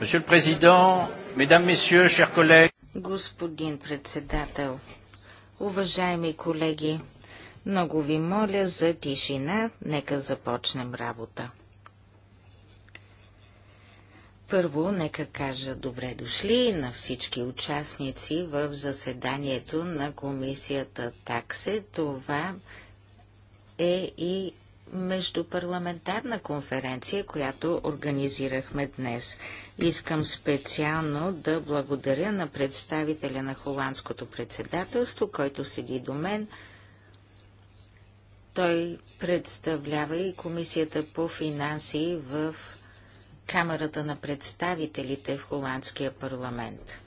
Monsieur le Président, Mesdames, Messieurs, chers collègues. Господин председател, уважаеми колеги, много ви моля за тишина, нека започнем работа. Първо, нека кажа добре дошли на всички участници в заседанието на комисията ТАКСЕ. Това е и междупарламентарна конференция, която организирахме днес. Искам специално да благодаря на представителя на холандското председателство, който седи до мен. Той представлява и Комисията по финанси в Камерата на представителите в Холандския парламент.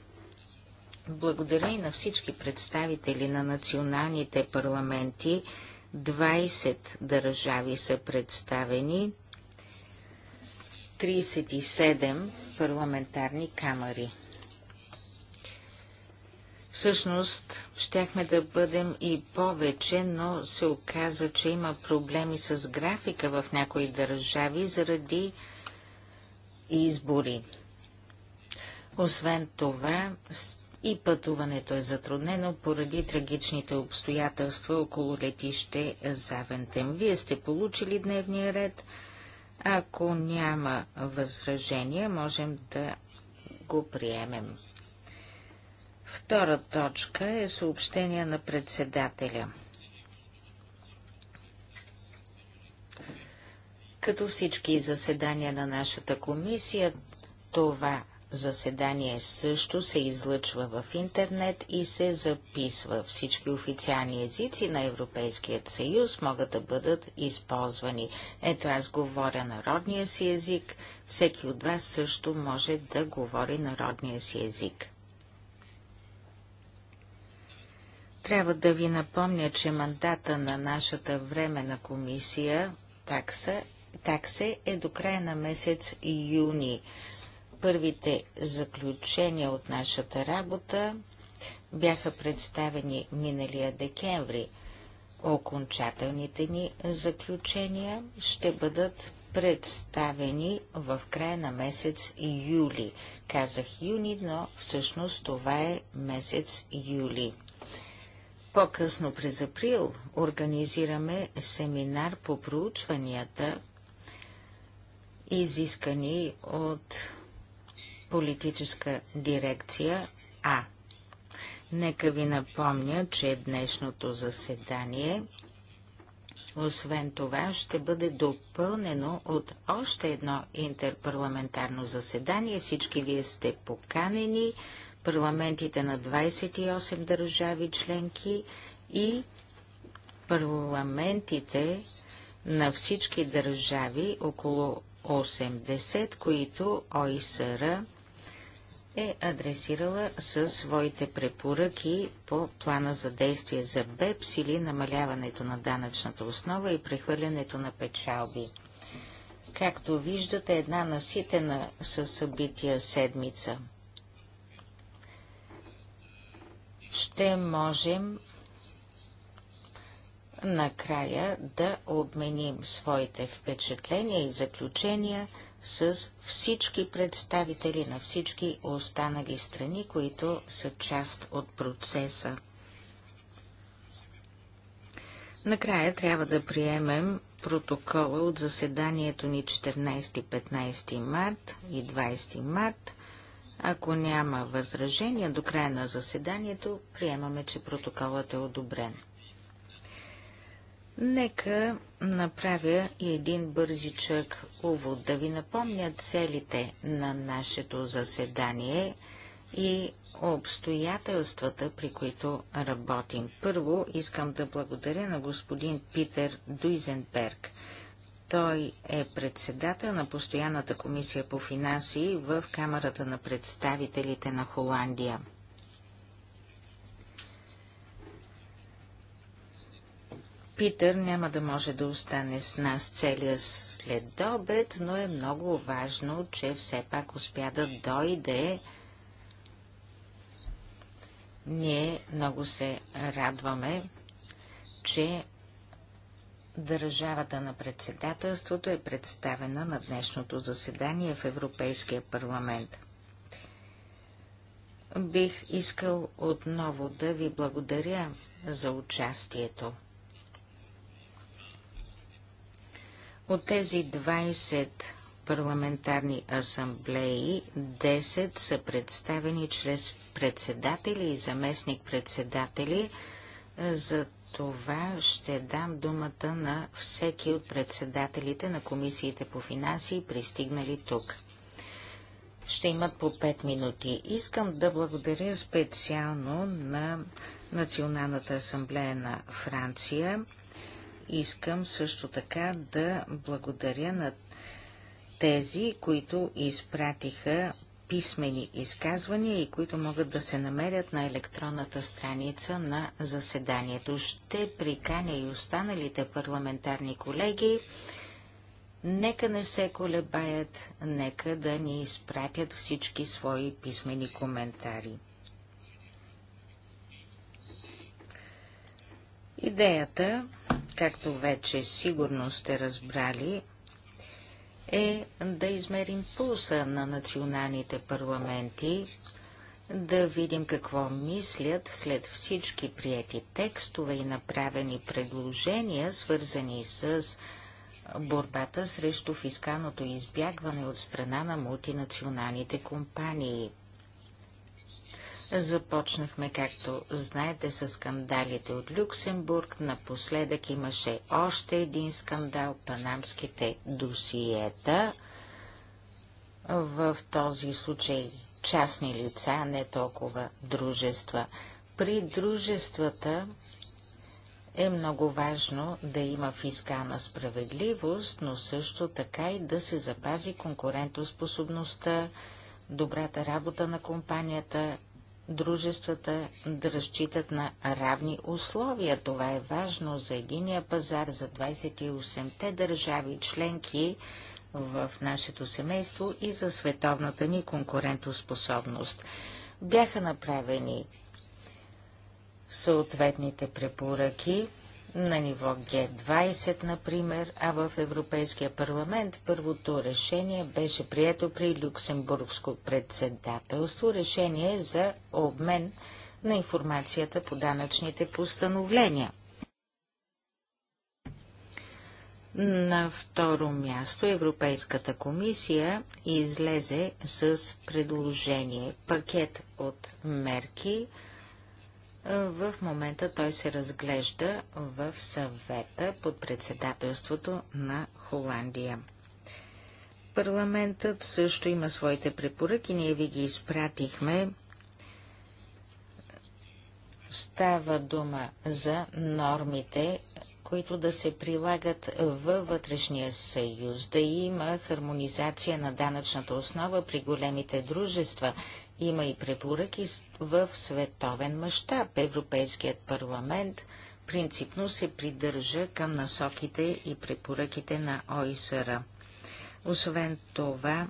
Благодаря и на всички представители на националните парламенти, 20 държави са представени, 37 парламентарни камери. Всъщност, щяхме да бъдем и повече, но се оказа, че има проблеми с графика в някои държави заради избори. Освен това, и пътуването е затруднено поради трагичните обстоятелства около летище Завентем. Вие сте получили дневния ред. Ако няма възражения, можем да го приемем. Втора точка е съобщение на председателя. Като всички заседания на нашата комисия, това заседание също се излъчва в интернет и се записва. Всички официални езици на Европейският съюз могат да бъдат използвани. Ето аз говоря народния си език, всеки от вас също може да говори народния си език. Трябва да ви напомня, че мандата на нашата времена комисия такса, таксе е до края на месец юни. Първите заключения от нашата работа бяха представени миналия декември. Окончателните ни заключения ще бъдат представени в края на месец юли. Казах юни, но всъщност това е месец юли. По-късно през април организираме семинар по проучванията, изискани от политическа дирекция А. Нека ви напомня, че днешното заседание освен това ще бъде допълнено от още едно интерпарламентарно заседание. Всички вие сте поканени, парламентите на 28 държави членки и парламентите на всички държави около 80, които ОИСР е адресирала със своите препоръки по плана за действие за БЕПС или намаляването на данъчната основа и прехвърлянето на печалби. Както виждате, една наситена със събития седмица. Ще можем накрая да обменим своите впечатления и заключения – с всички представители на всички останали страни, които са част от процеса. Накрая трябва да приемем протокола от заседанието ни 14-15 март и 20 март. Ако няма възражения до края на заседанието, приемаме, че протоколът е одобрен. Нека направя и един бързичък увод, да ви напомня целите на нашето заседание и обстоятелствата, при които работим. Първо искам да благодаря на господин Питер Дуйзенберг. Той е председател на постоянната комисия по финанси в Камерата на представителите на Холандия. Питър няма да може да остане с нас целия след обед, но е много важно, че все пак успя да дойде. Ние много се радваме, че държавата на председателството е представена на днешното заседание в Европейския парламент. Бих искал отново да ви благодаря за участието. От тези 20 парламентарни асамблеи, 10 са представени чрез председатели и заместник-председатели. За това ще дам думата на всеки от председателите на комисиите по финанси, пристигнали тук. Ще имат по 5 минути. Искам да благодаря специално на Националната асамблея на Франция, Искам също така да благодаря на тези, които изпратиха писмени изказвания и които могат да се намерят на електронната страница на заседанието. Ще приканя и останалите парламентарни колеги. Нека не се колебаят, нека да ни изпратят всички свои писмени коментари. Идеята както вече сигурно сте разбрали, е да измерим пулса на националните парламенти, да видим какво мислят след всички прияти текстове и направени предложения, свързани с борбата срещу фискалното избягване от страна на мултинационалните компании – Започнахме, както знаете, с скандалите от Люксембург. Напоследък имаше още един скандал – панамските досиета. В този случай частни лица, не толкова дружества. При дружествата е много важно да има фискална справедливост, но също така и да се запази конкурентоспособността, добрата работа на компанията дружествата да разчитат на равни условия. Това е важно за единия пазар, за 28-те държави членки в нашето семейство и за световната ни конкурентоспособност. Бяха направени съответните препоръки на ниво Г20, например, а в Европейския парламент първото решение беше прието при Люксембургско председателство, решение за обмен на информацията по данъчните постановления. На второ място Европейската комисия излезе с предложение пакет от мерки – в момента той се разглежда в съвета под председателството на Холандия. Парламентът също има своите препоръки, ние ви ги изпратихме. Става дума за нормите, които да се прилагат във вътрешния съюз, да има хармонизация на данъчната основа при големите дружества, има и препоръки в световен мащаб. Европейският парламент принципно се придържа към насоките и препоръките на ОИСР. Освен това,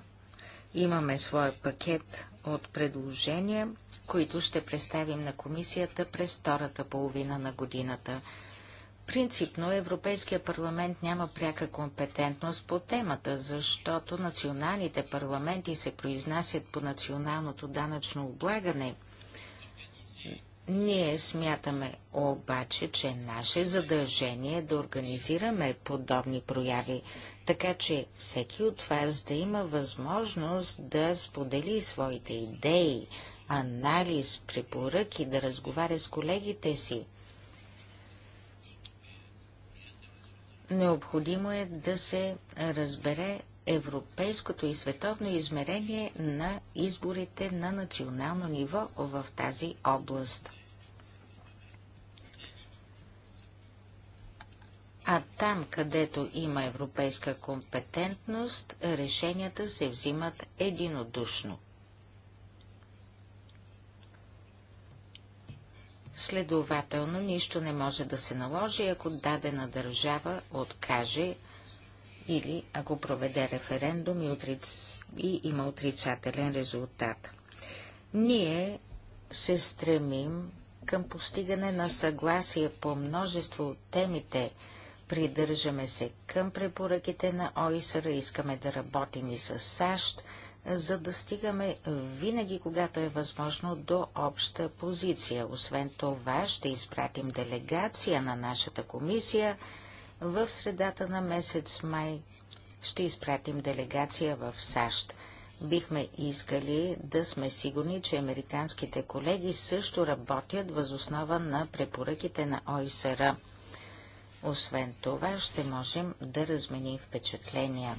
имаме своя пакет от предложения, които ще представим на комисията през втората половина на годината. Принципно Европейския парламент няма пряка компетентност по темата, защото националните парламенти се произнасят по националното данъчно облагане. Ние смятаме обаче, че наше задължение е да организираме подобни прояви, така че всеки от вас да има възможност да сподели своите идеи, анализ, препоръки, да разговаря с колегите си. Необходимо е да се разбере европейското и световно измерение на изборите на национално ниво в тази област. А там, където има европейска компетентност, решенията се взимат единодушно. Следователно, нищо не може да се наложи, ако дадена държава откаже или ако проведе референдум и, отрич... и има отрицателен резултат. Ние се стремим към постигане на съгласие по множество от темите. Придържаме се към препоръките на ОИСР, искаме да работим и с САЩ, за да стигаме винаги, когато е възможно, до обща позиция. Освен това, ще изпратим делегация на нашата комисия в средата на месец май. Ще изпратим делегация в САЩ. Бихме искали да сме сигурни, че американските колеги също работят възоснова на препоръките на ОИСР. Освен това, ще можем да разменим впечатления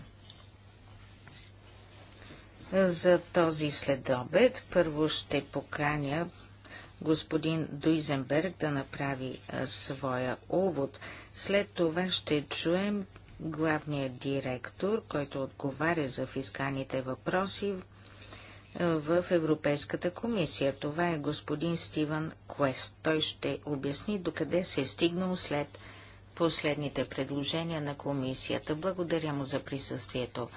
за този следобед. Първо ще поканя господин Дуизенберг да направи своя увод. След това ще чуем главния директор, който отговаря за фискалните въпроси в Европейската комисия. Това е господин Стивън Квест. Той ще обясни докъде се е стигнал след последните предложения на комисията. Благодаря му за присъствието.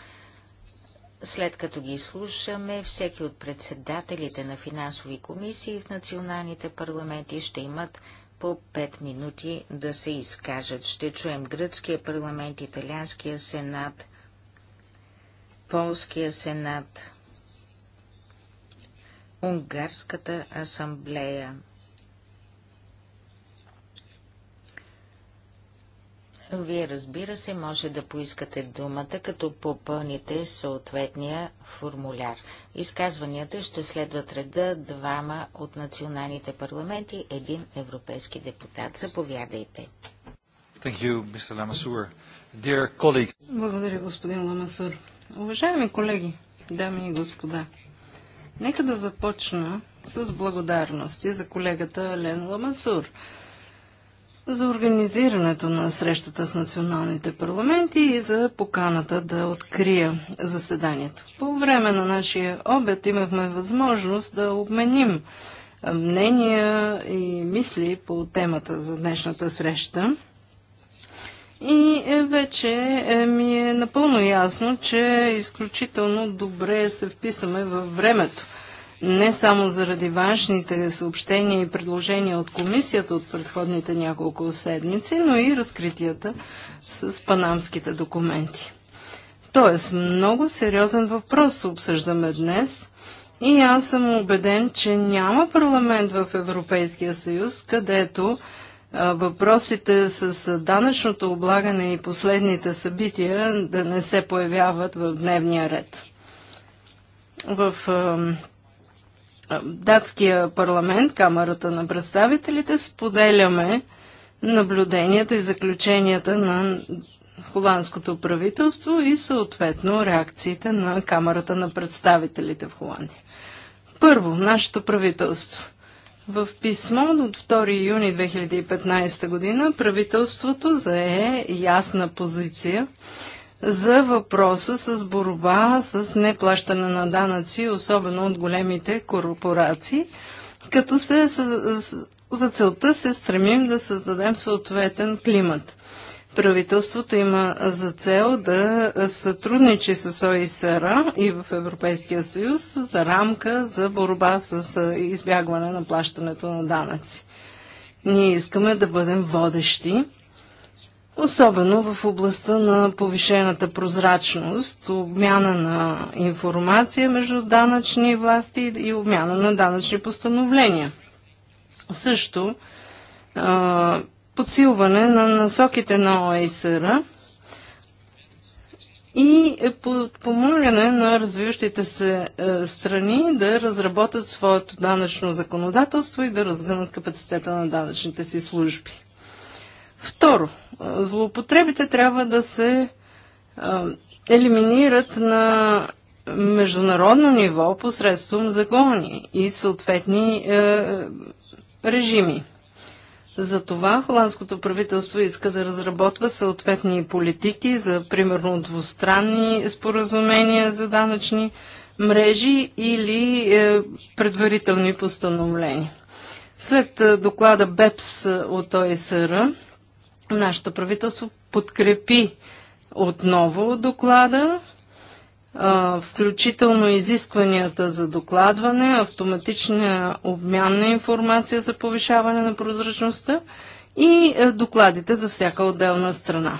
След като ги слушаме, всеки от председателите на финансови комисии в националните парламенти ще имат по 5 минути да се изкажат. Ще чуем гръцкия парламент, италианския сенат, полския сенат, унгарската асамблея. Вие, разбира се, може да поискате думата, като попълните съответния формуляр. Изказванията ще следват реда двама от националните парламенти, един европейски депутат. Заповядайте. You, Благодаря, господин Ламасур. Уважаеми колеги, дами и господа, нека да започна с благодарности за колегата Лен Ламасур – за организирането на срещата с националните парламенти и за поканата да открия заседанието. По време на нашия обед имахме възможност да обменим мнения и мисли по темата за днешната среща. И е, вече е, ми е напълно ясно, че изключително добре се вписаме във времето – не само заради важните съобщения и предложения от комисията от предходните няколко седмици, но и разкритията с панамските документи. Тоест, много сериозен въпрос обсъждаме днес и аз съм убеден, че няма парламент в Европейския съюз, където въпросите с данъчното облагане и последните събития да не се появяват в дневния ред. В датския парламент, Камерата на представителите, споделяме наблюдението и заключенията на холандското правителство и съответно реакциите на Камерата на представителите в Холандия. Първо, нашето правителство. В писмо от 2 юни 2015 година правителството зае ясна позиция за въпроса с борба с неплащане на данъци, особено от големите корпорации, като се, за целта се стремим да създадем съответен климат. Правителството има за цел да сътрудничи с ОИСР и в Европейския съюз за рамка за борба с избягване на плащането на данъци. Ние искаме да бъдем водещи Особено в областта на повишената прозрачност, обмяна на информация между данъчни власти и обмяна на данъчни постановления. Също подсилване на насоките на ОСР и подпомагане на развиващите се е, страни да разработят своето данъчно законодателство и да разгънат капацитета на данъчните си служби. Второ, злоупотребите трябва да се елиминират на международно ниво посредством закони и съответни режими. режими. Затова холандското правителство иска да разработва съответни политики за примерно двустранни споразумения за данъчни мрежи или е, предварителни постановления. След е, доклада БЕПС от ОСР, Нашето правителство подкрепи отново доклада, включително изискванията за докладване, автоматична обмян на информация за повишаване на прозрачността и докладите за всяка отделна страна.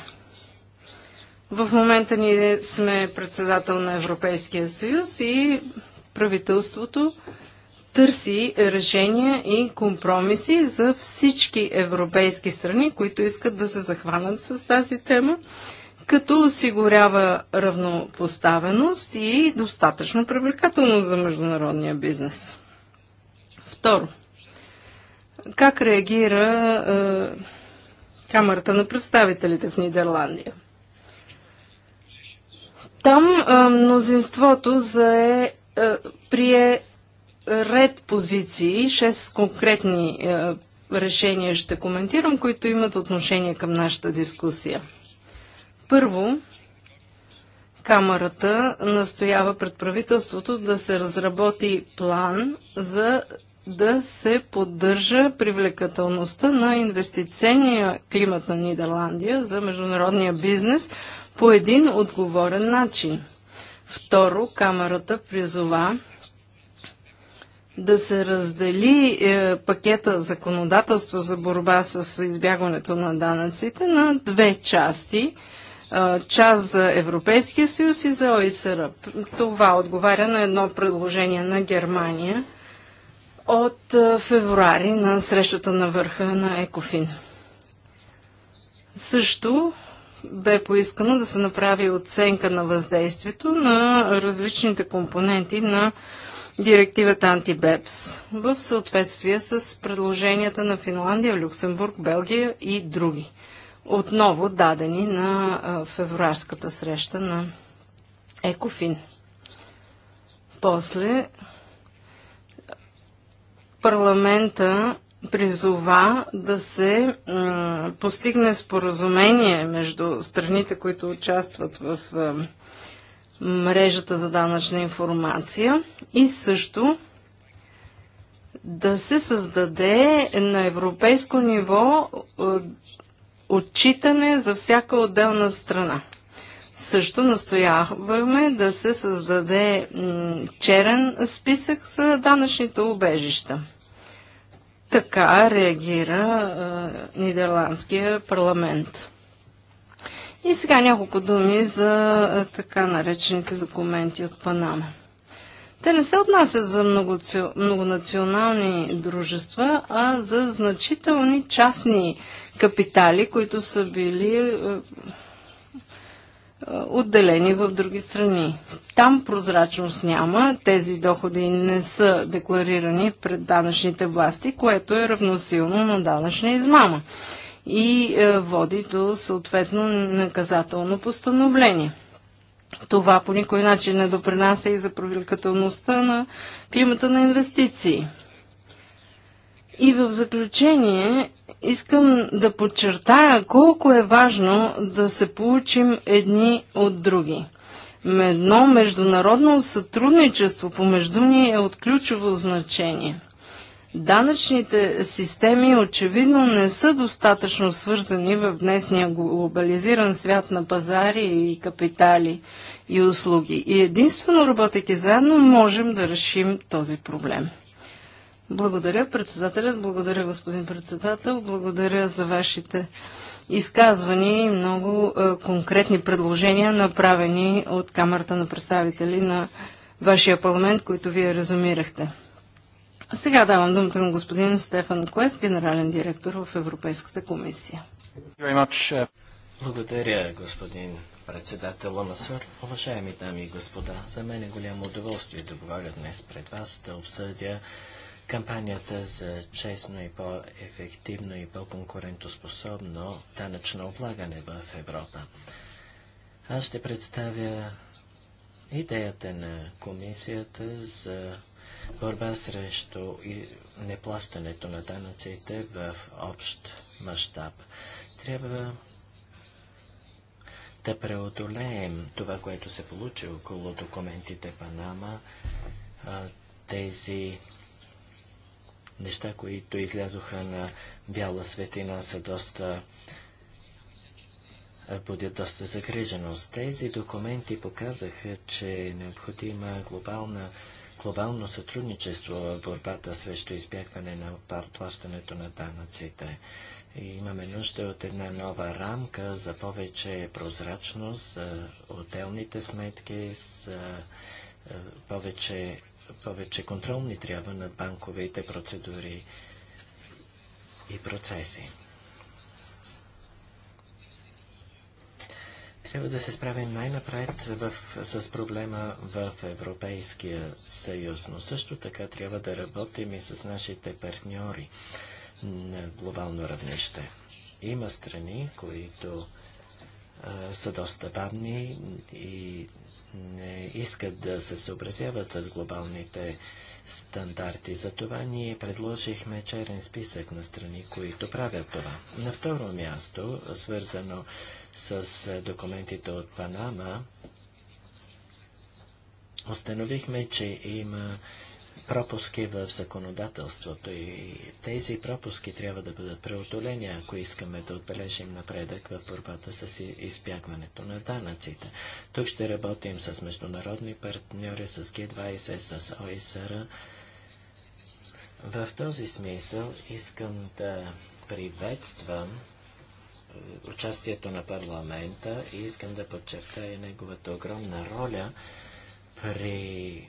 В момента ние сме председател на Европейския съюз и правителството търси решения и компромиси за всички европейски страни, които искат да се захванат с тази тема, като осигурява равнопоставеност и достатъчно привлекателност за международния бизнес. Второ, как реагира е, Камерата на представителите в Нидерландия? Там е, мнозинството за е, прие ред позиции, 6 конкретни е, решения ще коментирам, които имат отношение към нашата дискусия. Първо, Камерата настоява пред правителството да се разработи план за да се поддържа привлекателността на инвестиционния климат на Нидерландия за международния бизнес по един отговорен начин. Второ, Камерата призова да се раздели е, пакета законодателство за борба с избягването на данъците на две части. Е, част за Европейския съюз и за ОИСР. Това отговаря на едно предложение на Германия от е, февруари на срещата на върха на Екофин. Също бе поискано да се направи оценка на въздействието на различните компоненти на директивата Антибепс в съответствие с предложенията на Финландия, Люксембург, Белгия и други. Отново дадени на февруарската среща на Екофин. После парламента призова да се постигне споразумение между страните, които участват в мрежата за данъчна информация и също да се създаде на европейско ниво е, отчитане за всяка отделна страна. Също настояваме да се създаде черен списък за данъчните убежища. Така реагира е, Нидерландския парламент. И сега няколко думи за е, така наречените документи от Панама. Те не се отнасят за многонационални дружества, а за значителни частни капитали, които са били е, е, отделени в други страни. Там прозрачност няма, тези доходи не са декларирани пред данъчните власти, което е равносилно на данъчна измама и е, води до съответно наказателно постановление. Това по никой начин не допринася и за привлекателността на климата на инвестиции. И в заключение искам да подчертая колко е важно да се получим едни от други. Едно международно сътрудничество помежду ни е от ключово значение – Данъчните системи очевидно не са достатъчно свързани в днесния глобализиран свят на пазари и капитали и услуги. И единствено работейки заедно можем да решим този проблем. Благодаря, председателят. Благодаря, господин председател. Благодаря за вашите изказвани и много е, конкретни предложения, направени от Камерата на представители на вашия парламент, които вие резумирахте. Сега давам думата на господин Стефан Квест, генерален директор в Европейската комисия. Uh, Благодаря, господин председател Ламасур. Уважаеми дами и господа, за мен е голямо удоволствие да говоря днес пред вас, да обсъдя кампанията за честно и по-ефективно и по-конкурентоспособно данъчно облагане в Европа. Аз ще представя идеята на комисията за борба срещу неплащането на данъците в общ мащаб. Трябва да преодолеем това, което се получи около документите Панама, тези неща, които излязоха на бяла светина, са доста будят доста загриженост. Тези документи показаха, че е необходима глобална глобално сътрудничество в борбата срещу избягване на плащането на данъците. И имаме нужда от една нова рамка за повече прозрачност, за отделните сметки, за е, повече, повече контролни трябва над банковите процедури и процеси. Трябва да се справим най-напред с проблема в Европейския съюз, но също така трябва да работим и с нашите партньори на глобално равнище. Има страни, които а, са доста бавни и не искат да се съобразяват с глобалните стандарти. Затова ние предложихме черен списък на страни, които правят това. На второ място, свързано с с е, документите от Панама, установихме, че има пропуски в законодателството и тези пропуски трябва да бъдат преодолени, ако искаме да отбележим напредък в борбата с избягването на данъците. Тук ще работим с международни партньори, с G20, с ОИСР. В този смисъл искам да приветствам участието на парламента и искам да подчертая неговата огромна роля при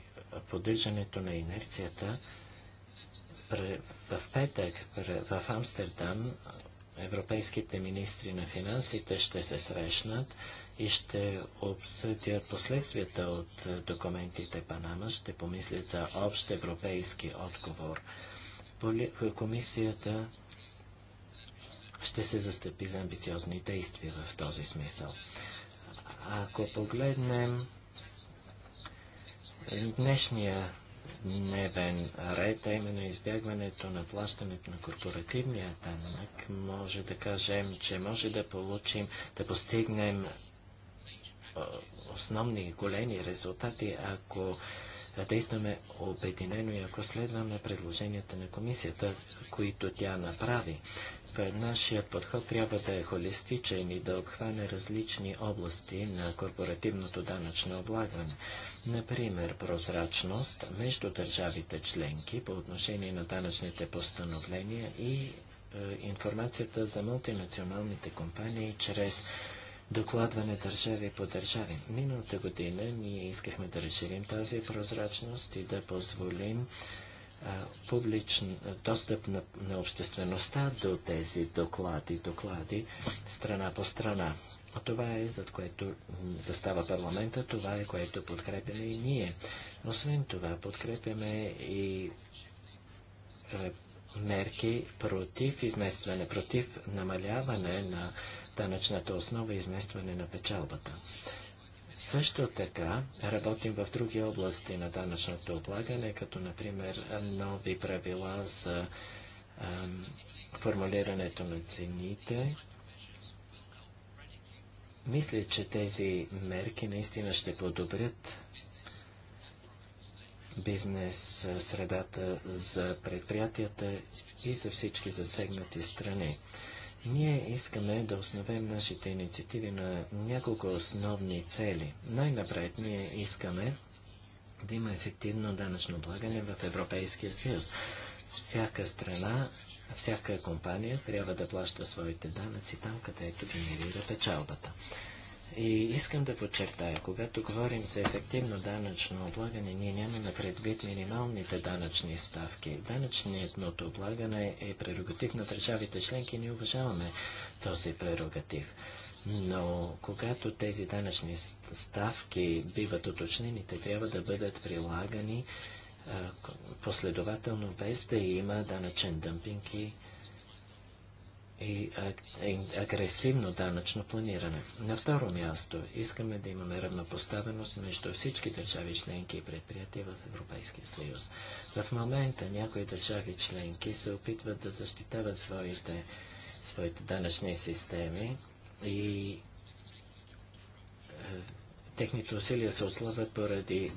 поддържането на инерцията. В петък в Амстердам европейските министри на финансите ще се срещнат и ще обсъдят последствията от е, документите Панама, ще помислят за общ европейски отговор. Комисията ще се застъпи за амбициозни действия в този смисъл. Ако погледнем днешния дневен ред, а именно избягването на плащането на корпоративния данък, може да кажем, че може да получим, да постигнем основни големи резултати, ако действаме обединено и ако следваме предложенията на комисията, които тя направи. Нашият подход трябва да е холистичен и да обхване различни области на корпоративното данъчно облагане. Например, прозрачност между държавите членки по отношение на данъчните постановления и е, информацията за мултинационалните компании чрез докладване държави по държави. Миналата година ние искахме да разширим тази прозрачност и да позволим публичен достъп на, на обществеността до тези доклади, доклади страна по страна. Това е, зад което застава парламента, това е, което подкрепяме и ние. Освен това, подкрепяме и е, мерки против изместване, против намаляване на данъчната основа и изместване на печалбата. Също така работим в други области на данъчното облагане, като например нови правила за формулирането на цените. Мисля, че тези мерки наистина ще подобрят бизнес средата за предприятията и за всички засегнати страни. Ние искаме да основем нашите инициативи на няколко основни цели. Най-напред ние искаме да има ефективно данъчно облагане в Европейския съюз. Всяка страна, всяка компания трябва да плаща своите данъци там, където генерира печалбата. И искам да подчертая, когато говорим за ефективно данъчно облагане, ние нямаме предвид минималните данъчни ставки. Данъчният облагане е прерогатив на държавите членки, ние уважаваме този прерогатив. Но когато тези данъчни ставки биват уточнени, те трябва да бъдат прилагани последователно, без да има данъчен дъмпинг и и агресивно данъчно планиране. На второ място, искаме да имаме равнопоставеност между всички държави членки и предприятия в Европейския съюз. В момента някои държави членки се опитват да защитават своите, своите данъчни системи и е, техните усилия се отслабват поради е,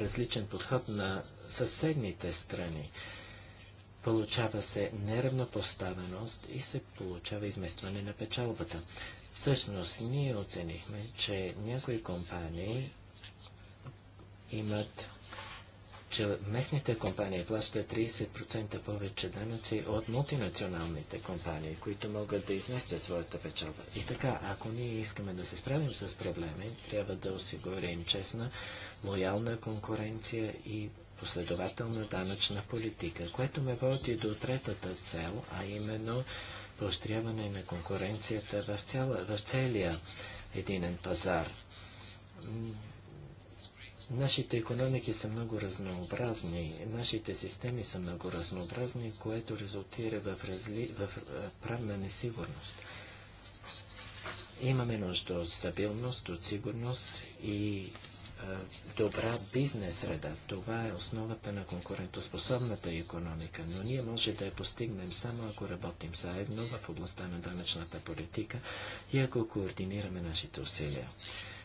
различен подход на съседните страни. Е, Получава се неравнопоставеност и се получава изместване на печалбата. Всъщност, ние оценихме, че някои компании имат че местните компании плащат 30% повече данъци от мултинационалните компании, които могат да изместят своята печалба. И така, ако ние искаме да се справим с проблеми, трябва да осигурим честна, лоялна конкуренция и последователна данъчна политика, което ме води до третата цел, а именно поощряване на конкуренцията в, цяла, в целия единен пазар. Нашите економики са много разнообразни, нашите системи са много разнообразни, което резултира в, разли... в правна несигурност. Имаме нужда от стабилност, от сигурност и добра бизнес среда. Това е основата на конкурентоспособната економика, но ние може да я постигнем само ако работим заедно в областта на данъчната политика и ако координираме нашите усилия.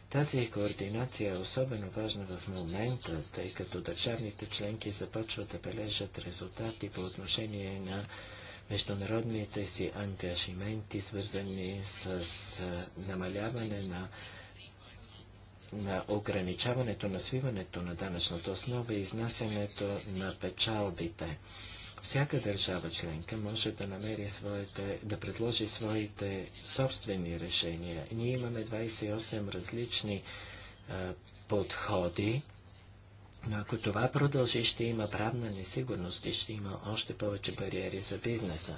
Тази координация е особено важна в момента, тъй като държавните членки започват да бележат резултати по отношение на международните си ангажименти, свързани с намаляване на на ограничаването на свиването на данъчната основа и изнасянето на печалбите. Всяка държава членка може да намери своите, да предложи своите собствени решения. Ние имаме 28 различни а, подходи, но ако това продължи, ще има правна несигурност и ще има още повече бариери за бизнеса.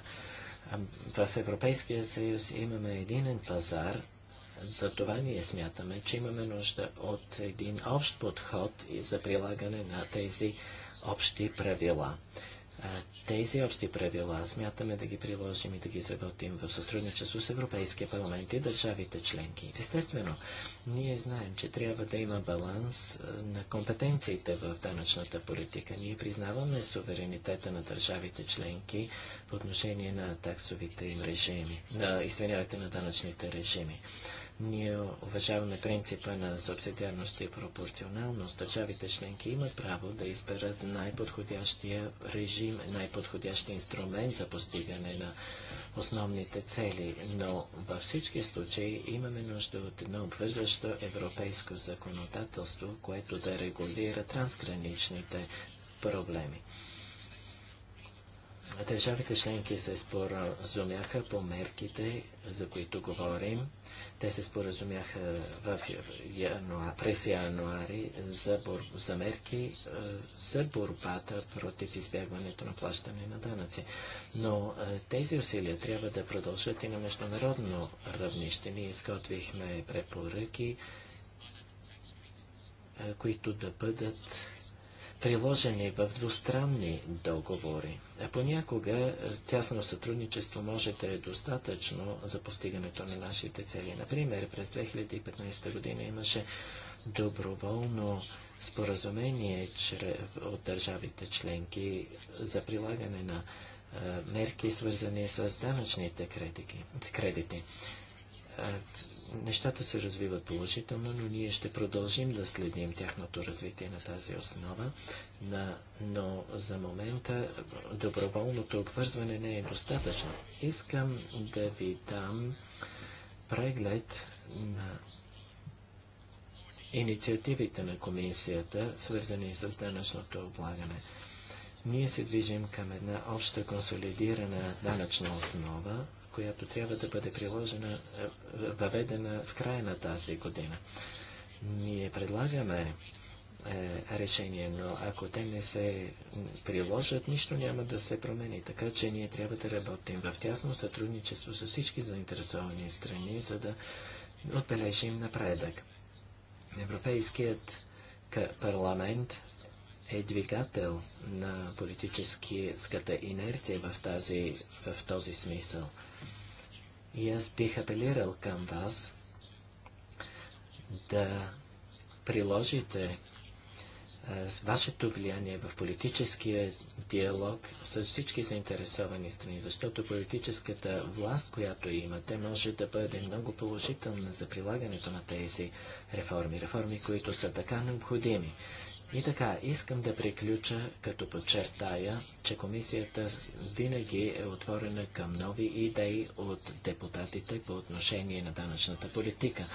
в Европейския съюз имаме единен пазар, затова ние смятаме, че имаме нужда от един общ подход и за прилагане на тези общи правила. Тези общи правила смятаме да ги приложим и да ги заработим в сътрудничество с Европейския парламент и държавите членки. Естествено, ние знаем, че трябва да има баланс на компетенциите в данъчната политика. Ние признаваме суверенитета на държавите членки по отношение на таксовите им режими, на, извинявайте, на данъчните режими. Ние уважаваме принципа на субсидиарност и пропорционалност. Държавите членки имат право да изберат най-подходящия режим, най-подходящия инструмент за постигане на основните цели, но във всички случаи имаме нужда от едно обвързващо европейско законодателство, което да регулира трансграничните проблеми. Държавите членки се споразумяха по мерките, за които говорим. Те се споразумяха в януар, през януари за, бор, за мерки е, за борбата против избягването на плащане на данъци. Но е, тези усилия трябва да продължат и на международно равнище. Ние изготвихме препоръки, е, които да бъдат приложени в двустранни договори. Понякога тясно сътрудничество може да е достатъчно за постигането на нашите цели. Например, през 2015 година имаше доброволно споразумение от държавите членки за прилагане на мерки, свързани с данъчните кредити нещата се развиват положително, но ние ще продължим да следим тяхното развитие на тази основа, на, но за момента доброволното обвързване не е достатъчно. Искам да ви дам преглед на инициативите на комисията, свързани с данъчното облагане. Ние се движим към една обща консолидирана данъчна основа, която трябва да бъде приложена, е, въведена в края на тази година. Ние предлагаме е, решение, но ако те не се приложат, нищо няма да се промени. Така че ние трябва да работим в тясно сътрудничество с всички заинтересовани страни, за да отбележим напредък. Европейският парламент е двигател на политическата инерция в, тази, в този смисъл. И аз бих апелирал към вас да приложите е, с вашето влияние в политическия диалог с всички заинтересовани страни, защото политическата власт, която имате, може да бъде много положителна за прилагането на тези реформи. Реформи, които са така необходими. И така, искам да приключа, като подчертая, че комисията винаги е отворена към нови идеи от депутатите по отношение на данъчната политика.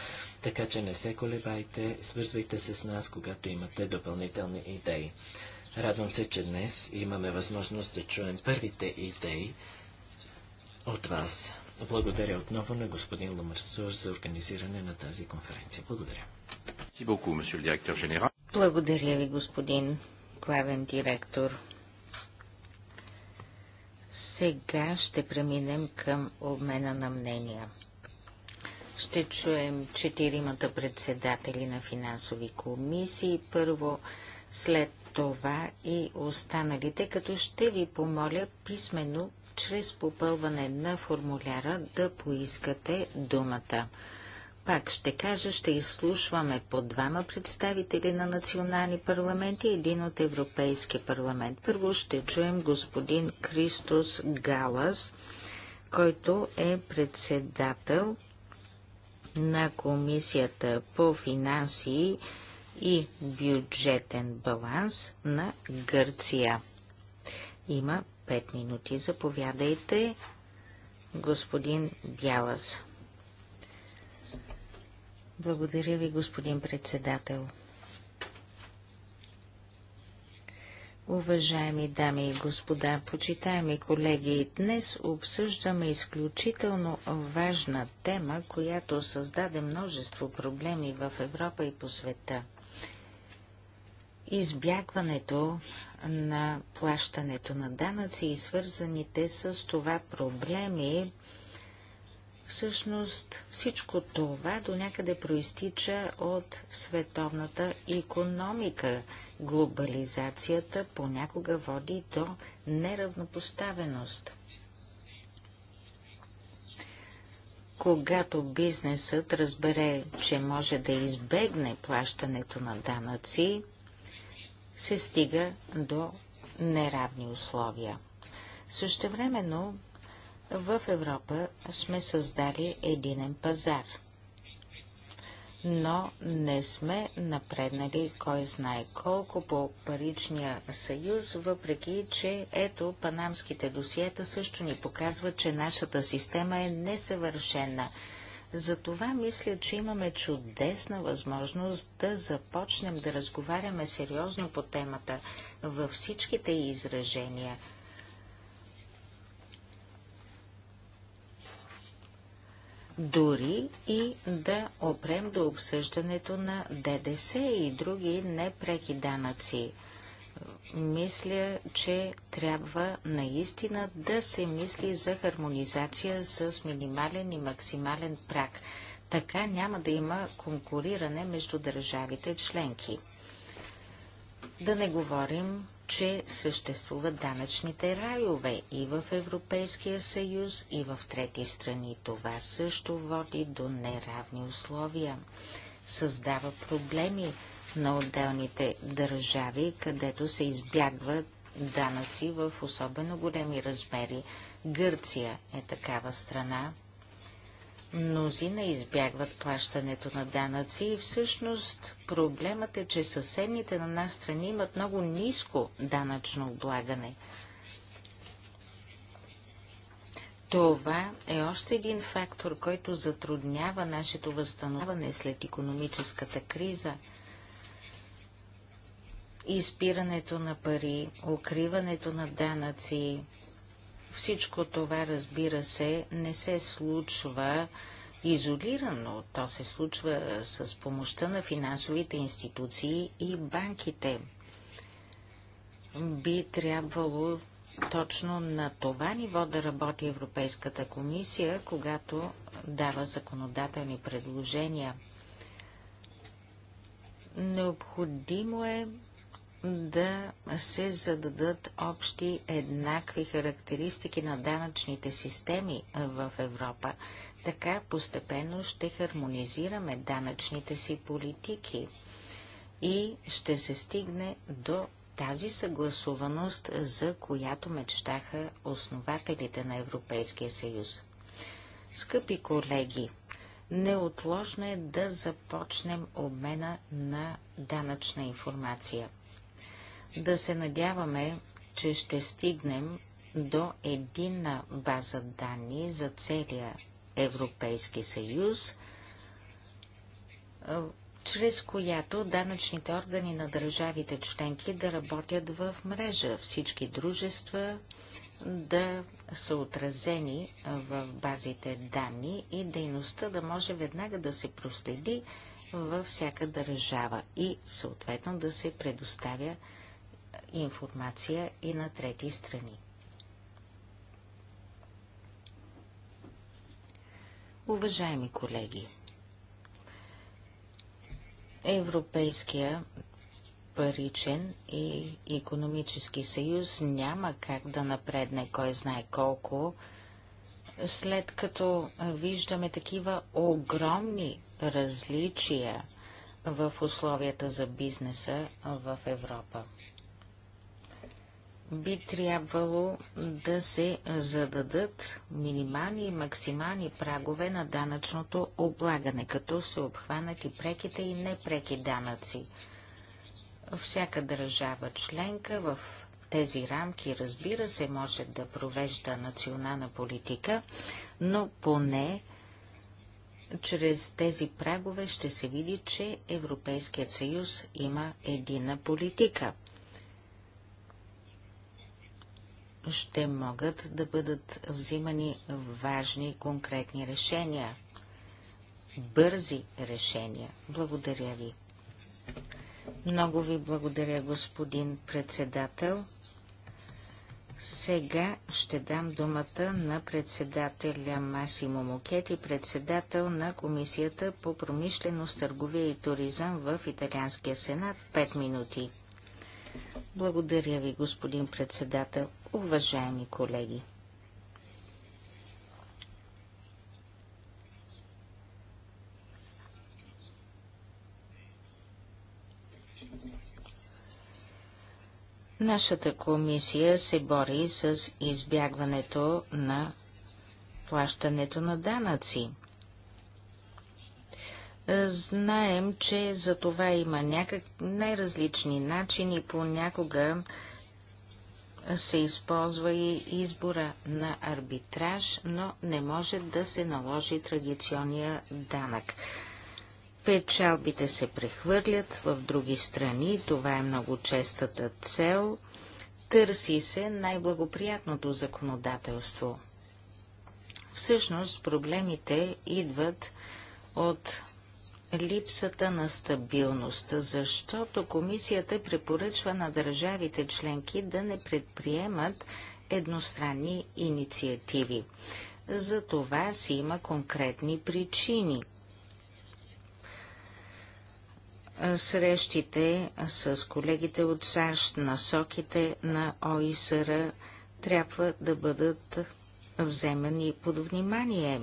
Така че не се колебайте, свързвайте се с нас, когато имате допълнителни идеи. Радвам се, че днес имаме възможност да чуем първите идеи от вас. Благодаря отново на господин Ламарсур за организиране на тази конференция. Благодаря. Благодаря ви, господин главен директор. Сега ще преминем към обмена на мнения. Ще чуем четиримата председатели на финансови комисии първо, след това и останалите, като ще ви помоля писменно, чрез попълване на формуляра, да поискате думата. Пак ще кажа, ще изслушваме по двама представители на национални парламенти и един от Европейския парламент. Първо ще чуем господин Кристос Галас, който е председател на Комисията по финанси и бюджетен баланс на Гърция. Има пет минути. Заповядайте, господин Бялас. Благодаря ви, господин председател. Уважаеми дами и господа, почитаеми колеги, днес обсъждаме изключително важна тема, която създаде множество проблеми в Европа и по света. Избягването на плащането на данъци и свързаните с това проблеми Всъщност всичко това до някъде проистича от световната економика. Глобализацията понякога води до неравнопоставеност. Когато бизнесът разбере, че може да избегне плащането на данъци, се стига до неравни условия. Същевременно в Европа сме създали единен пазар, но не сме напреднали кой знае колко по паричния съюз, въпреки че ето панамските досиета също ни показват, че нашата система е несъвършена. Затова мисля, че имаме чудесна възможност да започнем да разговаряме сериозно по темата във всичките изражения – дори и да опрем до обсъждането на ДДС и други непреки данъци. Мисля, че трябва наистина да се мисли за хармонизация с минимален и максимален прак. Така няма да има конкуриране между държавите членки. Да не говорим че съществуват данъчните райове и в Европейския съюз, и в трети страни. Това също води до неравни условия. Създава проблеми на отделните държави, където се избягват данъци в особено големи размери. Гърция е такава страна мнозина избягват плащането на данъци и всъщност проблемът е, че съседните на нас страни имат много ниско данъчно облагане. Това е още един фактор, който затруднява нашето възстановяване след економическата криза. Изпирането на пари, укриването на данъци, всичко това, разбира се, не се случва изолирано. То се случва с помощта на финансовите институции и банките. Би трябвало точно на това ниво да работи Европейската комисия, когато дава законодателни предложения. Необходимо е да се зададат общи еднакви характеристики на данъчните системи в Европа. Така постепенно ще хармонизираме данъчните си политики и ще се стигне до тази съгласуваност, за която мечтаха основателите на Европейския съюз. Скъпи колеги, неотложно е да започнем обмена на данъчна информация – да се надяваме, че ще стигнем до единна база данни за целия Европейски съюз, чрез която данъчните органи на държавите членки да работят в мрежа. Всички дружества да са отразени в базите данни и дейността да може веднага да се проследи във всяка държава и съответно да се предоставя информация и на трети страни. Уважаеми колеги, Европейския паричен и економически съюз няма как да напредне кой знае колко, след като виждаме такива огромни различия в условията за бизнеса в Европа би трябвало да се зададат минимални и максимални прагове на данъчното облагане, като се обхванат и преките и непреки данъци. Всяка държава членка в тези рамки, разбира се, може да провежда национална политика, но поне чрез тези прагове ще се види, че Европейският съюз има едина политика. ще могат да бъдат взимани важни и конкретни решения. Бързи решения. Благодаря ви. Много ви благодаря, господин председател. Сега ще дам думата на председателя Масимо Мукети, председател на Комисията по промишленост, търговия и туризъм в Италианския сенат. Пет минути. Благодаря ви, господин председател уважаеми колеги. Нашата комисия се бори с избягването на плащането на данъци. Знаем, че за това има някак... най-различни начини, понякога се използва и избора на арбитраж, но не може да се наложи традиционния данък. Печалбите се прехвърлят в други страни, това е много честата цел. Търси се най-благоприятното законодателство. Всъщност проблемите идват от липсата на стабилност, защото комисията препоръчва на държавите членки да не предприемат едностранни инициативи. За това си има конкретни причини. Срещите с колегите от САЩ, насоките на ОИСР трябва да бъдат вземани под внимание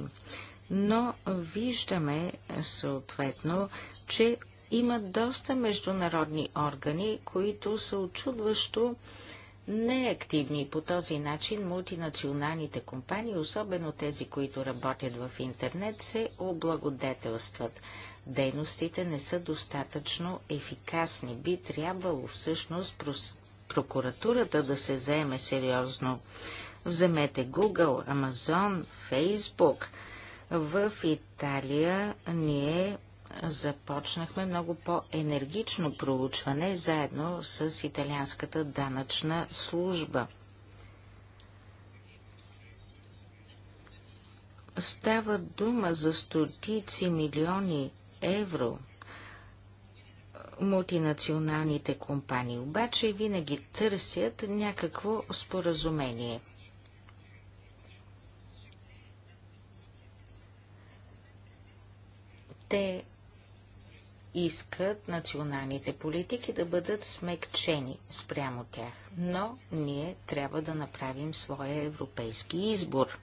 но виждаме съответно, че има доста международни органи, които са очудващо неактивни. По този начин мултинационалните компании, особено тези, които работят в интернет, се облагодетелстват. Дейностите не са достатъчно ефикасни. Би трябвало всъщност прокуратурата да се заеме сериозно. Вземете Google, Amazon, Facebook – в Италия ние започнахме много по-енергично проучване заедно с италианската данъчна служба. Става дума за стотици милиони евро. Мултинационалните компании обаче винаги търсят някакво споразумение. Те искат националните политики да бъдат смекчени спрямо тях, но ние трябва да направим своя европейски избор.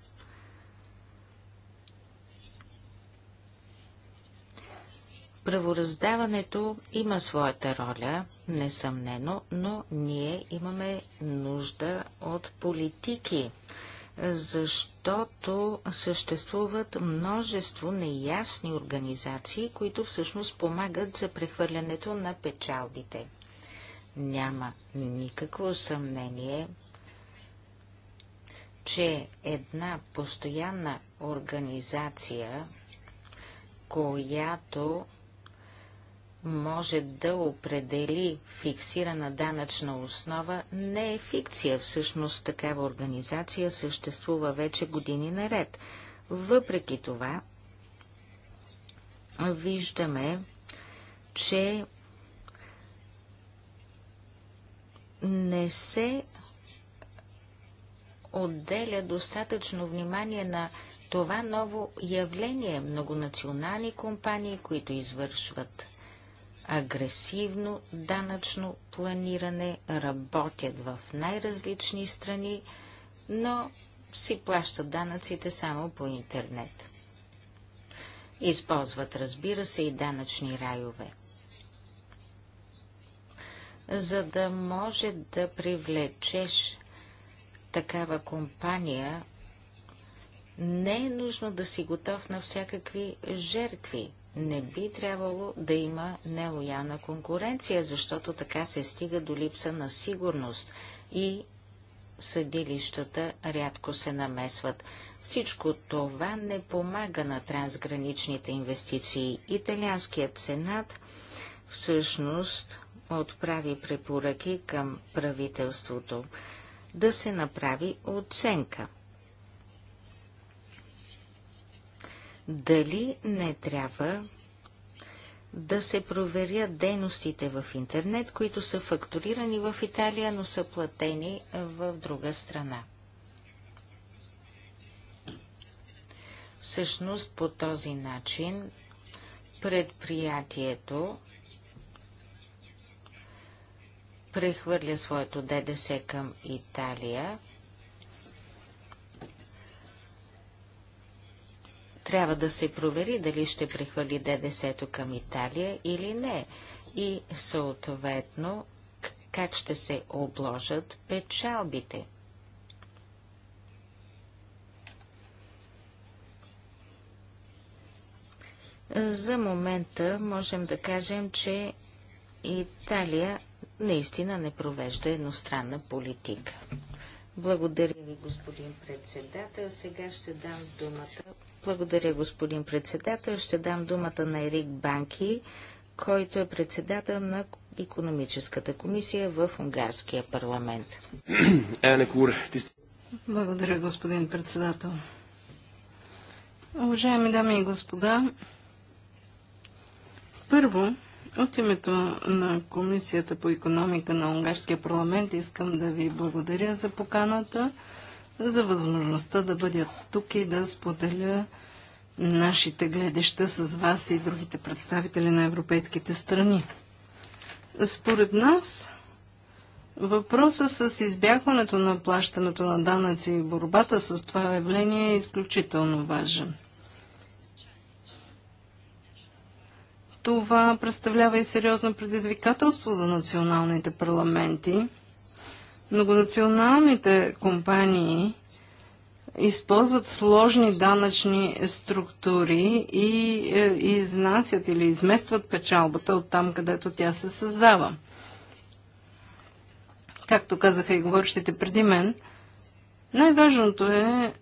Правораздаването има своята роля, несъмнено, но ние имаме нужда от политики защото съществуват множество неясни организации, които всъщност помагат за прехвърлянето на печалбите. Няма никакво съмнение, че една постоянна организация, която може да определи фиксирана данъчна основа не е фикция. Всъщност такава организация съществува вече години наред. Въпреки това, виждаме, че не се отделя достатъчно внимание на това ново явление многонационални компании, които извършват агресивно данъчно планиране, работят в най-различни страни, но си плащат данъците само по интернет. Използват, разбира се, и данъчни райове. За да може да привлечеш такава компания, не е нужно да си готов на всякакви жертви не би трябвало да има нелояна конкуренция, защото така се стига до липса на сигурност и съдилищата рядко се намесват. Всичко това не помага на трансграничните инвестиции. Италианският сенат всъщност отправи препоръки към правителството да се направи оценка дали не трябва да се проверят дейностите в интернет, които са фактурирани в Италия, но са платени в друга страна. Всъщност по този начин предприятието прехвърля своето ДДС към Италия, Трябва да се провери дали ще прехвали ДДС към Италия или не. И съответно как ще се обложат печалбите. За момента можем да кажем, че Италия наистина не провежда едностранна политика. Благодаря ви, господин председател. Сега ще дам думата благодаря, господин председател. Ще дам думата на Ерик Банки, който е председател на економическата комисия в Унгарския парламент. Благодаря, господин председател. Уважаеми дами и господа, първо, от името на Комисията по економика на Унгарския парламент искам да ви благодаря за поканата, за възможността да бъдя тук и да споделя нашите гледаща с вас и другите представители на европейските страни. Според нас, въпроса с избягването на плащането на данъци и борбата с това явление е изключително важен. Това представлява и сериозно предизвикателство за националните парламенти. Многонационалните компании използват сложни данъчни структури и, е, изнасят или изместват печалбата от там, където тя се създава. Както казаха и говорещите преди мен, най-важното е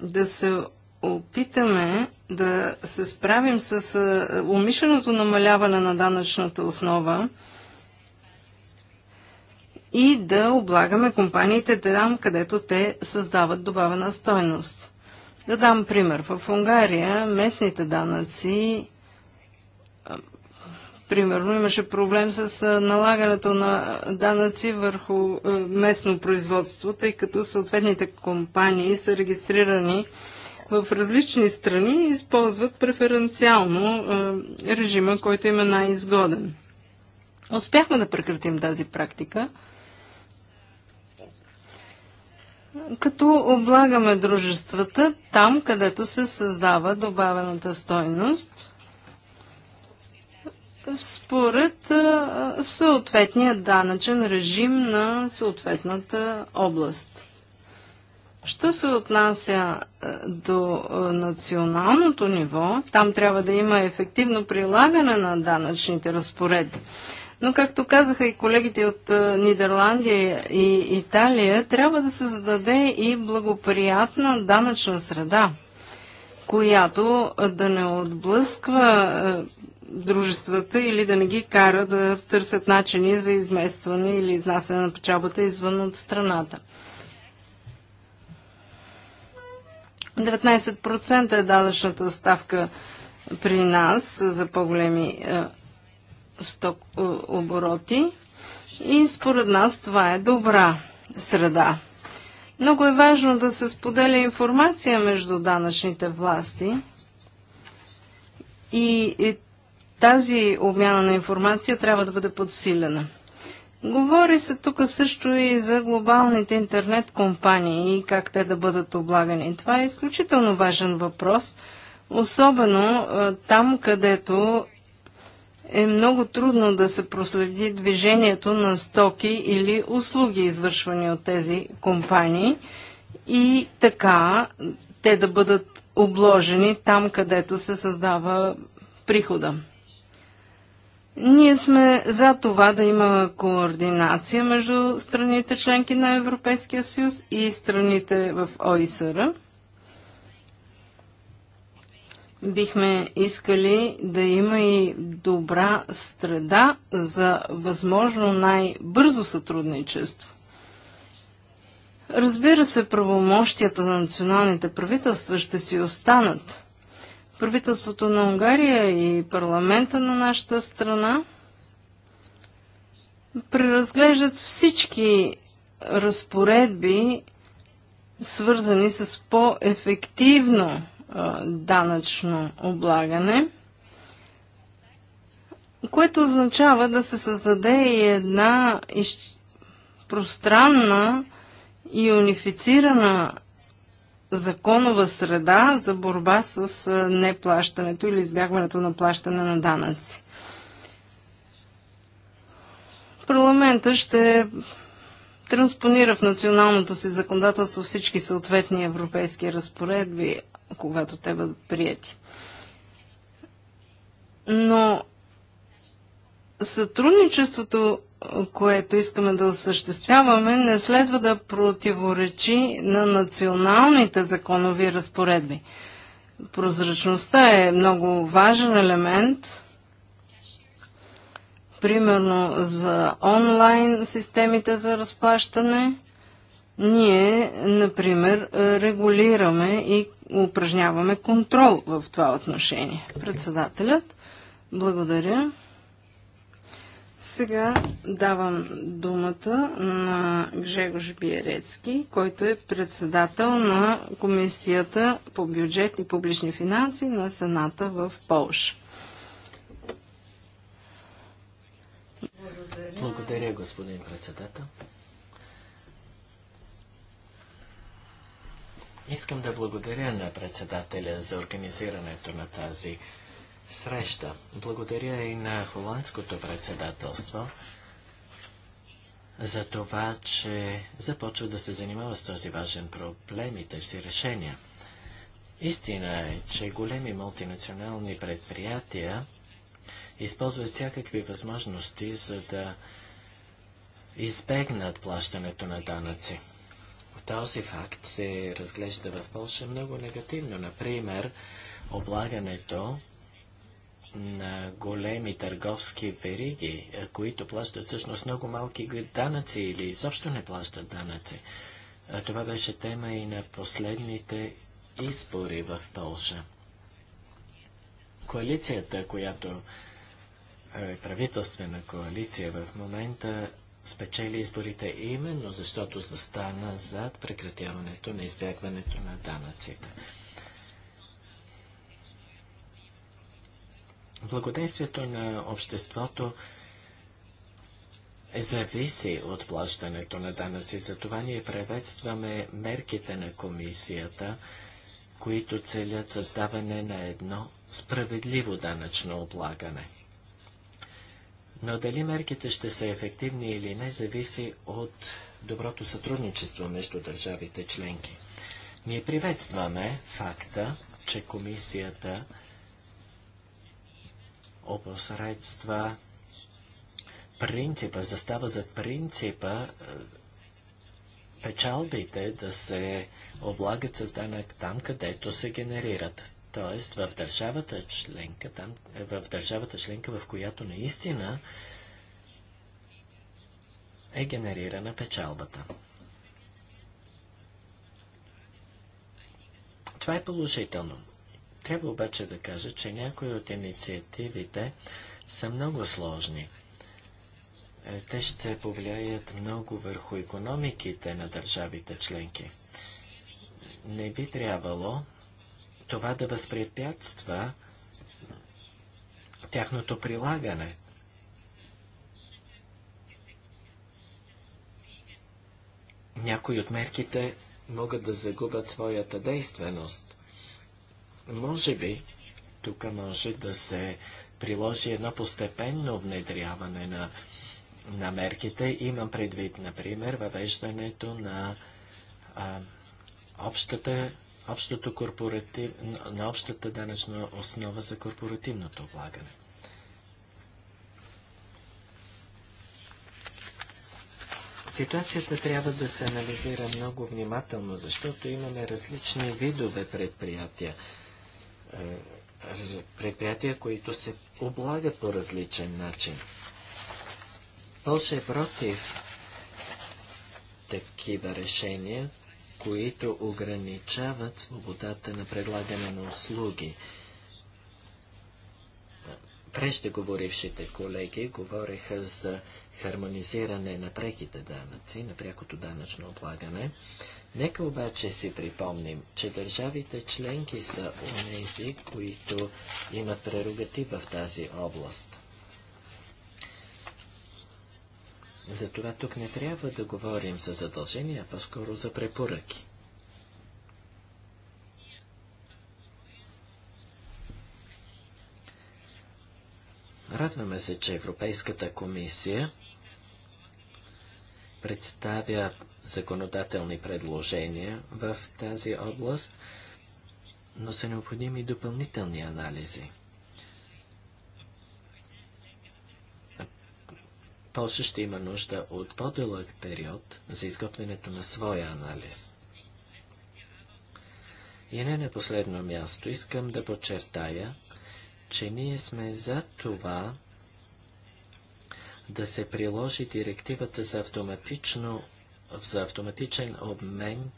да се опитаме да се справим с е, умишленото намаляване на данъчната основа, и да облагаме компаниите там, където те създават добавена стойност. Да дам пример. В Унгария местните данъци Примерно имаше проблем с налагането на данъци върху местно производство, тъй като съответните компании са регистрирани в различни страни и използват преференциално режима, който им е най-изгоден. Успяхме да прекратим тази практика като облагаме дружествата там, където се създава добавената стойност според съответния данъчен режим на съответната област. Що се отнася до националното ниво, там трябва да има ефективно прилагане на данъчните разпоредби. Но, както казаха и колегите от е, Нидерландия и Италия, трябва да се зададе и благоприятна данъчна среда, която да не отблъсква е, дружествата или да не ги кара да търсят начини за изместване или изнасяне на печалбата извън от страната. 19% е данъчната ставка при нас за по-големи е, сток, е, обороти и според нас това е добра среда. Много е важно да се споделя информация между данъчните власти и, и тази обмяна на информация трябва да бъде подсилена. Говори се тук също и за глобалните интернет компании и как те да бъдат облагани. Това е изключително важен въпрос, особено е, там, където е много трудно да се проследи движението на стоки или услуги, извършвани от тези компании и така те да бъдат обложени там, където се създава прихода. Ние сме за това да има координация между страните членки на Европейския съюз и страните в ОИСР бихме искали да има и добра среда за възможно най-бързо сътрудничество. Разбира се, правомощията на националните правителства ще си останат. Правителството на Унгария и парламента на нашата страна преразглеждат всички разпоредби, свързани с по-ефективно данъчно облагане, което означава да се създаде и една пространна и унифицирана законова среда за борба с неплащането или избягването на плащане на данъци. Парламента ще транспонира в националното си законодателство всички съответни европейски разпоредби, когато те бъдат прияти. Но сътрудничеството, което искаме да осъществяваме, не следва да противоречи на националните законови разпоредби. Прозрачността е много важен елемент, примерно за онлайн системите за разплащане. Ние, например, регулираме и упражняваме контрол в това отношение. Председателят, благодаря. Сега давам думата на Гжегош Биерецки, който е председател на Комисията по бюджет и публични финанси на Сената в Полша. Благодаря, господин председател. Искам да благодаря на председателя за организирането на тази среща. Благодаря и на холандското председателство за това, че започва да се занимава с този важен проблем и търси решения. Истина е, че големи мултинационални предприятия използват всякакви възможности, за да избегнат плащането на данъци. Този факт се разглежда в Польша много негативно. Например, облагането на големи търговски вериги, е, които плащат всъщност много малки данъци или изобщо не плащат данъци. Е, това беше тема и на последните избори в Польша. Коалицията, която е правителствена коалиция в момента, спечели изборите именно защото застана зад прекратяването на избягването на данъците. Благоденствието на обществото зависи от плащането на данъци. Затова ние приветстваме мерките на комисията, които целят създаване на едно справедливо данъчно облагане. Но дали мерките ще са ефективни или не, зависи от доброто сътрудничество между държавите членки. Ние приветстваме факта, че комисията опосредства принципа, застава зад принципа е, печалбите да се облагат с данък там, където се генерират. Т.е. в държавата членка, там, е, в държавата членка, в която наистина е генерирана печалбата. Това е положително. Трябва обаче да кажа, че някои от инициативите са много сложни. Е, те ще повлияят много върху економиките на държавите членки. Не би трябвало това да възпрепятства тяхното прилагане. Някои от мерките могат да загубят своята действеност. Може би, тук може да се приложи едно постепенно внедряване на, на мерките. Имам предвид, например, въвеждането на а, общата корпоратив... на общата данъчна основа за корпоративното облагане. Ситуацията трябва да се анализира много внимателно, защото имаме различни видове предприятия. Е, предприятия, които се облагат по различен начин. Польша е против такива решения, които ограничават свободата на предлагане на услуги. Преждеговорившите колеги говореха за хармонизиране на преките данъци, на прякото данъчно облагане. Нека обаче си припомним, че държавите членки са унези, които имат прерогатив в тази област. Затова тук не трябва да говорим за задължения, а по-скоро за препоръки. Радваме се, че Европейската комисия представя законодателни предложения в тази област, но са необходими допълнителни анализи. Польша ще има нужда от по-дълъг период за изготвянето на своя анализ. И не на последно място искам да подчертая, че ние сме за това да се приложи директивата за, автоматично, за автоматичен обмен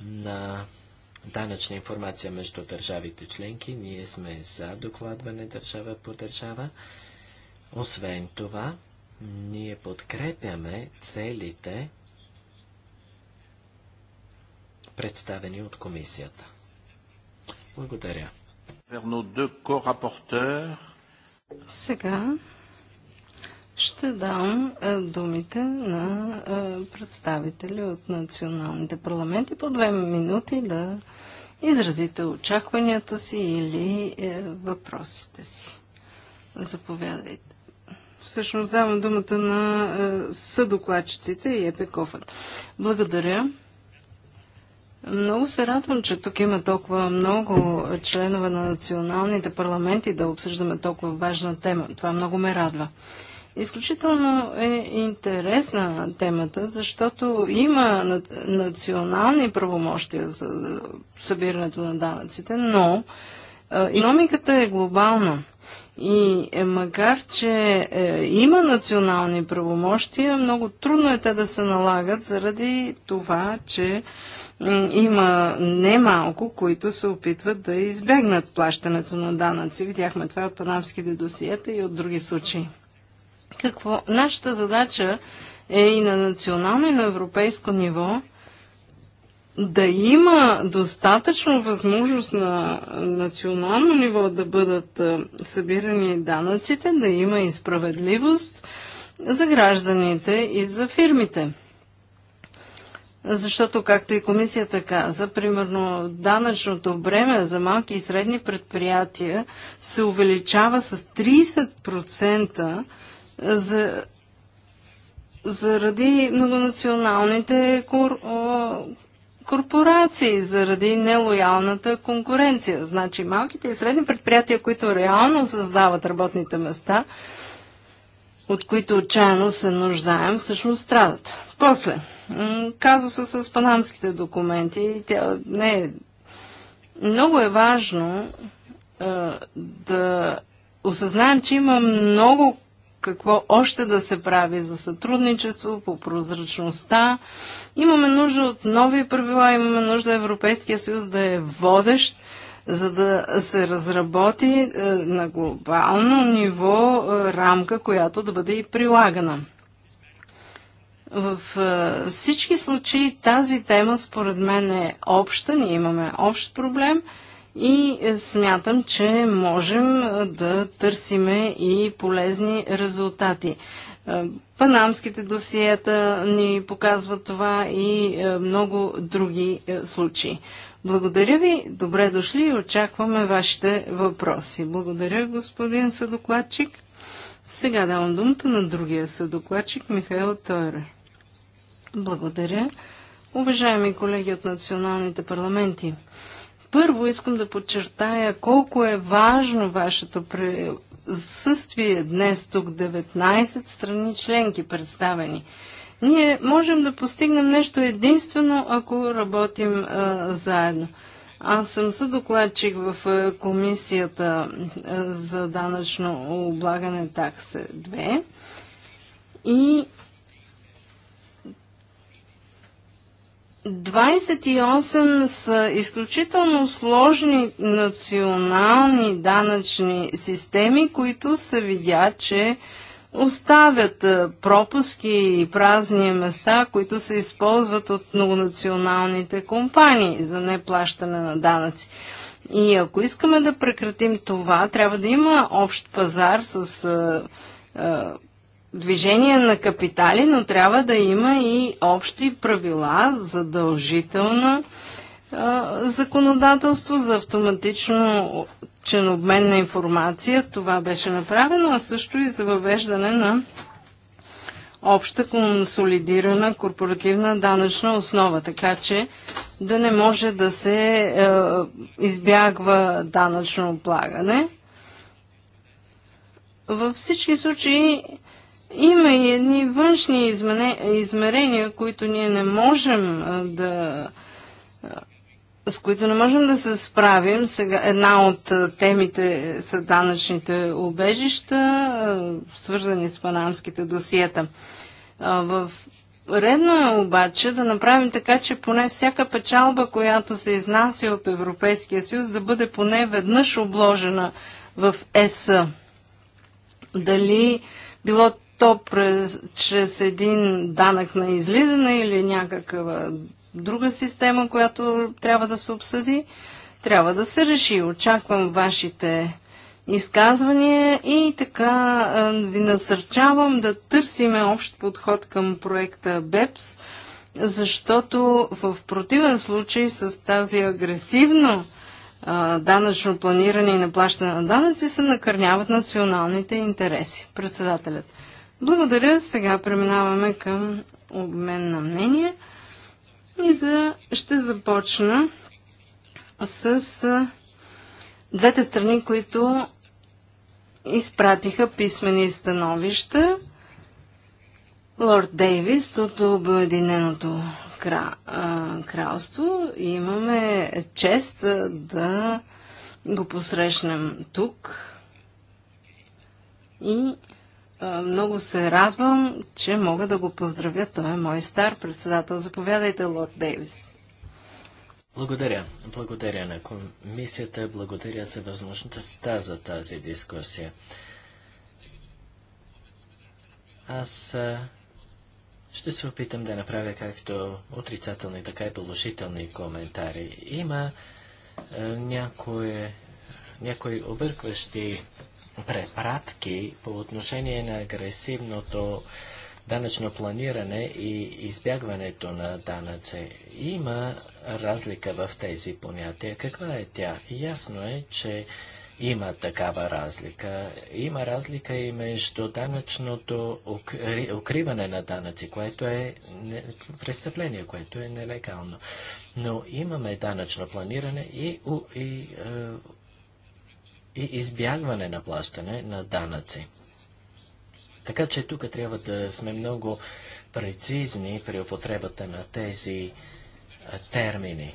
на данъчна информация между държавите членки. Ние сме за докладване държава по държава. Освен това, ние подкрепяме целите, представени от комисията. Благодаря. Сега ще дам е, думите на е, представители от националните парламенти по две минути да изразите очакванията си или е, въпросите си. Заповядайте всъщност давам думата на е, съдокладчиците и Епекофът. Благодаря. Много се радвам, че тук има толкова много членове на националните парламенти да обсъждаме толкова важна тема. Това много ме радва. Изключително е интересна темата, защото има национални правомощия за събирането на данъците, но економиката е глобална. И е, макар, че е, има национални правомощия, много трудно е те да се налагат заради това, че има немалко, които се опитват да избегнат плащането на данъци. Видяхме това от панамските досиета и от други случаи. Какво? Нашата задача е и на национално и на европейско ниво да има достатъчно възможност на национално ниво да бъдат е, събирани данъците, да има и справедливост за гражданите и за фирмите. Защото, както и комисията каза, примерно данъчното бреме за малки и средни предприятия се увеличава с 30% за, заради многонационалните кор, о, корпорации заради нелоялната конкуренция. Значи малките и средни предприятия, които реално създават работните места, от които отчаяно се нуждаем, всъщност страдат. После, казуса с панамските документи, тя не Много е важно е, да осъзнаем, че има много какво още да се прави за сътрудничество, по прозрачността. Имаме нужда от нови правила, имаме нужда Европейския съюз да е водещ, за да се разработи е, на глобално ниво е, рамка, която да бъде и прилагана. В е, всички случаи тази тема според мен е обща, ние имаме общ проблем – и е, смятам, че можем е, да търсиме и полезни резултати. Е, панамските досиета ни показват това и много други случаи. Благодаря ви, добре дошли и очакваме вашите въпроси. Благодаря, господин съдокладчик. Сега давам думата на другия съдокладчик, Михаил Тойре. Благодаря. Уважаеми колеги от националните парламенти, първо искам да подчертая колко е важно вашето присъствие днес тук. 19 страни членки представени. Ние можем да постигнем нещо единствено, ако работим а, заедно. Аз съм съдокладчик в комисията за данъчно облагане такса 2 и 28 са изключително сложни национални данъчни системи, които се видя, че оставят пропуски и празни места, които се използват от многонационалните компании за неплащане на данъци. И ако искаме да прекратим това, трябва да има общ пазар с движение на капитали, но трябва да има и общи правила, задължителна законодателство за автоматично чен обмен на информация. Това беше направено, а също и за въвеждане на обща консолидирана корпоративна данъчна основа, така че да не може да се е, избягва данъчно облагане. Във всички случаи има и едни външни измерения, които ние не можем да с които не можем да се справим. Сега, една от темите са данъчните убежища, свързани с панамските досиета. В Редно е обаче да направим така, че поне всяка печалба, която се изнася от Европейския съюз, да бъде поне веднъж обложена в ЕС. Дали било то през, чрез един данък на излизане или някаква друга система, която трябва да се обсъди, трябва да се реши. Очаквам вашите изказвания и така ви насърчавам да търсиме общ подход към проекта БЕПС, защото в противен случай с тази агресивно данъчно планиране и наплащане на данъци се накърняват националните интереси. Председателят. Благодаря. Сега преминаваме към обмен на мнение. И за... ще започна с двете страни, които изпратиха писмени становища. Лорд Дейвис от Обединеното кра... кралство. И имаме чест да го посрещнем тук. И много се радвам, че мога да го поздравя. Той е мой стар председател. Заповядайте, лорд Дейвис. Благодаря. Благодаря на комисията. Благодаря за възможността за тази дискусия. Аз ще се опитам да направя както отрицателни, така и положителни коментари. Има някои, някои объркващи препратки по отношение на агресивното данъчно планиране и избягването на данъци. Има разлика в тези понятия. Каква е тя? Ясно е, че има такава разлика. Има разлика и между данъчното укриване на данъци, което е престъпление, което е нелегално. Но имаме данъчно планиране и, и, и е, и избягване на плащане на данъци. Така че тук трябва да сме много прецизни при употребата на тези термини.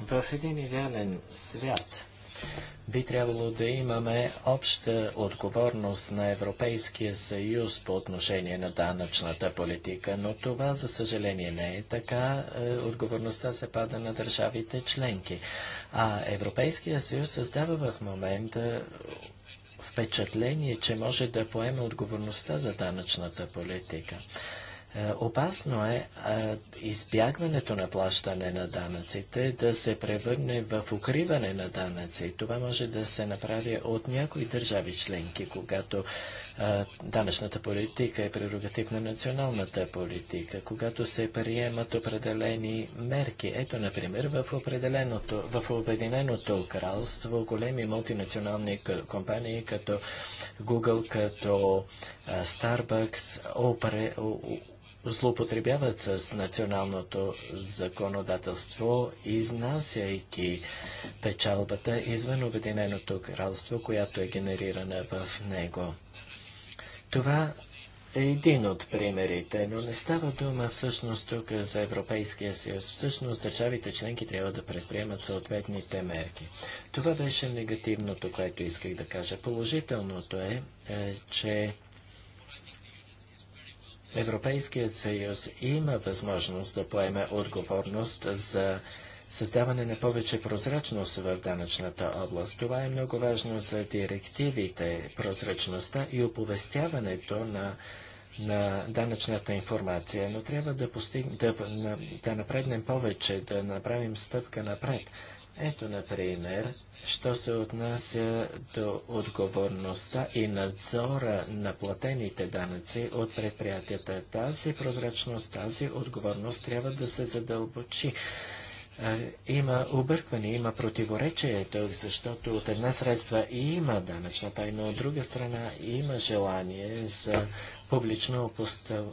В един идеален свят би трябвало да имаме обща отговорност на Европейския съюз по отношение на данъчната политика, но това, за съжаление, не е така. Е, отговорността се пада на държавите членки. А Европейския съюз създава в момента впечатление, че може да поеме отговорността за данъчната политика. Е, опасно е, е избягването на плащане на данъците да се превърне в укриване на данъци. Това може да се направи от някои държави членки, когато е, данъчната политика е прерогатив на националната политика, когато се приемат определени мерки. Ето, например, в, определеното, в Обединеното кралство големи мултинационални компании като Google, като Starbucks, Opera, злоупотребяват с националното законодателство, изнасяйки печалбата извън Обединеното кралство, която е генерирана в него. Това е един от примерите, но не става дума всъщност тук за Европейския съюз. Всъщност държавите членки трябва да предприемат съответните мерки. Това беше негативното, което исках да кажа. Положителното е, е че Европейският съюз има възможност да поеме отговорност за създаване на повече прозрачност в данъчната област. Това е много важно за директивите, прозрачността и оповестяването на, на данъчната информация, но трябва да, постиг... да, да напреднем повече, да направим стъпка напред. Ето, например, що се отнася до отговорността и надзора на платените данъци от предприятията. Тази прозрачност, тази отговорност трябва да се задълбочи. Има объркване, има противоречие защото от една средства има данъчна тайна, от друга страна има желание за публично, опостав...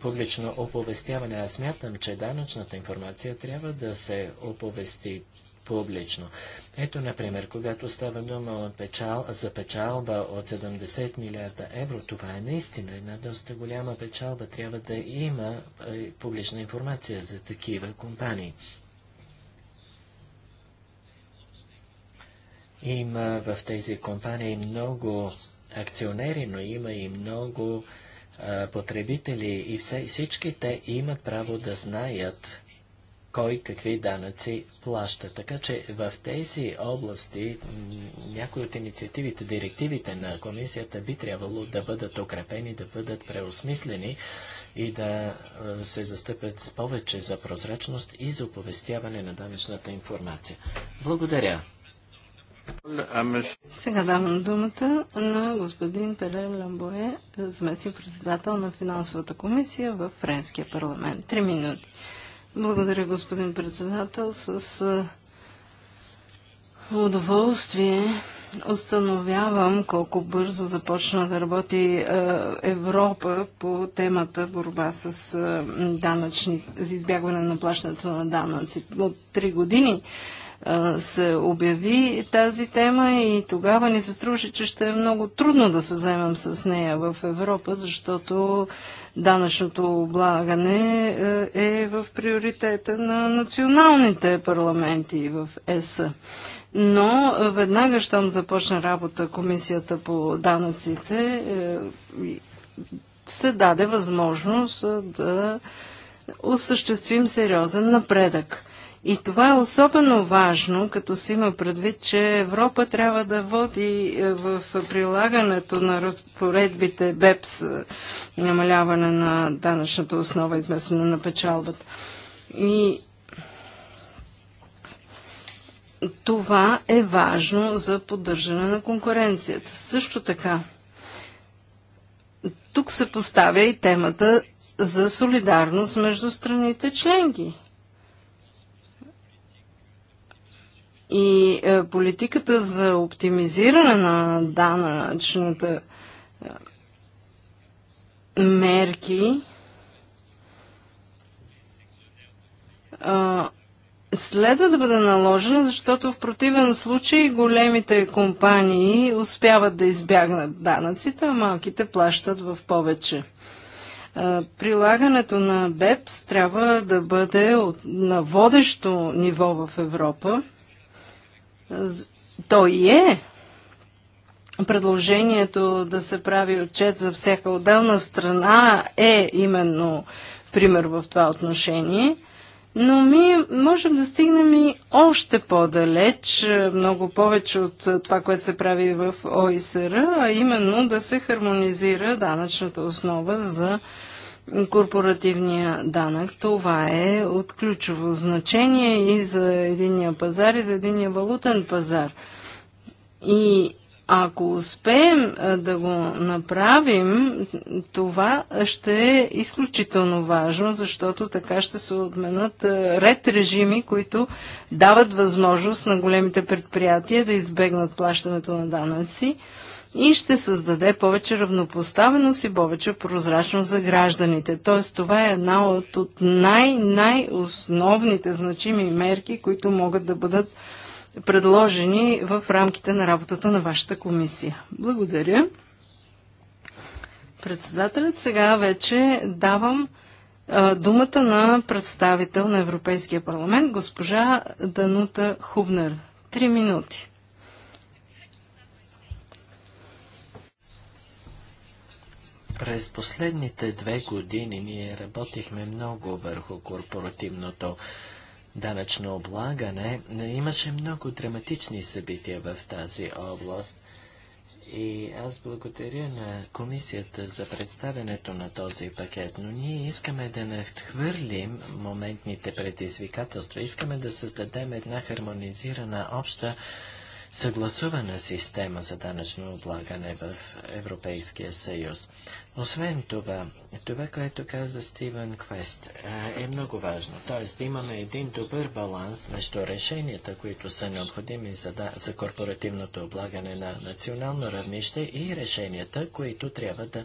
публично оповестяване. Аз мятам, че данъчната информация трябва да се оповести публично. Ето, например, когато става дума от печал, за печалба от 70 милиарда евро, това е наистина една доста голяма печалба. Трябва да има е, публична информация за такива компании. Има в тези компании много акционери, но има и много а, потребители и все, всички те имат право да знаят кой какви данъци плаща. Така че в тези области някои от инициативите, директивите на комисията би трябвало да бъдат укрепени, да бъдат преосмислени и да се застъпят с повече за прозрачност и за оповестяване на данъчната информация. Благодаря. Сега давам думата на господин Пеле Ламбое, заместник председател на финансовата комисия в Френския парламент. Три минути. Благодаря, господин председател. С удоволствие установявам колко бързо започна да работи Европа по темата борба с данъчни, за избягване на плащането на данъци. От три години се обяви тази тема и тогава ни се струваше, че ще е много трудно да се вземем с нея в Европа, защото данъчното облагане е, е в приоритета на националните парламенти в ЕС. Но веднага, щом започна работа комисията по данъците, е, се даде възможност да осъществим сериозен напредък. И това е особено важно, като се има предвид, че Европа трябва да води е, в прилагането на разпоредбите БЕПС, е, намаляване на данъчната основа, изместване на печалбата. И това е важно за поддържане на конкуренцията. Също така, тук се поставя и темата за солидарност между страните членки. И е, политиката за оптимизиране на данъчната е, мерки е, следва да бъде наложена, защото в противен случай големите компании успяват да избягнат данъците, а малките плащат в повече. Прилагането на БЕПС трябва да бъде на водещо ниво в Европа той е предложението да се прави отчет за всяка отделна страна е именно пример в това отношение. Но ми можем да стигнем и още по-далеч, е, много повече от е, това, което се прави в ОИСР, а именно да се хармонизира данъчната основа за корпоративния данък. Това е от ключово значение и за единия пазар, и за единия валутен пазар. И ако успеем да го направим, това ще е изключително важно, защото така ще се отменят ред режими, които дават възможност на големите предприятия да избегнат плащането на данъци и ще създаде повече равнопоставеност и повече прозрачност за гражданите. Тоест това е една от, от най-най-основните значими мерки, които могат да бъдат предложени в рамките на работата на вашата комисия. Благодаря. Председателят, сега вече давам а, думата на представител на Европейския парламент, госпожа Данута Хубнер. Три минути. През последните две години ние работихме много върху корпоративното данъчно облагане. Имаше много драматични събития в тази област. И аз благодаря на комисията за представенето на този пакет, но ние искаме да надхвърлим моментните предизвикателства. Искаме да създадем една хармонизирана обща съгласувана система за данъчно облагане в Европейския съюз. Освен това, това, което каза Стивен Квест, е много важно. Тоест, имаме един добър баланс между решенията, които са необходими за, да, за корпоративното облагане на национално равнище и решенията, които трябва да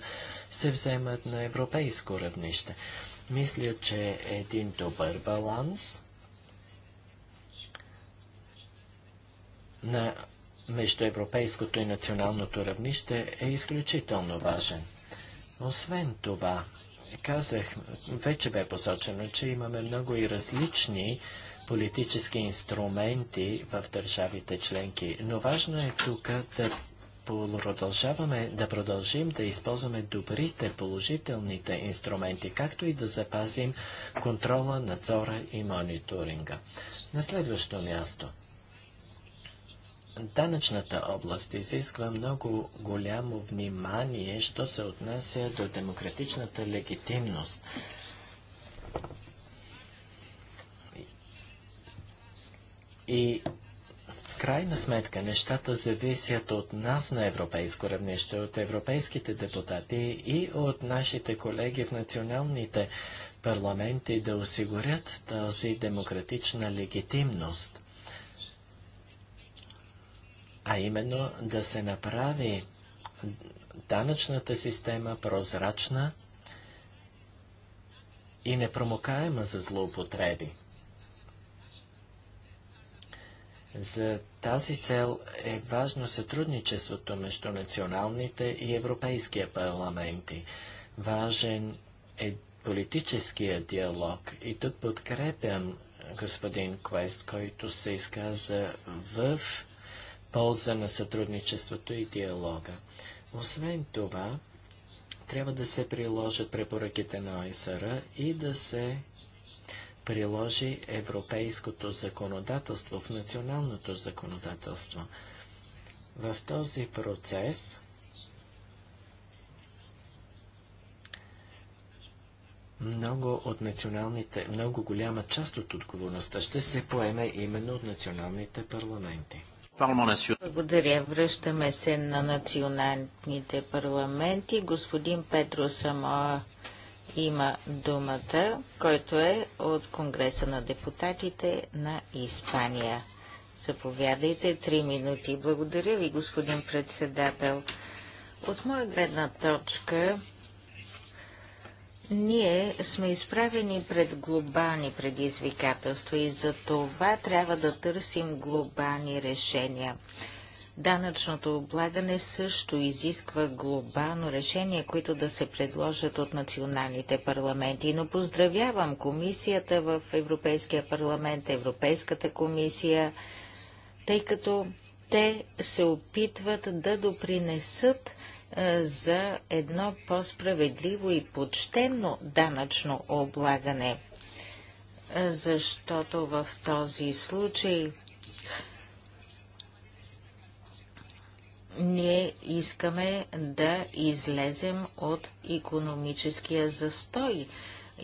се вземат на европейско равнище. Мисля, че е един добър баланс – на между европейското и националното равнище е изключително важен. Освен това, казах, вече бе посочено, че имаме много и различни политически инструменти в държавите членки, но важно е тук да продължаваме, да продължим да използваме добрите, положителните инструменти, както и да запазим контрола, надзора и мониторинга. На следващо място – данъчната област изисква много голямо внимание, що се отнася до демократичната легитимност. И в крайна сметка нещата зависят от нас на европейско равнище, от европейските депутати и от нашите колеги в националните парламенти да осигурят тази демократична легитимност а именно да се направи данъчната система прозрачна и непромокаема за злоупотреби. За тази цел е важно сътрудничеството между националните и европейския парламенти. Важен е политическия диалог и тук подкрепям господин Квест, който се изказа в полза на сътрудничеството и диалога. Освен това, трябва да се приложат препоръките на ОИСР и да се приложи европейското законодателство в националното законодателство. В този процес много от националните, много голяма част от отговорността ще се поеме именно от националните парламенти. Благодаря. Връщаме се на националните парламенти. Господин Петро Самоа има думата, който е от Конгреса на депутатите на Испания. Заповядайте, три минути. Благодаря ви, господин председател. От моя гледна точка ние сме изправени пред глобални предизвикателства и за това трябва да търсим глобални решения. Данъчното облагане също изисква глобално решение, които да се предложат от националните парламенти. Но поздравявам комисията в Европейския парламент, Европейската комисия, тъй като те се опитват да допринесат е, за едно по-справедливо и почтенно данъчно облагане. Е, защото в този случай ние искаме да излезем от економическия застой.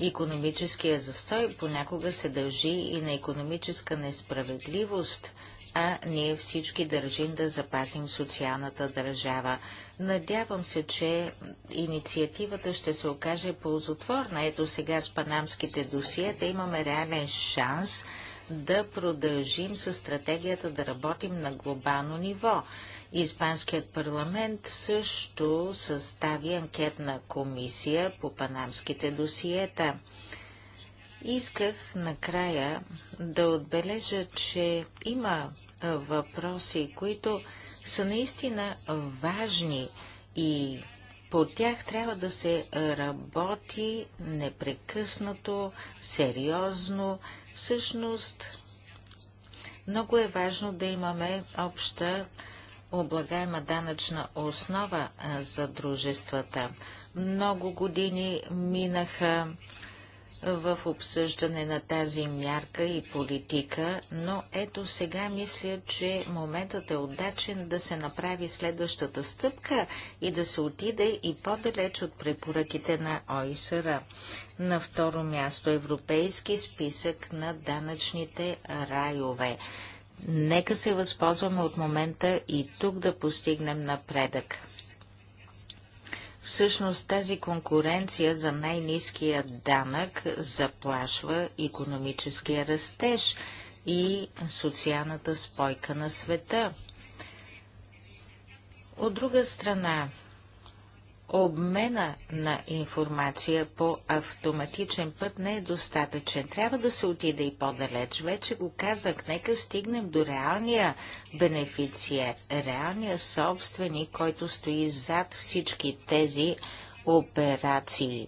Економическия застой понякога се дължи и на економическа несправедливост, а ние всички държим да запазим социалната държава. Надявам се, че инициативата ще се окаже ползотворна. Ето сега с панамските досиета имаме реален шанс да продължим с стратегията да работим на глобално ниво. Испанският парламент също състави анкетна комисия по панамските досиета. Исках накрая да отбележа, че има въпроси, които са наистина важни и по тях трябва да се работи непрекъснато, сериозно. Всъщност, много е важно да имаме обща облагаема данъчна основа за дружествата. Много години минаха в обсъждане на тази мярка и политика, но ето сега мисля, че моментът е удачен да се направи следващата стъпка и да се отиде и по-далеч от препоръките на ОИСР. На второ място Европейски списък на данъчните райове. Нека се възползваме от момента и тук да постигнем напредък. Всъщност тази конкуренция за най-низкия данък заплашва економическия растеж и социалната спойка на света. От друга страна, Обмена на информация по автоматичен път не е достатъчен. Трябва да се отиде и по-далеч. Вече го казах, нека стигнем до реалния бенефиция, реалния собственик, който стои зад всички тези операции.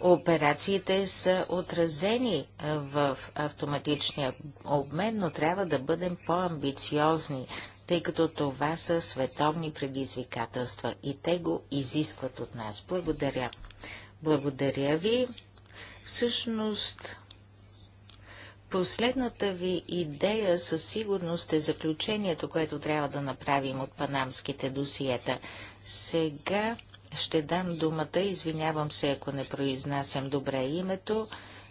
Операциите са отразени в автоматичния обмен, но трябва да бъдем по-амбициозни тъй като това са световни предизвикателства и те го изискват от нас. Благодаря. Благодаря ви. Всъщност, последната ви идея със сигурност е заключението, което трябва да направим от панамските досиета. Сега ще дам думата, извинявам се, ако не произнасям добре името,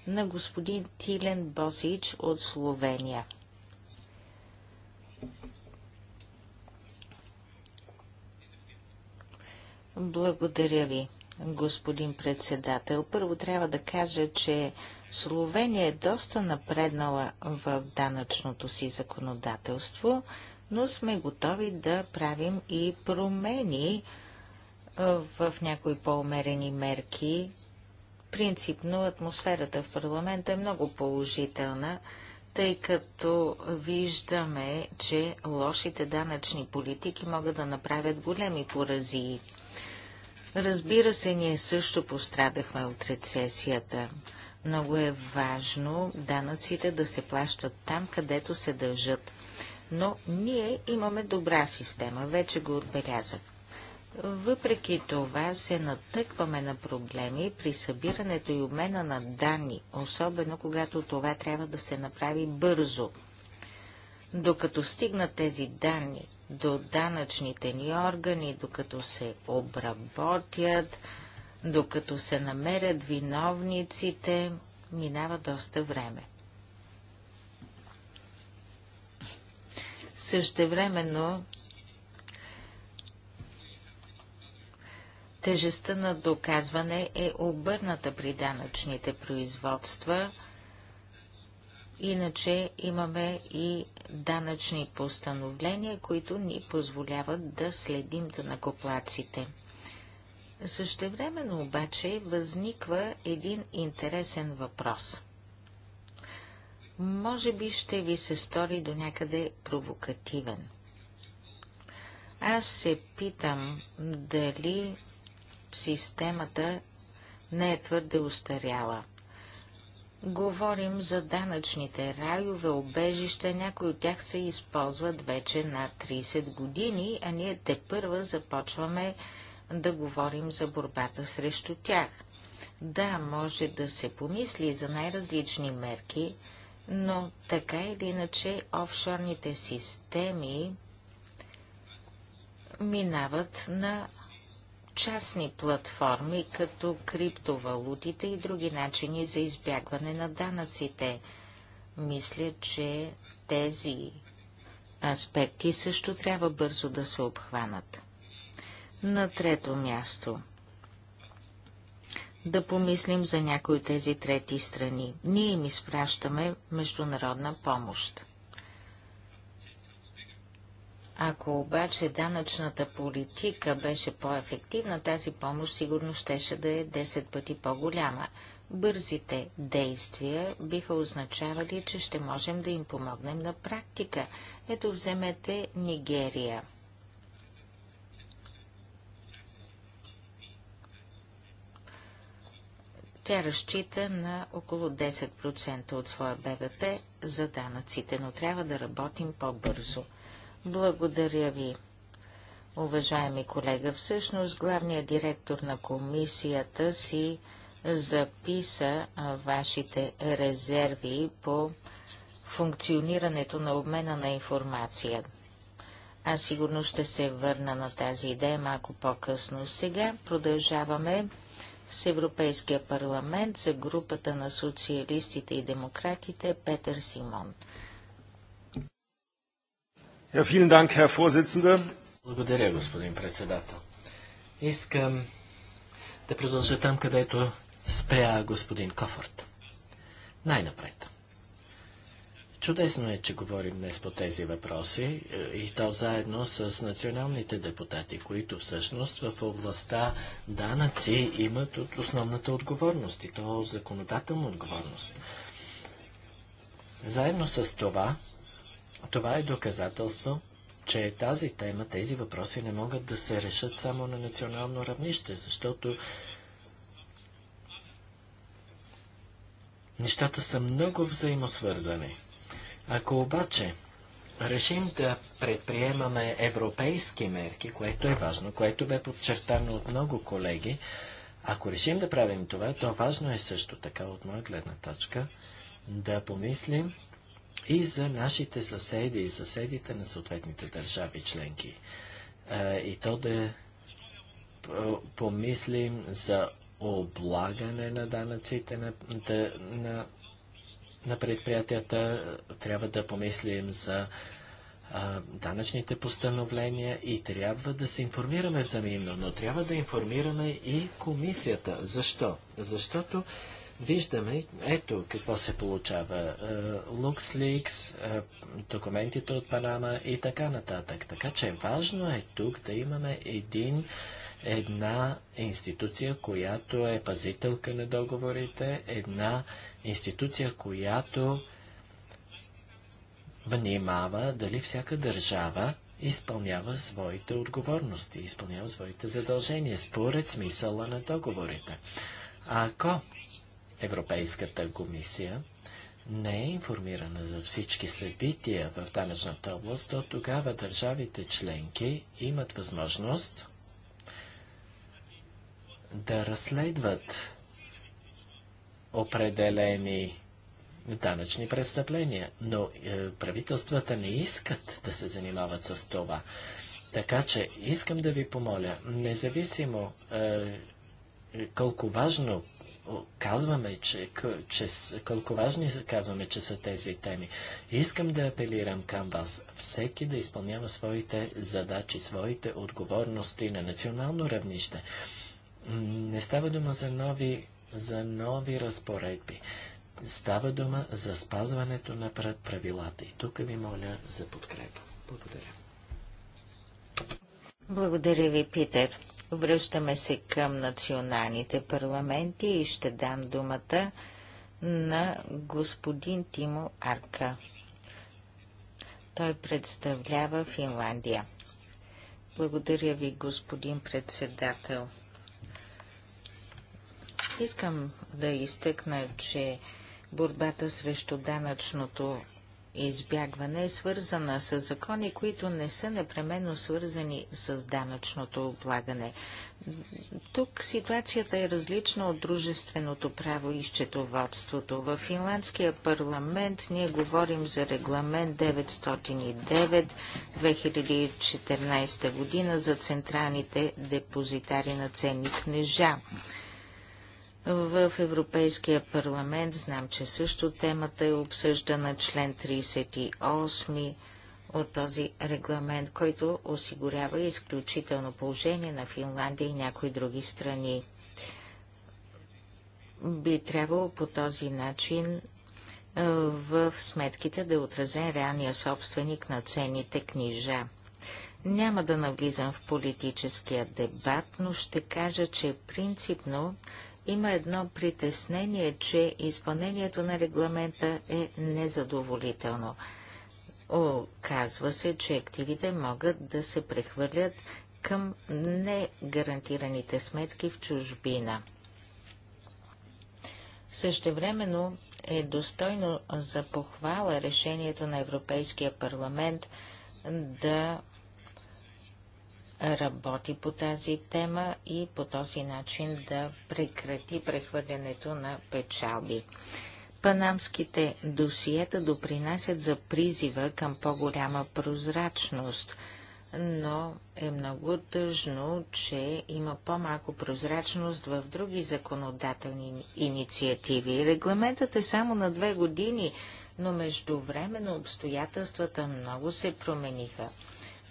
на господин Тилен Босич от Словения. Благодаря ви, господин председател. Първо трябва да кажа, че Словения е доста напреднала в данъчното си законодателство, но сме готови да правим и промени в някои по-умерени мерки. Принципно атмосферата в парламента е много положителна тъй като виждаме, че лошите данъчни политики могат да направят големи поразии. Разбира се, ние също пострадахме от рецесията. Много е важно данъците да се плащат там, където се държат. Но ние имаме добра система, вече го отбелязах. Въпреки това се натъкваме на проблеми при събирането и обмена на данни, особено когато това трябва да се направи бързо. Докато стигнат тези данни до данъчните ни органи, докато се обработят, докато се намерят виновниците, минава доста време. Същевременно тежестта на доказване е обърната при данъчните производства. Иначе имаме и данъчни постановления, които ни позволяват да следим данакоплаците. Същевременно обаче възниква един интересен въпрос. Може би ще ви се стори до някъде провокативен. Аз се питам дали системата не е твърде устаряла. Говорим за данъчните райове, обежища, някои от тях се използват вече на 30 години, а ние те първа започваме да говорим за борбата срещу тях. Да, може да се помисли за най-различни мерки, но така или иначе офшорните системи минават на частни платформи, като криптовалутите и други начини за избягване на данъците. Мисля, че тези аспекти също трябва бързо да се обхванат. На трето място да помислим за някои от тези трети страни. Ние им изпращаме международна помощ. Ако обаче данъчната политика беше по-ефективна, тази помощ сигурно щеше да е 10 пъти по-голяма. Бързите действия биха означавали, че ще можем да им помогнем на практика. Ето вземете Нигерия. Тя разчита на около 10% от своя БВП за данъците, но трябва да работим по-бързо. Благодаря ви. Уважаеми колега, всъщност главният директор на комисията си записа вашите резерви по функционирането на обмена на информация. Аз сигурно ще се върна на тази идея малко по-късно. Сега продължаваме с Европейския парламент за групата на социалистите и демократите Петър Симон. Ja, vielen Dank, Herr Благодаря, господин председател. Искам да продължа там, където спря господин Кофорт. Най-напред. Чудесно е, че говорим днес по тези въпроси е, и то заедно с националните депутати, които всъщност в областта данъци имат от основната отговорност и то законодателна отговорност. Заедно с това това е доказателство, че тази тема, тези въпроси не могат да се решат само на национално равнище, защото нещата са много взаимосвързани. Ако обаче решим да предприемаме европейски мерки, което е важно, което бе подчертано от много колеги, ако решим да правим това, то важно е също така от моя гледна точка да помислим и за нашите съседи и съседите на съответните държави членки. и то да помислим за облагане на данъците на, да, на, на предприятията, трябва да помислим за данъчните постановления и трябва да се информираме взаимно, но трябва да информираме и комисията. Защо? Защото Виждаме, ето какво се получава. Е, LuxLeaks, е, документите от Панама и така нататък. Така че важно е тук да имаме един една институция, която е пазителка на договорите, една институция, която внимава дали всяка държава изпълнява своите отговорности, изпълнява своите задължения според смисъла на договорите. ако Европейската комисия не е информирана за всички събития в данъчната област, то тогава държавите членки имат възможност да разследват определени данъчни престъпления, но е, правителствата не искат да се занимават с това. Така че искам да ви помоля, независимо е, колко важно казваме, че, че, колко важни казваме, че са тези теми. Искам да апелирам към вас, всеки да изпълнява своите задачи, своите отговорности на национално равнище. Не става дума за нови, за нови разпоредби. Става дума за спазването на правилата. И тук ви моля за подкрепа. Благодаря. Благодаря ви, Питер. Връщаме се към националните парламенти и ще дам думата на господин Тимо Арка. Той представлява Финландия. Благодаря ви, господин председател. Искам да изтъкна, че борбата срещу данъчното избягване е свързана с закони, които не са непременно свързани с данъчното облагане. Тук ситуацията е различна от дружественото право и счетоводството. В финландския парламент ние говорим за регламент 909-2014 година за централните депозитари на ценни книжа в Европейския парламент. Знам, че също темата е обсъждана член 38 от този регламент, който осигурява изключително положение на Финландия и някои други страни. Би трябвало по този начин в сметките да е отразен реалния собственик на ценните книжа. Няма да навлизам в политическия дебат, но ще кажа, че принципно има едно притеснение, че изпълнението на регламента е незадоволително. Оказва се, че активите могат да се прехвърлят към негарантираните сметки в чужбина. Същевременно е достойно за похвала решението на Европейския парламент да работи по тази тема и по този начин да прекрати прехвърлянето на печалби. Панамските досиета допринасят за призива към по-голяма прозрачност, но е много тъжно, че има по-малко прозрачност в други законодателни инициативи. Регламентът е само на две години, но междувременно обстоятелствата много се промениха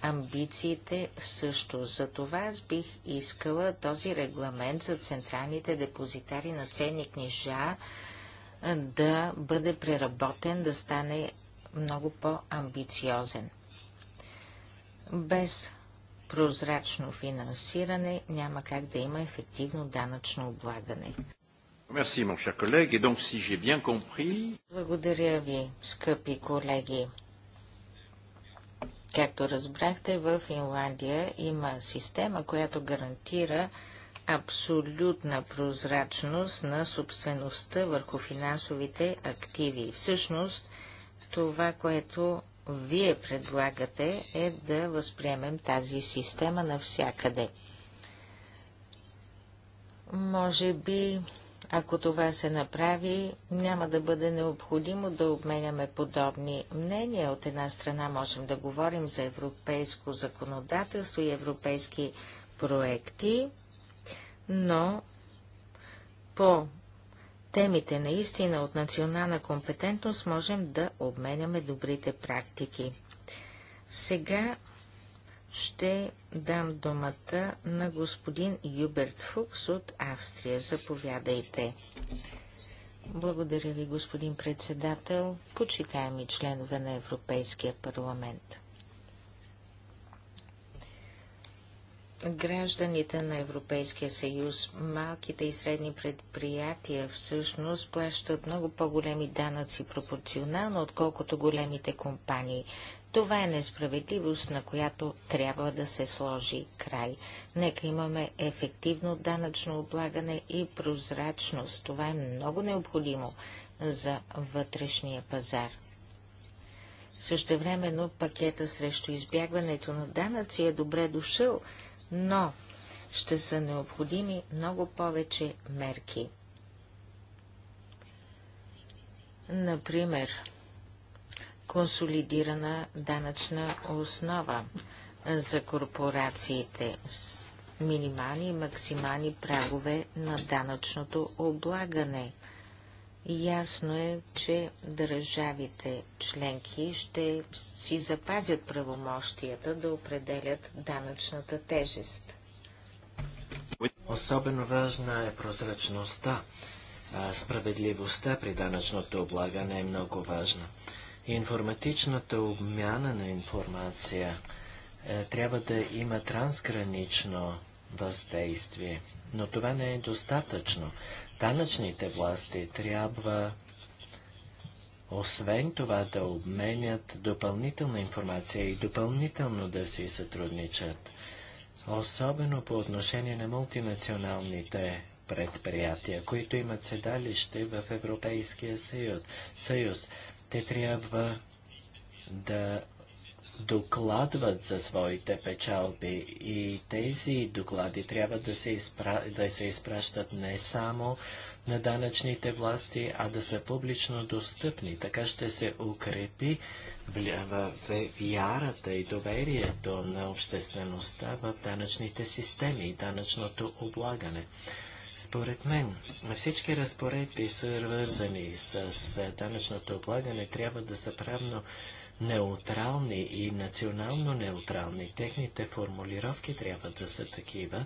амбициите също. За това аз бих искала този регламент за централните депозитари на ценни книжа да бъде преработен, да стане много по-амбициозен. Без прозрачно финансиране няма как да има ефективно данъчно облагане. Благодаря ви, скъпи колеги. Както разбрахте, в Финландия има система, която гарантира абсолютна прозрачност на собствеността върху финансовите активи. Всъщност, това, което вие предлагате, е да възприемем тази система навсякъде. Може би ако това се направи, няма да бъде необходимо да обменяме подобни мнения. От една страна можем да говорим за европейско законодателство и европейски проекти, но по темите наистина от национална компетентност можем да обменяме добрите практики. Сега ще дам думата на господин Юберт Фукс от Австрия. Заповядайте. Благодаря ви, господин председател, почитаеми членове на Европейския парламент. Гражданите на Европейския съюз, малките и средни предприятия всъщност плащат много по-големи данъци пропорционално, отколкото големите компании. Това е несправедливост, на която трябва да се сложи край. Нека имаме ефективно данъчно облагане и прозрачност. Това е много необходимо за вътрешния пазар. Същевременно пакета срещу избягването на данъци е добре дошъл, но ще са необходими много повече мерки. Например, консолидирана данъчна основа за корпорациите с минимални и максимални прагове на данъчното облагане. Ясно е, че държавите членки ще си запазят правомощията да определят данъчната тежест. Особено важна е прозрачността. справедливостта при данъчното облагане е много важна. Информатичната обмяна на информация е, трябва да има трансгранично въздействие, но това не е достатъчно. Данъчните власти трябва освен това да обменят допълнителна информация и допълнително да си сътрудничат, особено по отношение на мултинационалните предприятия, които имат седалище в Европейския съюз. съюз те трябва да докладват за своите печалби и тези доклади трябва да се, изпра... да се изпращат не само на данъчните власти, а да са публично достъпни. Така ще се укрепи вярата и доверието на обществеността в данъчните системи и данъчното облагане. Според мен, всички разпоредби, свързани с е, данъчното облагане, трябва да са правно неутрални и национално неутрални. Техните формулировки трябва да са такива,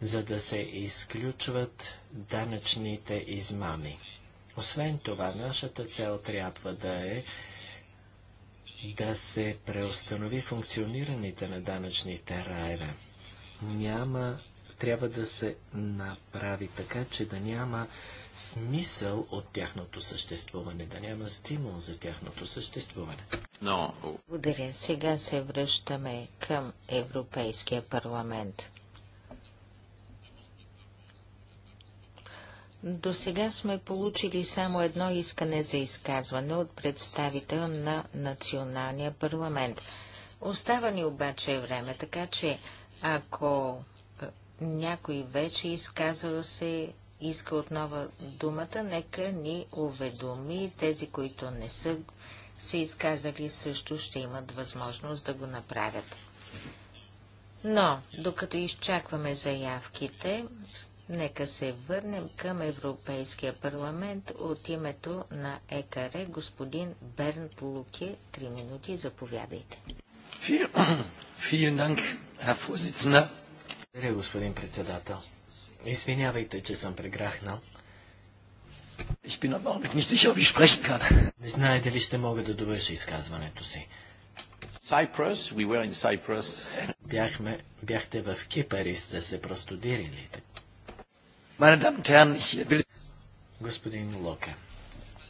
за да се изключват данъчните измами. Освен това, нашата цел трябва да е да се преустанови функционирането на данъчните райове. Няма трябва да се направи така, че да няма смисъл от тяхното съществуване, да няма стимул за тяхното съществуване. Но... Благодаря. Сега се връщаме към Европейския парламент. До сега сме получили само едно искане за изказване от представител на Националния парламент. Остава ни обаче време, така че ако някой вече изказал се, иска отново думата, нека ни уведоми. Тези, които не са се изказали, също ще имат възможност да го направят. Но, докато изчакваме заявките, нека се върнем към Европейския парламент от името на ЕКАРЕ. Господин Бернт Луке, три минути, заповядайте. Vielen Dank, Herr Vorsitzender. Благодаря, господин председател. Извинявайте, че съм преграхнал. Ich bin aber auch nicht sicher, ob ich sprechen kann. Не знае дали ще мога да довърша изказването си. Cyprus, we were in Cyprus. Бяхме, бяхте в Кипър и сте се простудирили. Meine Damen und Herren, ich will... Господин Локе,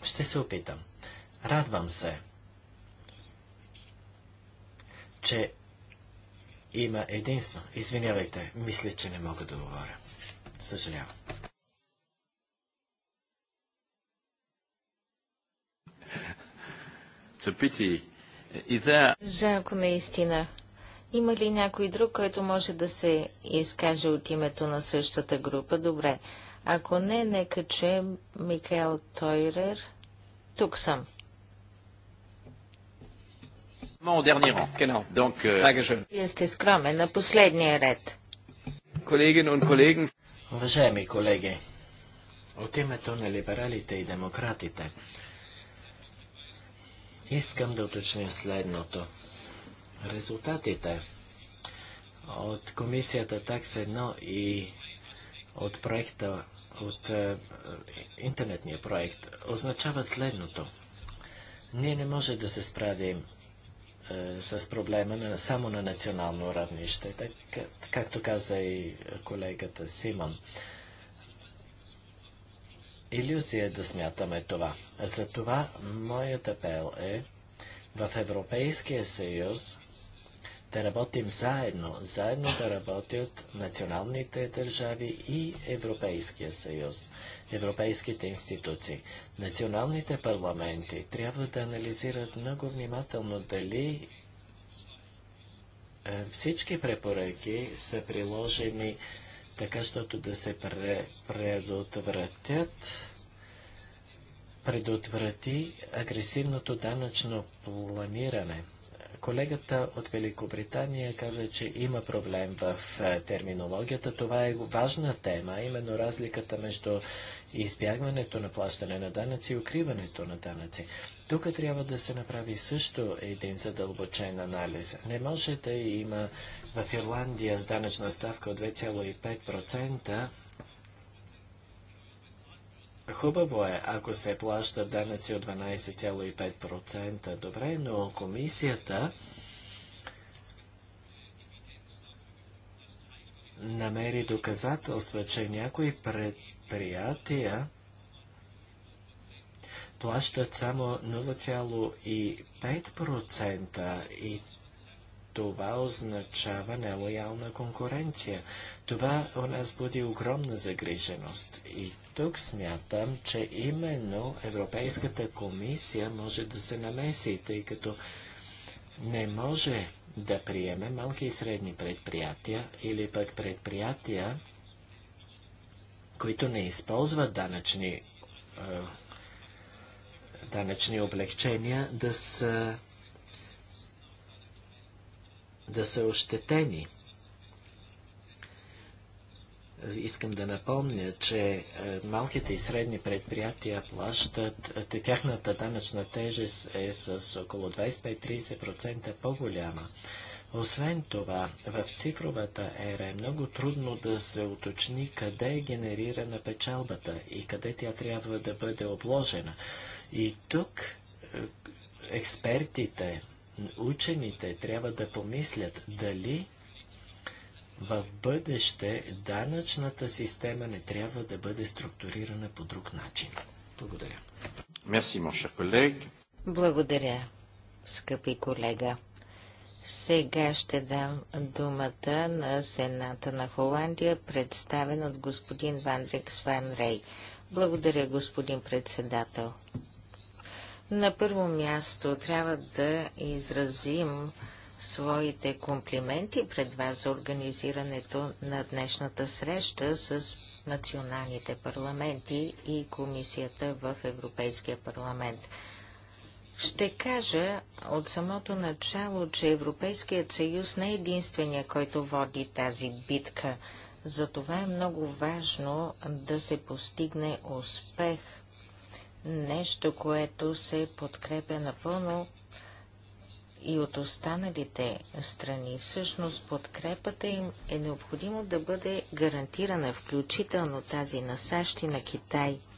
ще се опитам. Радвам се, че има единство. Извинявайте, мисля, че не мога да говоря. Съжалявам. Жалко наистина. Има ли някой друг, който може да се изкаже от името на същата група? Добре. Ако не, нека чуем Микел Тойрер. Тук съм. Euh, Вие сте скромен на последния ред. Уважаеми колеги, от името на либералите и демократите, искам да уточня следното. Резултатите от комисията такс 1 и от проекта, от е, интернетния проект, означават следното. Ние не може да се справим е, с проблема на, само на национално равнище, так, както каза и колегата Симон. Иллюзия е да смятаме това. Затова моят апел е в Европейския съюз да работим заедно, заедно да работят националните държави и Европейския съюз, европейските институции. Националните парламенти трябва да анализират много внимателно дали е, всички препоръки са приложени така, защото да се предотвратят предотврати агресивното данъчно планиране. Колегата от Великобритания каза, че има проблем в е, терминологията. Това е важна тема, именно разликата между избягването на плащане на данъци и укриването на данъци. Тук трябва да се направи също един задълбочен анализ. Не може да има в Ирландия с данъчна ставка от 2,5% Хубаво е, ако се плащат данъци от 12,5%, добре, но комисията намери доказателства, че някои предприятия плащат само 0,5% и това означава нелоялна конкуренция. Това у нас буди огромна загриженост. И тук смятам, че именно Европейската комисия може да се намеси, тъй като не може да приеме малки и средни предприятия или пък предприятия, които не използват данъчни, данъчни облегчения, да са да са ощетени. Искам да напомня, че е, малките и средни предприятия плащат, е, тяхната данъчна тежест е с около 25-30% по-голяма. Освен това, в цифровата ера е много трудно да се уточни къде е генерирана печалбата и къде тя трябва да бъде обложена. И тук е, експертите учените трябва да помислят дали в бъдеще данъчната система не трябва да бъде структурирана по друг начин. Благодаря. Мерси, моша колег. Благодаря, скъпи колега. Сега ще дам думата на Сената на Холандия, представен от господин Вандрик Сван Рей. Благодаря, господин председател. На първо място трябва да изразим своите комплименти пред вас за организирането на днешната среща с националните парламенти и комисията в Европейския парламент. Ще кажа от самото начало, че Европейският съюз не е единствения, който води тази битка. Затова е много важно да се постигне успех – нещо, което се подкрепя напълно и от останалите страни. Всъщност подкрепата им е необходимо да бъде гарантирана, включително тази на САЩ и на Китай –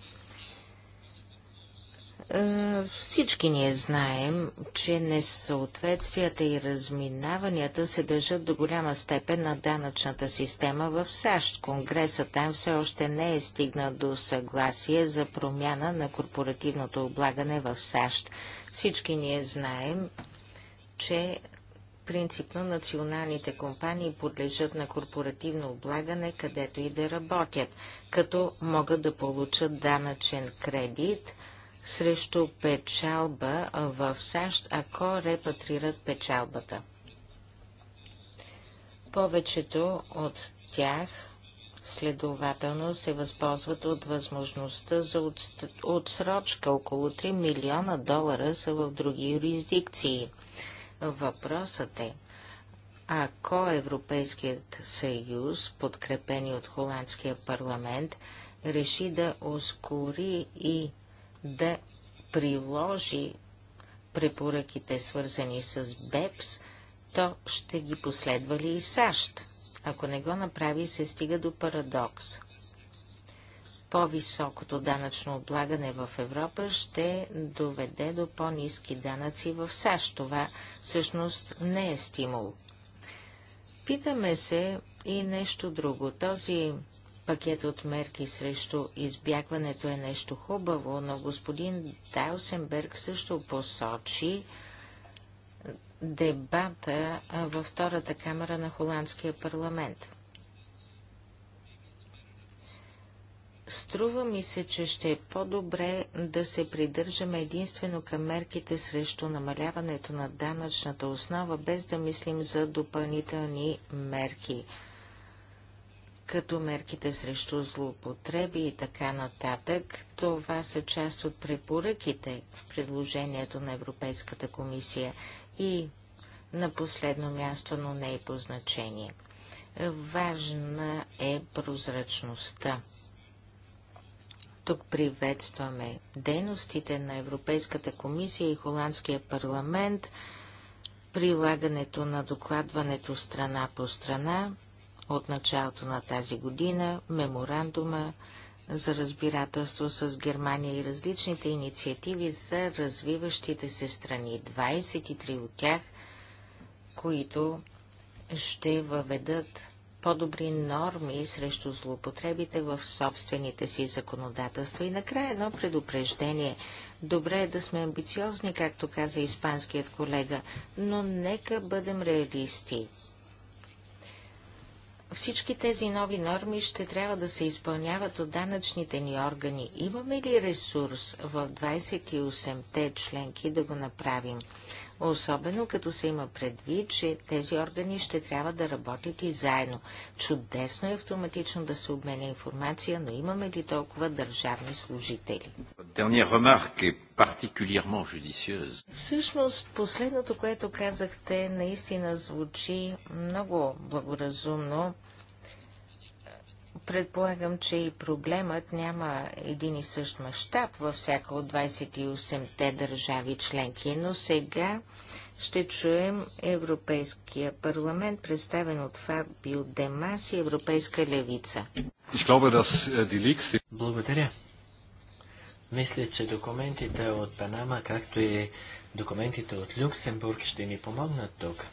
е, всички ние знаем, че несъответствията и разминаванията се държат до голяма степен на данъчната система в САЩ. Конгресът там все още не е стигнал до съгласие за промяна на корпоративното облагане в САЩ. Всички ние знаем, че принципно националните компании подлежат на корпоративно облагане, където и да работят, като могат да получат данъчен кредит – срещу печалба в САЩ, ако репатрират печалбата. Повечето от тях следователно се възползват от възможността за отсрочка. Около 3 милиона долара са в други юрисдикции. Въпросът е, ако Европейският съюз, подкрепени от Холандския парламент, реши да ускори и да приложи препоръките, свързани с БЕПС, то ще ги последва ли и САЩ? Ако не го направи, се стига до парадокс. По-високото данъчно облагане в Европа ще доведе до по-низки данъци в САЩ. Това всъщност не е стимул. Питаме се и нещо друго. Този пакет от мерки срещу избягването е нещо хубаво, но господин Дайлсенберг също посочи дебата във втората камера на Холандския парламент. Струва ми се, че ще е по-добре да се придържаме единствено към мерките срещу намаляването на данъчната основа, без да мислим за допълнителни мерки – като мерките срещу злоупотреби и така нататък. Това са част от препоръките в предложението на Европейската комисия и на последно място, но не и по значение. Важна е прозрачността. Тук приветстваме дейностите на Европейската комисия и Холандския парламент, прилагането на докладването страна по страна, от началото на тази година, меморандума за разбирателство с Германия и различните инициативи за развиващите се страни. 23 от тях, които ще въведат по-добри норми срещу злоупотребите в собствените си законодателства. И накрая едно предупреждение. Добре е да сме амбициозни, както каза испанският колега, но нека бъдем реалисти. Всички тези нови норми ще трябва да се изпълняват от данъчните ни органи. Имаме ли ресурс в 28-те членки да го направим? Особено като се има предвид, че тези органи ще трябва да работят и заедно. Чудесно е автоматично да се обменя информация, но имаме ли толкова държавни служители? Всъщност, последното, което казахте, наистина звучи много благоразумно. Предполагам, че и проблемът няма един и същ мащаб във всяка от 28-те държави членки, но сега ще чуем Европейския парламент, представен от Фабио Демас и Европейска левица. Äh, благодаря. Мисля, че документите от Панама, както и документите от Люксембург ще ни помогнат тук.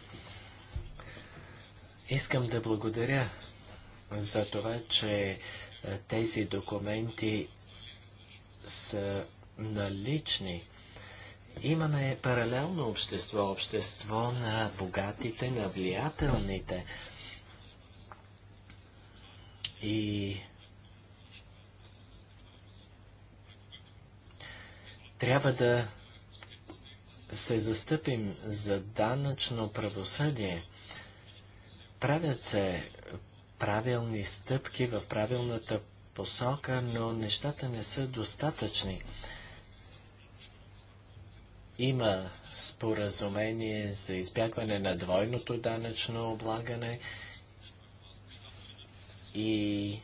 Искам да благодаря за това, че е, тези документи са налични. Имаме паралелно общество, общество на богатите, на влиятелните. И трябва да се застъпим за данъчно правосъдие. Правят се правилни стъпки в правилната посока, но нещата не са достатъчни. Има споразумение за избягване на двойното данъчно облагане и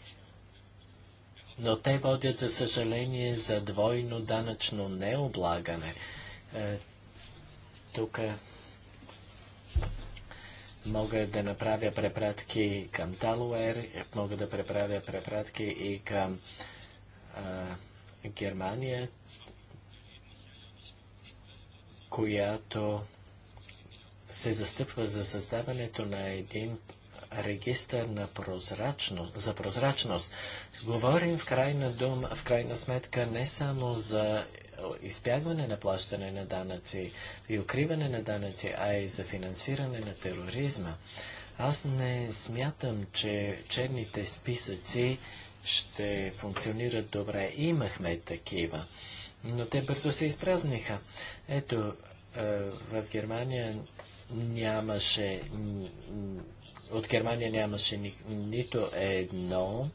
но те водят, за съжаление, за двойно данъчно необлагане. Е, тук Мога да направя препратки към Талуер, мога да преправя препратки и към а, Германия, която се застъпва за създаването на един регистър на прозрачно, за прозрачност. Говорим в крайна, дума, в крайна сметка не само за избягване на плащане на данъци и укриване на данъци, а и за финансиране на тероризма. Аз не смятам, че черните списъци ще функционират добре. Имахме такива, но те бързо се изпразниха. Ето, е, в Германия нямаше, от Германия нямаше ни, нито едно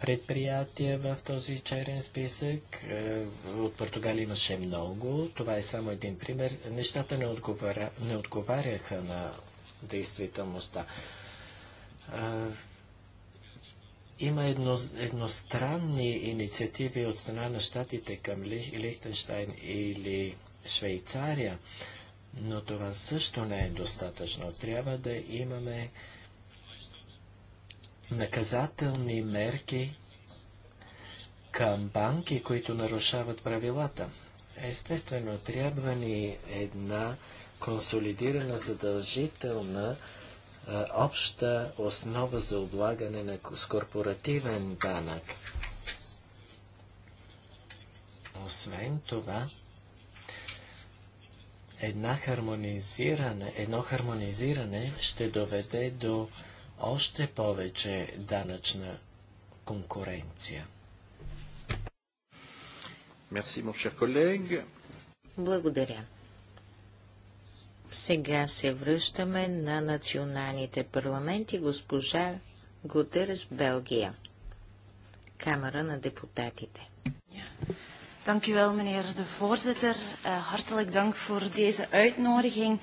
предприятия в този черен списък. Е, от Португалия имаше много. Това е само един пример. Нещата не, отговаря, не отговаряха на действителността. Е, има едно, едностранни инициативи от страна на щатите към Лихтенштайн или Швейцария, но това също не е достатъчно. Трябва да имаме наказателни мерки към банки, които нарушават правилата. Естествено, трябва ни една консолидирана задължителна а, обща основа за облагане на с корпоративен данък. Освен това, една хармонизиране, едно хармонизиране ще доведе до още повече данъчна конкуренция. Merci, mon cher collègue. Благодаря. Сега се връщаме на националните парламенти госпожа Гутерс, Белгия. Камера на депутатите. Dank u wel, meneer de voorzitter. Eh, hartelijk dank voor deze uitnodiging.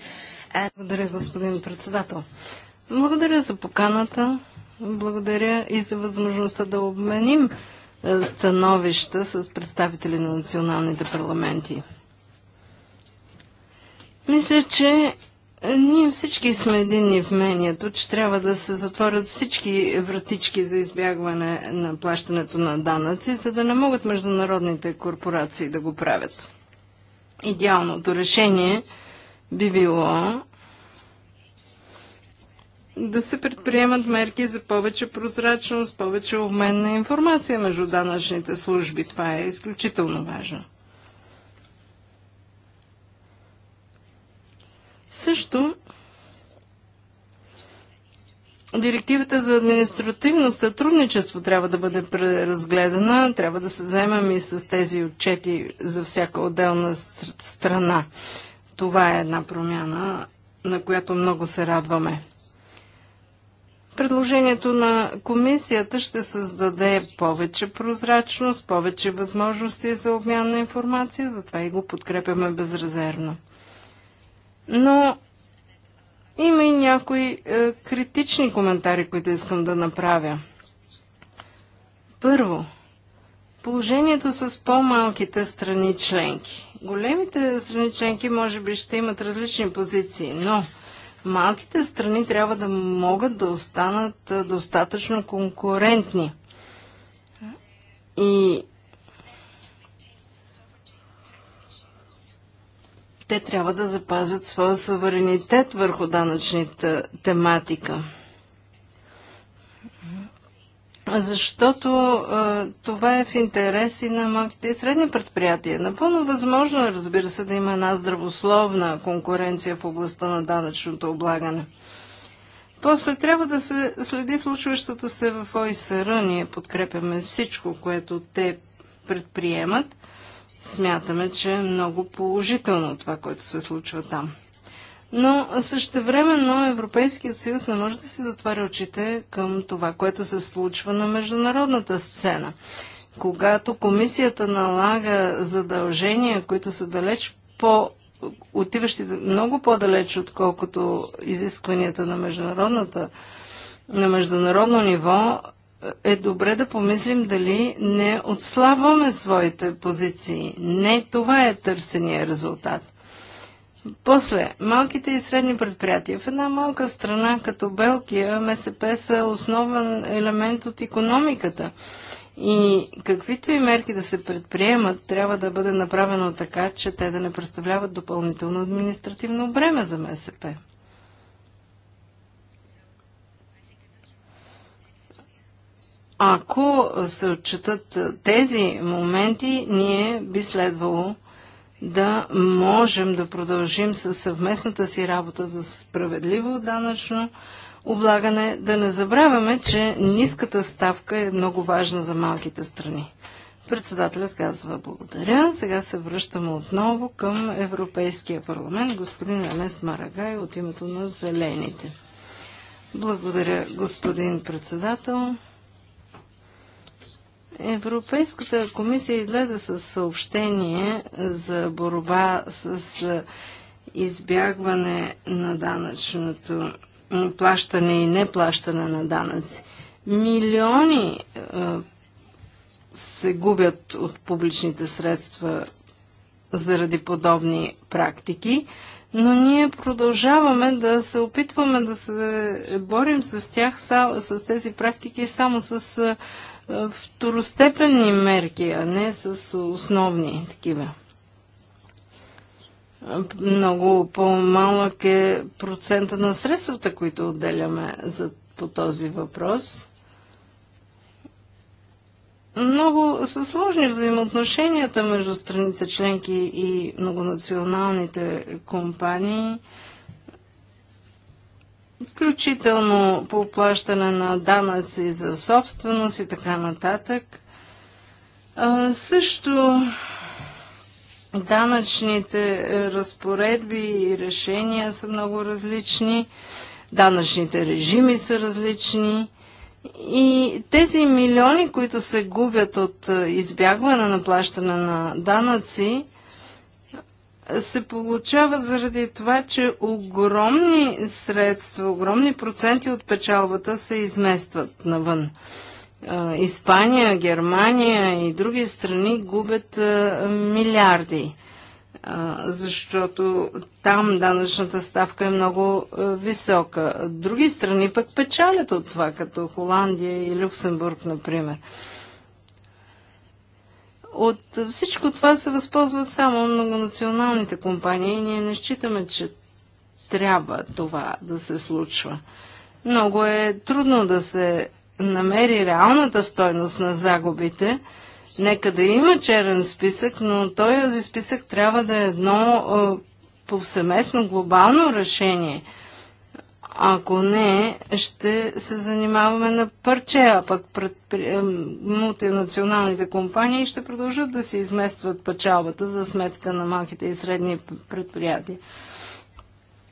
Благодаря, господин председател. Благодаря за поканата. Благодаря и за възможността да обменим е, становища с представители на националните парламенти. Мисля, че ние всички сме единни в мнението, че трябва да се затворят всички вратички за избягване на плащането на данъци, за да не могат международните корпорации да го правят. Идеалното решение би било да се предприемат мерки за повече прозрачност, повече обмен на информация между данъчните служби. Това е изключително важно. Също Директивата за административно сътрудничество трябва да бъде преразгледана, трябва да се вземем и с тези отчети за всяка отделна страна. Това е една промяна, на която много се радваме. Предложението на комисията ще създаде повече прозрачност, повече възможности за обмян на информация, затова и го подкрепяме безрезервно. Но има и някои е, критични коментари, които искам да направя. Първо, положението с по-малките страни членки. Големите страни членки може би ще имат различни позиции, но малките страни трябва да могат да останат достатъчно конкурентни. И те трябва да запазят своя суверенитет върху данъчната тематика защото а, това е в интерес и на малките и средни предприятия. Напълно възможно е, разбира се, да има една здравословна конкуренция в областта на данъчното облагане. После трябва да се следи случващото се в ОИСР. Ние подкрепяме всичко, което те предприемат. Смятаме, че е много положително това, което се случва там но също но Европейският съюз не може да си затваря очите към това, което се случва на международната сцена. Когато комисията налага задължения, които са далеч по отиващи много по-далеч, отколкото изискванията на международната на международно ниво, е добре да помислим дали не отслабваме своите позиции. Не това е търсения резултат. После, малките и средни предприятия. В една малка страна като Белгия, МСП са основен елемент от економиката. И каквито и мерки да се предприемат, трябва да бъде направено така, че те да не представляват допълнително административно бреме за МСП. Ако се отчитат тези моменти, ние би следвало да можем да продължим с съвместната си работа за справедливо данъчно облагане. Да не забравяме, че ниската ставка е много важна за малките страни. Председателят казва благодаря. Сега се връщаме отново към Европейския парламент. Господин Анест Марагай от името на Зелените. Благодаря, господин председател. Европейската комисия излезе с съобщение за борба с избягване на данъчното плащане и неплащане на данъци. Милиони се губят от публичните средства заради подобни практики, но ние продължаваме да се опитваме да се борим с тях, с тези практики само с е, второстепенни мерки, а не с основни такива. Много по-малък е процента на средствата, които отделяме за, по този въпрос. Много са сложни взаимоотношенията между страните членки и многонационалните компании включително по плащане на данъци за собственост и така нататък. също данъчните е, разпоредби и решения са много различни, данъчните режими са различни. И тези милиони, които се губят от е, избягване на плащане на данъци, се получават заради това, че огромни средства, огромни проценти от печалбата се изместват навън. Испания, Германия и други страни губят милиарди, защото там данъчната ставка е много висока. Други страни пък печалят от това, като Холандия и Люксембург, например. От всичко това се възползват само многонационалните компании и ние не считаме, че трябва това да се случва. Много е трудно да се намери реалната стойност на загубите. Нека да има черен списък, но този списък трябва да е едно повсеместно глобално решение – ако не, ще се занимаваме на парче, а пък при, мултинационалните компании ще продължат да се изместват печалбата за сметка на малките и средни предприятия.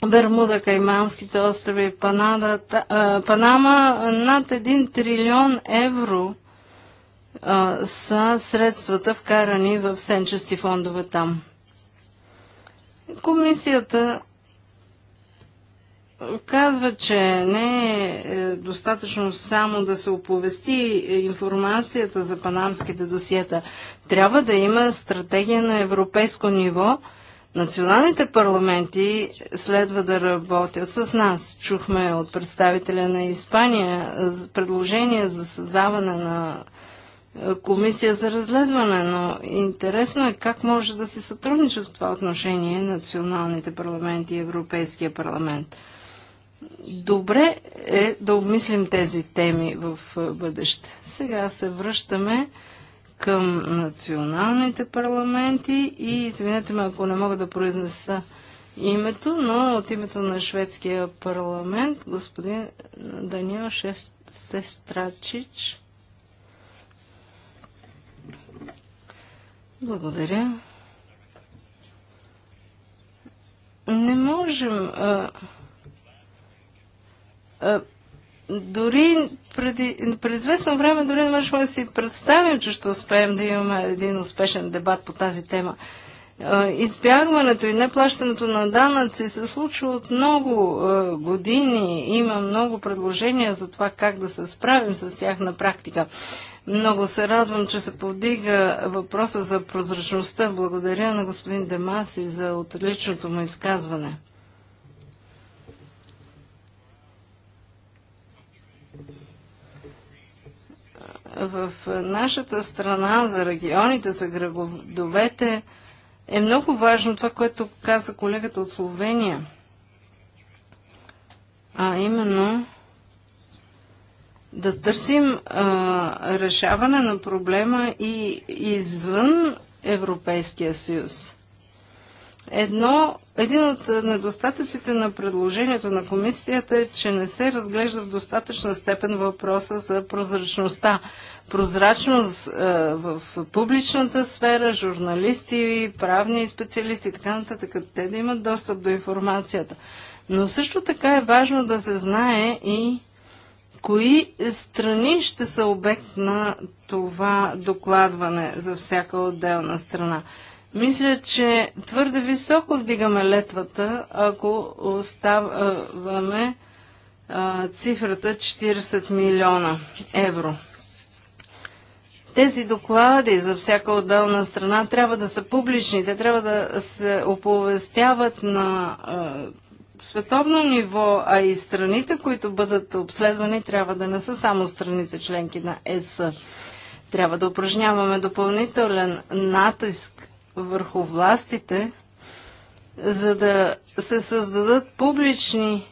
Бермуда, Кайманските острови, Панада, Панама над 1 трилион евро а, са средствата вкарани в сенчести фондове там. Комисията казва, че не е, е достатъчно само да се оповести информацията за панамските досиета. Трябва да има стратегия на европейско ниво. Националните парламенти следва да работят с нас. Чухме от представителя на Испания предложение за създаване на е, комисия за разследване, но интересно е как може да се сътрудничат в това отношение националните парламенти и Европейския парламент. Добре е да обмислим тези теми в е, бъдеще. Сега се връщаме към националните парламенти и извинете ме, ако не мога да произнеса името, но от името на шведския парламент господин Даниел Сестрачич. Благодаря. Не можем а, дори преди, преди известно време дори не можем да си представим, че ще успеем да имаме един успешен дебат по тази тема. Избягването и неплащането на данъци се случва от много години. Има много предложения за това как да се справим с тях на практика. Много се радвам, че се повдига въпроса за прозрачността. Благодаря на господин Демаси за отличното му изказване. в нашата страна, за регионите, за градовете, е много важно това, което каза колегата от Словения. А именно да търсим а, решаване на проблема и извън Европейския съюз. Едно, един от недостатъците на предложението на комисията е, че не се разглежда в достатъчна степен въпроса за прозрачността. Прозрачност е, в публичната сфера, журналисти, правни специалисти и така нататък, те да имат достъп до информацията. Но също така е важно да се знае и кои страни ще са обект на това докладване за всяка отделна страна. Мисля, че твърде високо вдигаме летвата, ако оставаме а, цифрата 40 милиона евро. Тези доклади за всяка отделна страна трябва да са публични, те трябва да се оповестяват на а, световно ниво, а и страните, които бъдат обследвани, трябва да не са само страните членки на ЕС. Трябва да упражняваме допълнителен натиск върху властите, за да се създадат публични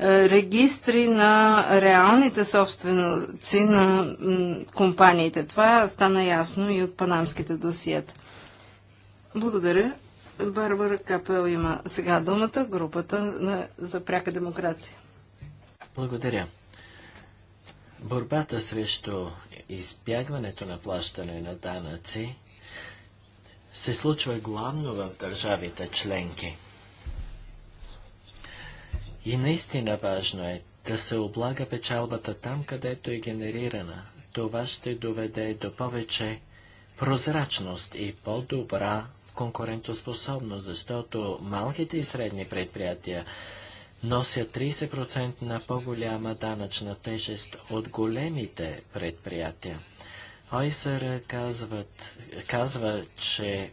е, регистри на реалните собственици на компаниите. Това стана ясно и от панамските досиета. Благодаря. Барбара Капел има сега думата, групата на, за пряка демокрация. Благодаря. Борбата срещу избягването на плащане на данъци се случва главно в държавите членки. И наистина важно е да се облага печалбата там, където е генерирана. Това ще доведе до повече прозрачност и по-добра конкурентоспособност, защото малките и средни предприятия носят 30% на по-голяма данъчна тежест от големите предприятия. Ойсър казват, казва, че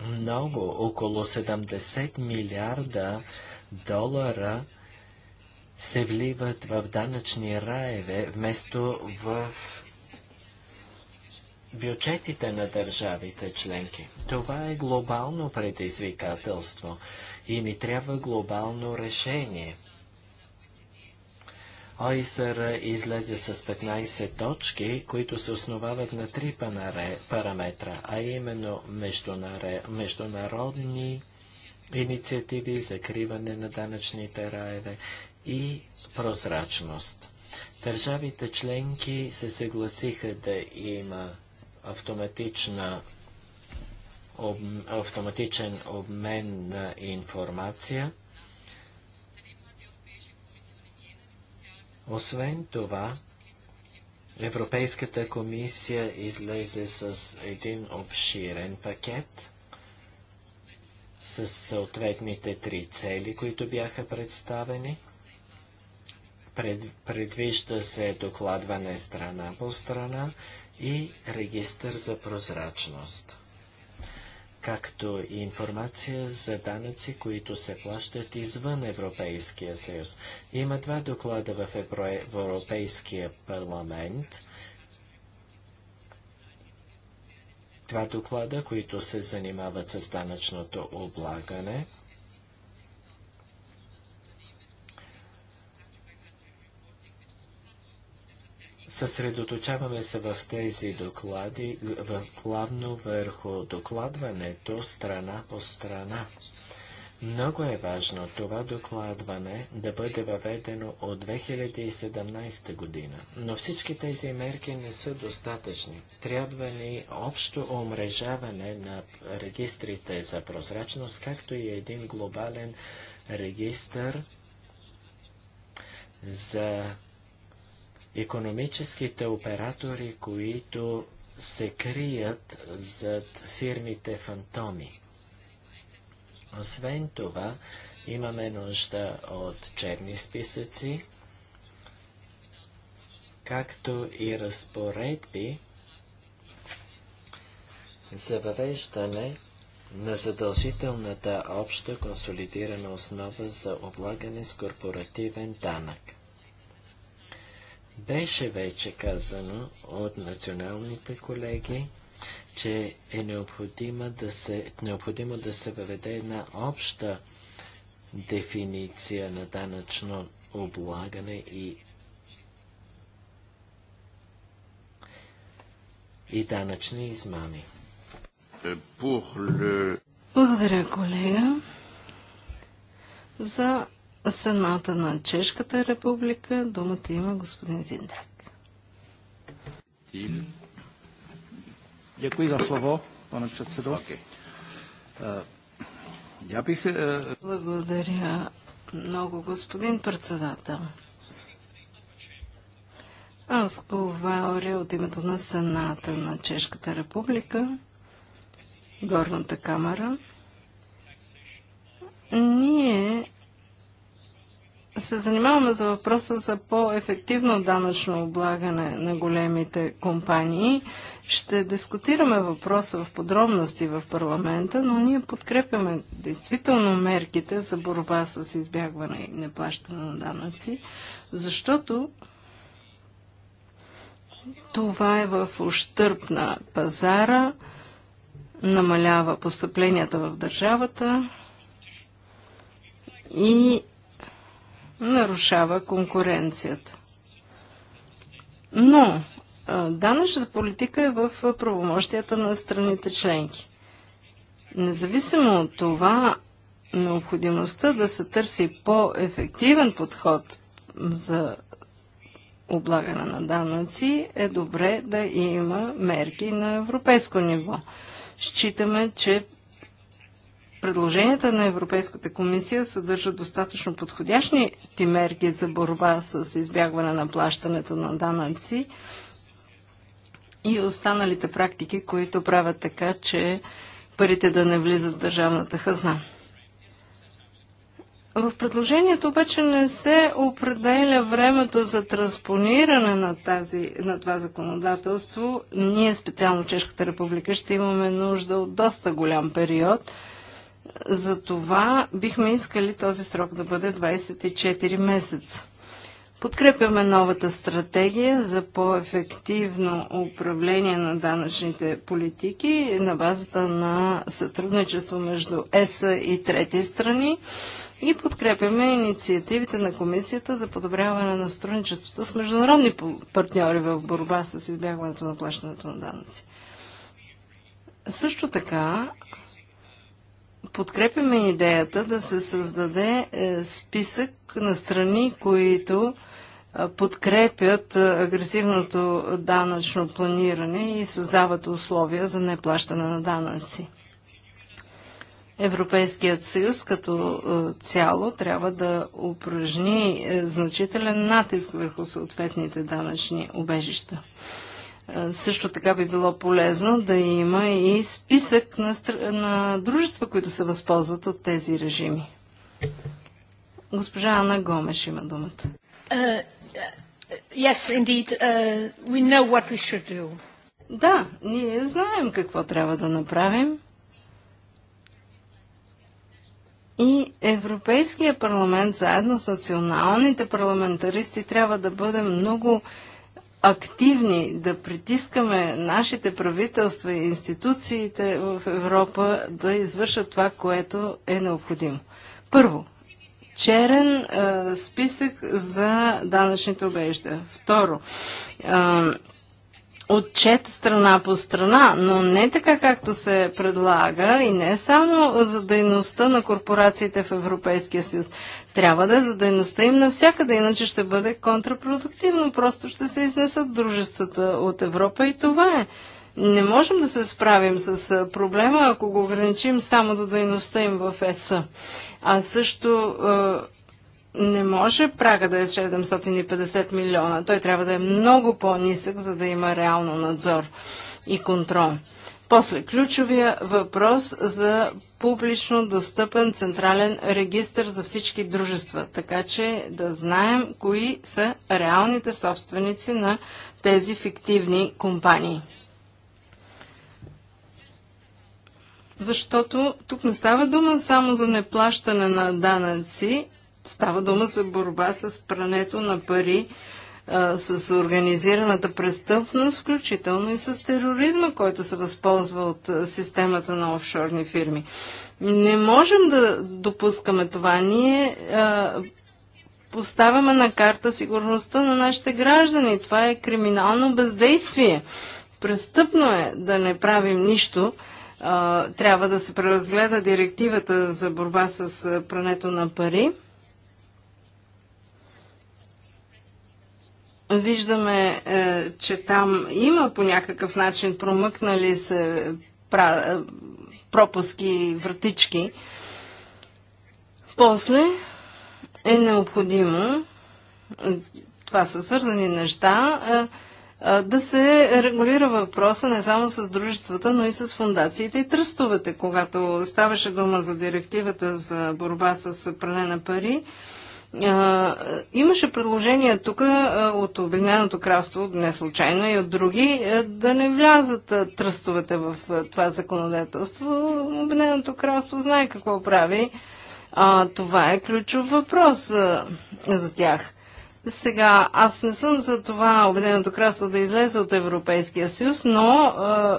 много, около 70 милиарда долара се вливат в данъчни раеве, вместо в бюджетите на държавите членки. Това е глобално предизвикателство и ни трябва глобално решение – ОИСР излезе с 15 точки, които се основават на три параметра, а именно международни инициативи, закриване на данъчните раеве и прозрачност. Държавите членки се съгласиха да има автоматична автоматичен обмен на информация – Освен това, Европейската комисия излезе с един обширен пакет с съответните три цели, които бяха представени. Пред, предвижда се докладване страна по страна и регистър за прозрачност както и информация за данъци, които се плащат извън Европейския съюз. Има два доклада в Европейския парламент. Два доклада, които се занимават с данъчното облагане – Съсредоточаваме се в тези доклади в главно върху докладването страна по страна. Много е важно това докладване да бъде въведено от 2017 година, но всички тези мерки не са достатъчни. Трябва ни общо омрежаване на регистрите за прозрачност, както и един глобален регистр за економическите оператори, които се крият зад фирмите фантоми. Освен това, имаме нужда от черни списъци, както и разпоредби за въвеждане на задължителната обща консолидирана основа за облагане с корпоративен данък. Беше вече казано от националните колеги, че е необходимо да се, необходимо да се въведе една обща дефиниция на данъчно облагане и, и данъчни измами. Е, е, Благодаря, колега, за Сената на Чешката република. Думата има господин Зиндрак. Дякую за слово, pane председател. Okay. Я бих... Благодаря много, господин председател. Аз говоря от името на Сената на Чешката република, Горната камера. Ние се занимаваме за въпроса за по-ефективно данъчно облагане на големите компании. Ще дискутираме въпроса в подробности в парламента, но ние подкрепяме действително мерките за борба с избягване и неплащане на данъци, защото това е в ущърп на пазара, намалява постъпленията в държавата и нарушава конкуренцията. Но данъчната политика е в правомощията на страните членки. Независимо от това, необходимостта да се търси по-ефективен подход за облагане на данъци, е добре да има мерки на европейско ниво. Считаме, че предложенията на Европейската комисия съдържат достатъчно подходящни мерки за борба с избягване на плащането на данъци и останалите практики, които правят така, че парите да не влизат в държавната хазна. В предложението обаче не се определя времето за транспониране на, тази, на това законодателство. Ние, специално Чешката република, ще имаме нужда от доста голям период – за това бихме искали този срок да бъде 24 месеца. Подкрепяме новата стратегия за по-ефективно управление на данъчните политики на базата на сътрудничество между ЕСА и трети страни и подкрепяме инициативите на Комисията за подобряване на сътрудничеството с международни партньори в борба с избягването на плащането на данъци. Също така подкрепяме идеята да се създаде е, списък на страни, които е, подкрепят е, агресивното данъчно планиране и създават условия за неплащане на данъци. Европейският съюз като цяло трябва да упражни значителен натиск върху съответните данъчни обежища. Е, също така би било полезно да има и списък на, на дружества, които се възползват от тези режими. Госпожа Анна Гомеш има думата. Е, е, yes, indeed. Uh, we know what we should do. Да, ние знаем какво трябва да направим. И Европейския парламент, заедно с националните парламентаристи, трябва да бъде много uh, активни, да притискаме нашите правителства и институциите в Европа да извършат това, което е необходимо. Първо, черен а, списък за данъчните обежда. Второ, а, отчет страна по страна, но не така както се предлага и не само за дейността на корпорациите в Европейския съюз. Трябва да е за дейността им навсякъде, иначе ще бъде контрапродуктивно. Просто ще се изнесат дружествата от Европа и това е. Не можем да се справим с проблема, ако го ограничим само до дейността им в ЕС. А също не може прага да е 750 милиона. Той трябва да е много по-нисък, за да има реално надзор и контрол. После ключовия въпрос за публично достъпен централен регистр за всички дружества, така че да знаем кои са реалните собственици на тези фиктивни компании. Защото тук не става дума само за неплащане на данъци, Става дума за борба с прането на пари, а, с организираната престъпност, включително и с тероризма, който се възползва от системата на офшорни фирми. Не можем да допускаме това. Ние а, поставяме на карта сигурността на нашите граждани. Това е криминално бездействие. Престъпно е да не правим нищо. Трябва да се преразгледа директивата за борба с прането на пари. Виждаме, е, че там има по някакъв начин промъкнали се е, пропуски, вратички. После е необходимо, това са свързани неща, е, да се регулира въпроса не само с дружествата, но и с фундациите и тръстовете. Когато ставаше дума за директивата за борба с пране на пари, имаше предложение тук от Обединеното кралство, не случайно и от други, да не влязат тръстовете в това законодателство. Обединеното кралство знае какво прави. А, това е ключов въпрос а, за тях. Сега, аз не съм за това Обединеното кралство да излезе от Европейския съюз, но а,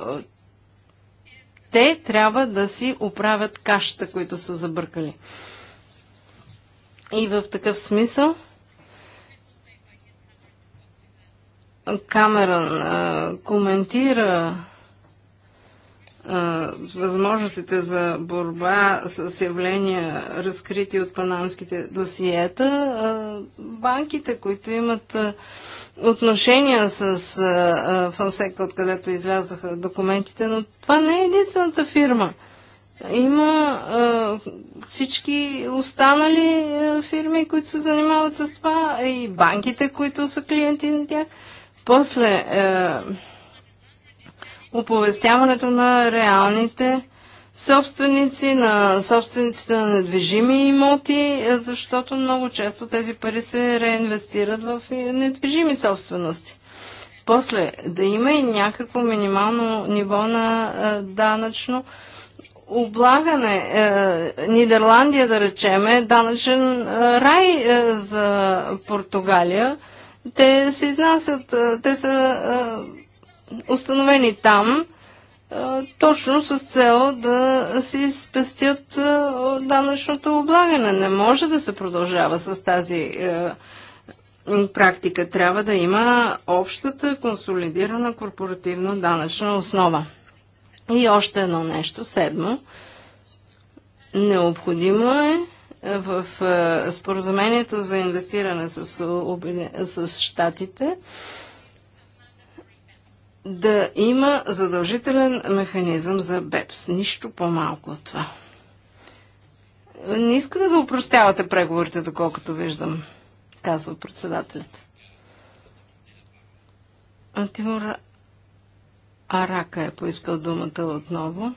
те трябва да си оправят кашата, които са забъркали. И в такъв смисъл Камерън а, коментира а, възможностите за борба с явления, разкрити от панамските досиета, а, банките, които имат отношения с Фансека, откъдето излязоха документите, но това не е единствената фирма – има а, всички останали а, фирми, които се занимават с това и банките, които са клиенти на тях. После а, оповестяването на реалните собственици, на собствениците на недвижими имоти, защото много често тези пари се реинвестират в недвижими собствености. После да има и някакво минимално ниво на данъчно облагане. Е, Нидерландия, да речем, е данъчен рай е, за Португалия. Те се изнасят, е, те са е, установени там е, точно с цел да си спестят е, данъчното облагане. Не може да се продължава с тази практика. Трябва да има общата консолидирана корпоративно данъчна основа. И още едно нещо, седмо. Необходимо е, е в е, споразумението за инвестиране с, с щатите да има задължителен механизъм за БЕПС. Нищо по-малко от това. Не искате да упростявате преговорите, доколкото виждам, казва председателят. Тимур Арака е поискал думата отново.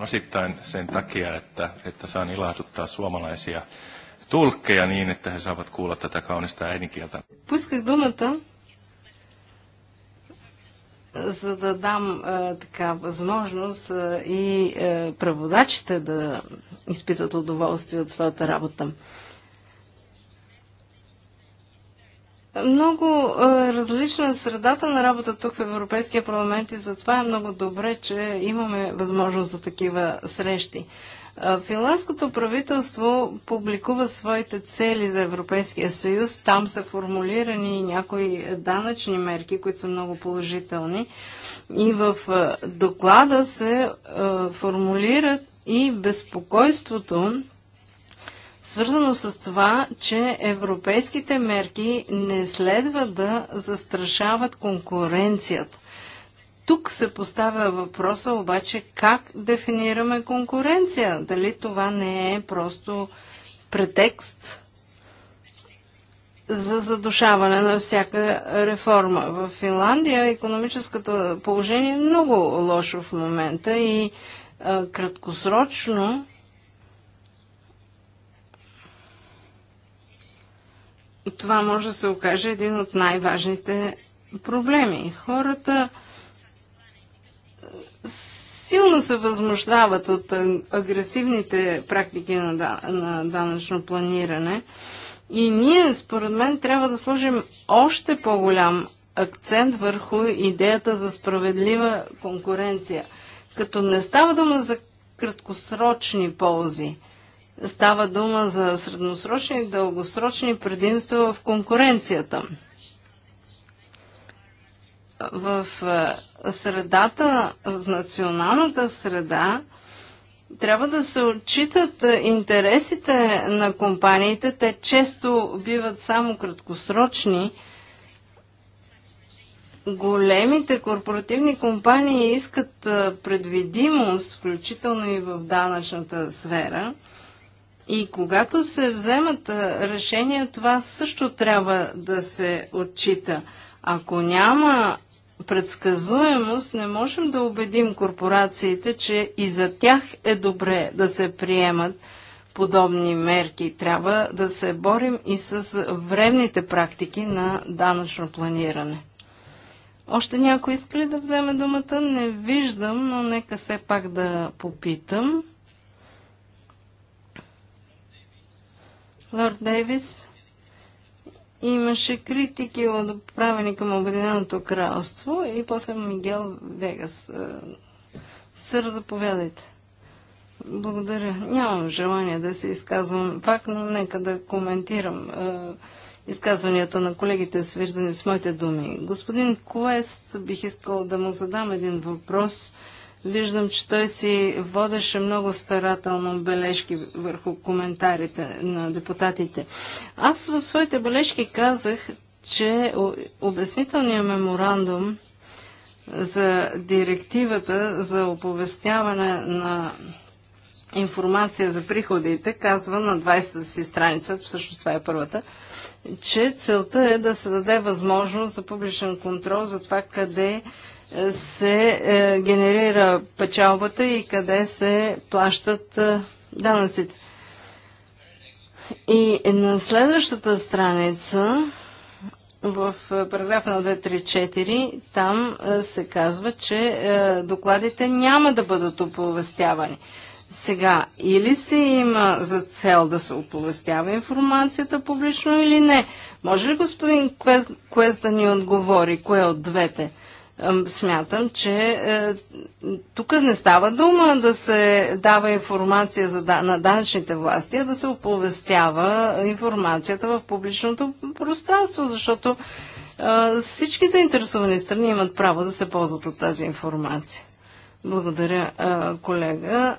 Osittain sen takia, että, että saan ilahduttaa suomalaisia tulkkeja niin, että he saavat kuulla tätä kaunista äidinkieltä. Поисках думата, за да дам е, така възможност е, и е, преводачите да изпитат удоволствие от своята работа. Много различна е средата на работа тук в Европейския парламент и затова е много добре, че имаме възможност за такива срещи. Финландското правителство публикува своите цели за Европейския съюз. Там са формулирани някои данъчни мерки, които са много положителни. И в доклада се формулират и безпокойството свързано с това, че европейските мерки не следва да застрашават конкуренцията. Тук се поставя въпроса обаче как дефинираме конкуренция. Дали това не е просто претекст за задушаване на всяка реформа. В Финландия економическото положение е много лошо в момента и а, краткосрочно това може да се окаже един от най-важните проблеми. Хората силно се възмущават от агресивните практики на, да, на данъчно планиране. И ние, според мен, трябва да сложим още по-голям акцент върху идеята за справедлива конкуренция. Като не става дума за краткосрочни ползи – Става дума за средносрочни и дългосрочни предимства в конкуренцията. В средата, в националната среда, трябва да се отчитат интересите на компаниите. Те често биват само краткосрочни. Големите корпоративни компании искат предвидимост, включително и в данъчната сфера – и когато се вземат решения, това също трябва да се отчита. Ако няма предсказуемост, не можем да убедим корпорациите, че и за тях е добре да се приемат подобни мерки. Трябва да се борим и с вредните практики на данъчно планиране. Още някой иска ли да вземе думата? Не виждам, но нека все пак да попитам. Лорд Дейвис имаше критики отправени към Обединеното кралство и после Мигел Вегас. Е, сър, заповядайте. Благодаря. Нямам желание да се изказвам пак, но нека да коментирам е, изказванията на колегите, свързани с моите думи. Господин Куест, бих искал да му задам един въпрос – Виждам, че той си водеше много старателно бележки върху коментарите на депутатите. Аз в своите бележки казах, че обяснителният меморандум за директивата за оповестяване на информация за приходите казва на 20-та си страница, всъщност това е първата, че целта е да се даде възможност за публичен контрол за това къде се е, генерира печалбата и къде се плащат е, данъците. И на следващата страница, в е, параграф на 234, там се казва, че докладите няма да бъдат оповестявани. Сега, или се има за цел да се оповестява информацията публично или не. Може ли господин Квест, Квест да ни отговори, кое от двете? смятам, че е, тук не става дума да се дава информация за, на данъчните власти, а да се оповестява информацията в публичното пространство, защото е, всички заинтересовани страни имат право да се ползват от тази информация. Благодаря, е, колега.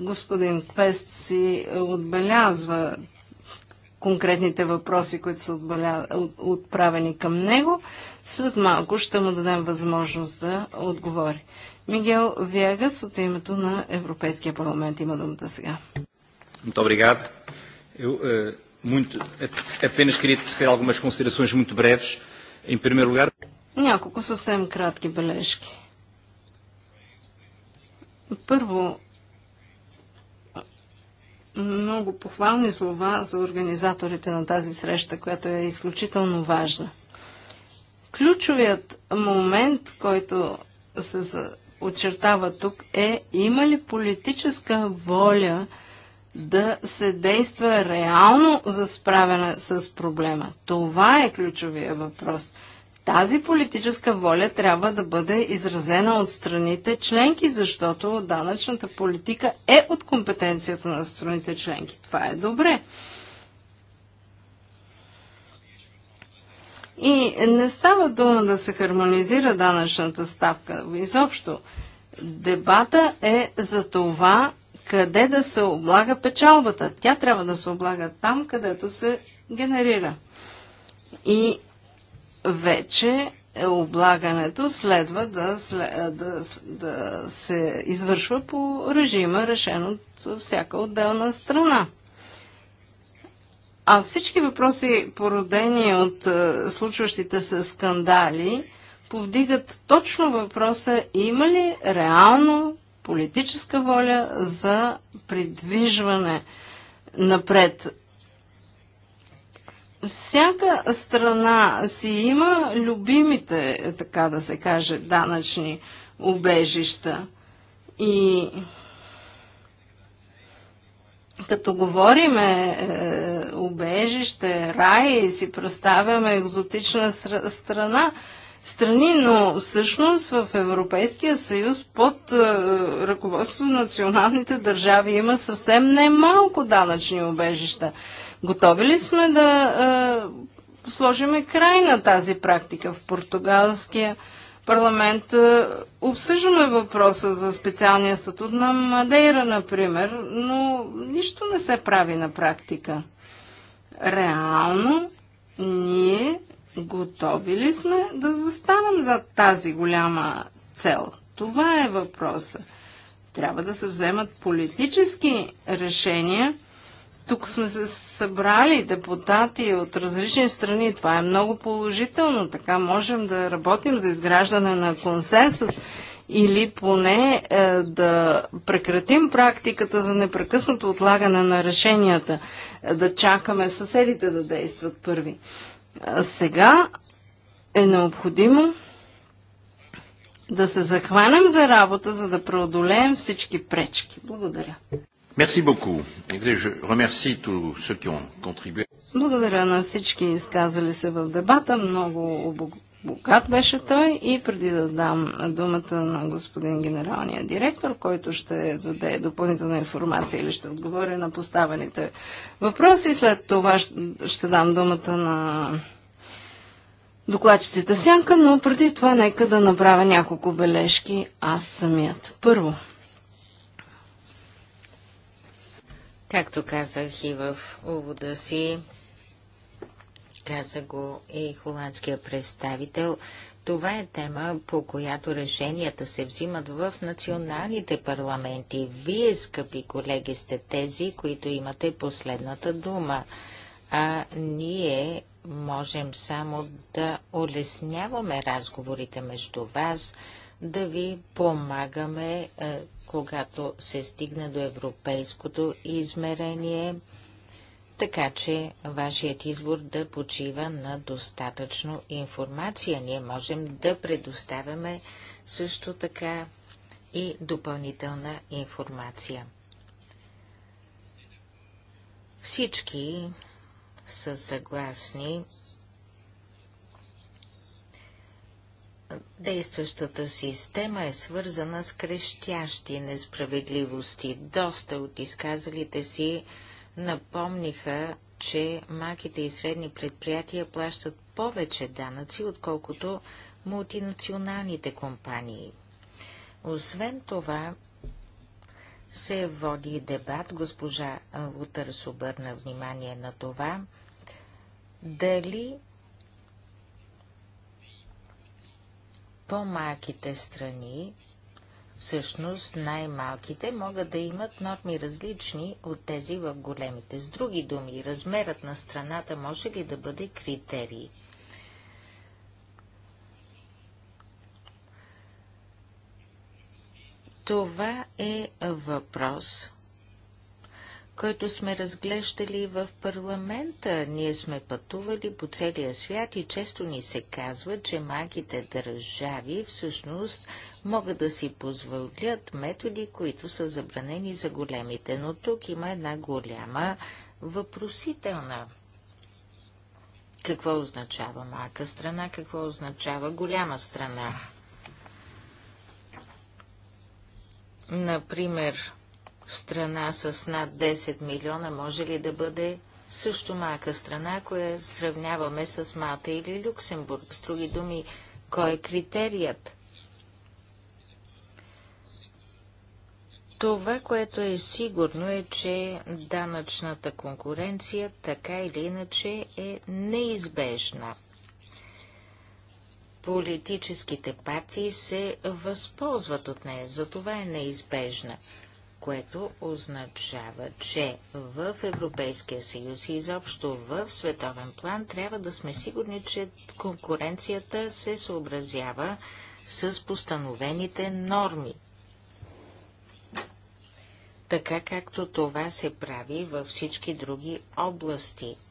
Господин Пест си отбелязва конкретните въпроси, които са отправени към него. След малко ще му дадем възможност да отговори. Мигел Виагас от името на Европейския парламент има думата сега. Е, е, Няколко съвсем кратки бележки. Първо, много похвални слова за организаторите на тази среща, която е изключително важна – Ключовият момент, който се очертава тук е има ли политическа воля да се действа реално за справяне с проблема. Това е ключовия въпрос. Тази политическа воля трябва да бъде изразена от страните членки, защото данъчната политика е от компетенцията на страните членки. Това е добре. И не става дума да се хармонизира данъчната ставка. Изобщо, дебата е за това къде да се облага печалбата. Тя трябва да се облага там, където се генерира. И вече облагането следва да, да, да се извършва по режима, решен от всяка отделна страна. А всички въпроси, породени от е, случващите се скандали, повдигат точно въпроса има ли реално политическа воля за придвижване напред. Всяка страна си има любимите, е, така да се каже, данъчни убежища. И като говориме е, убежище, рай и си представяме екзотична страна, страни, но всъщност в Европейския съюз под е, ръководство на националните държави има съвсем немалко данъчни убежища. Готови ли сме да е, сложиме край на тази практика в португалския парламент? Е, Обсъждаме въпроса за специалния статут на Мадейра, например, но нищо не се прави на практика. Реално ние готови ли сме да застанем за тази голяма цел? Това е въпроса. Трябва да се вземат политически решения, тук сме се събрали депутати от различни страни. Това е много положително. Така можем да работим за изграждане на консенсус или поне е, да прекратим практиката за непрекъснато отлагане на решенията, е, да чакаме съседите да действат първи. А е, сега е необходимо да се захванем за работа, за да преодолеем всички пречки. Благодаря. Merci beaucoup. Je remercie tous ceux qui ont contribué. Благодаря на всички изказали се в дебата. Много богат беше той и преди да дам думата на господин генералния директор, който ще даде допълнителна информация или ще отговори на поставените въпроси. След това ще дам думата на докладчицата Сянка, но преди това нека да направя няколко бележки аз самият. Първо, Както казах и в увода си, каза го и холандския представител, това е тема, по която решенията се взимат в националните парламенти. Вие, скъпи колеги, сте тези, които имате последната дума. А ние можем само да улесняваме разговорите между вас, да ви помагаме е, когато се стигне до европейското измерение, така че вашият избор да почива на достатъчно информация. Ние можем да предоставяме също така и допълнителна информация. Всички са съгласни Действащата система е свързана с крещящи несправедливости. Доста от изказалите си напомниха, че малките и средни предприятия плащат повече данъци, отколкото мултинационалните компании. Освен това, се води дебат, госпожа Лутърс обърна внимание на това, дали по-малките страни, всъщност най-малките, могат да имат норми различни от тези в големите. С други думи, размерът на страната може ли да бъде критерий? Това е въпрос, който сме разглеждали в парламента. Ние сме пътували по целия свят и често ни се казва, че малките държави всъщност могат да си позволят методи, които са забранени за големите. Но тук има една голяма въпросителна. Какво означава малка страна, какво означава голяма страна? Например, страна с над 10 милиона може ли да бъде също малка страна, ако я сравняваме с Малта или Люксембург? С други думи, кой е критерият? Това, което е сигурно е, че данъчната конкуренция така или иначе е неизбежна. Политическите партии се възползват от нея, затова е неизбежна което означава, че в Европейския съюз и изобщо в световен план трябва да сме сигурни, че конкуренцията се съобразява с постановените норми. Така както това се прави във всички други области –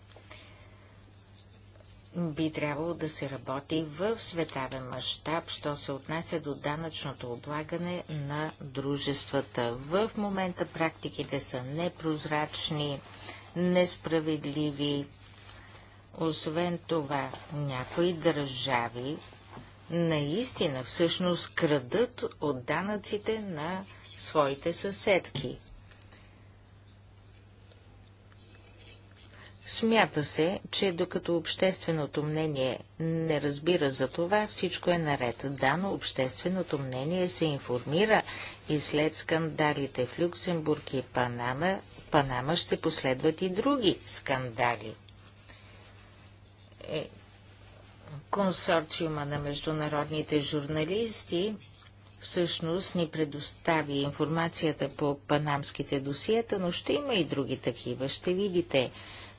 би трябвало да се работи в световен мащаб, що се отнася до данъчното облагане на дружествата. В момента практиките са непрозрачни, несправедливи. Освен това, някои държави наистина всъщност крадат от данъците на своите съседки. Смята се, че докато общественото мнение не разбира за това, всичко е наред. Да, но общественото мнение се информира и след скандалите в Люксембург и Панама, Панама ще последват и други скандали. Е, консорциума на международните журналисти всъщност ни предостави информацията по панамските досиета, но ще има и други такива. Ще видите.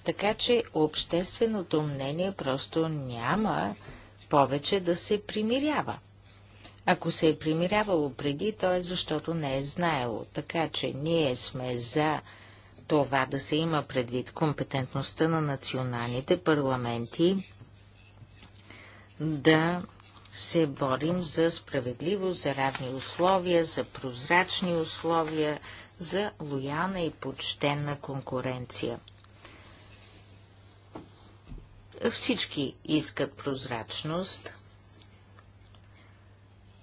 Така че общественото мнение просто няма повече да се примирява. Ако се е примирявало преди, то е защото не е знаело. Така че ние сме за това да се има предвид компетентността на националните парламенти да се борим за справедливост, за равни условия, за прозрачни условия, за лоялна и почтенна конкуренция. Всички искат прозрачност.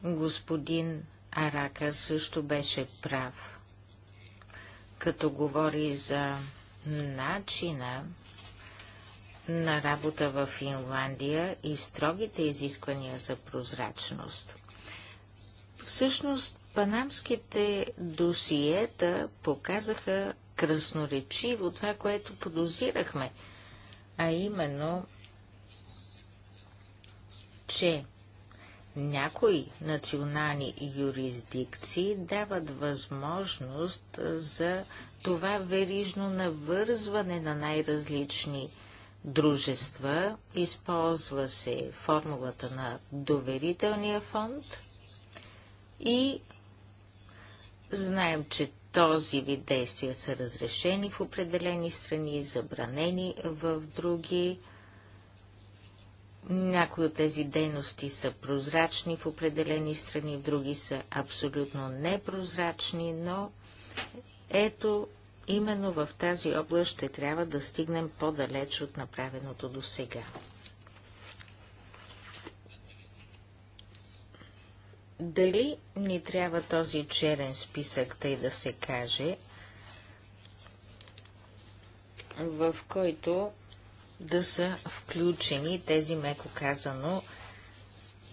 Господин Арака също беше прав, като говори за начина на работа в Финландия и строгите изисквания за прозрачност. Всъщност, панамските досиета показаха красноречиво това, което подозирахме, а именно че някои национални юрисдикции дават възможност за това верижно навързване на най-различни дружества. Използва се формулата на доверителния фонд и знаем, че този вид действия са разрешени в определени страни, забранени в други. Някои от тези дейности са прозрачни в определени страни, други са абсолютно непрозрачни, но ето именно в тази област ще трябва да стигнем по-далеч от направеното до сега. Дали ни трябва този черен списък, тъй да се каже, в който да са включени тези, меко казано,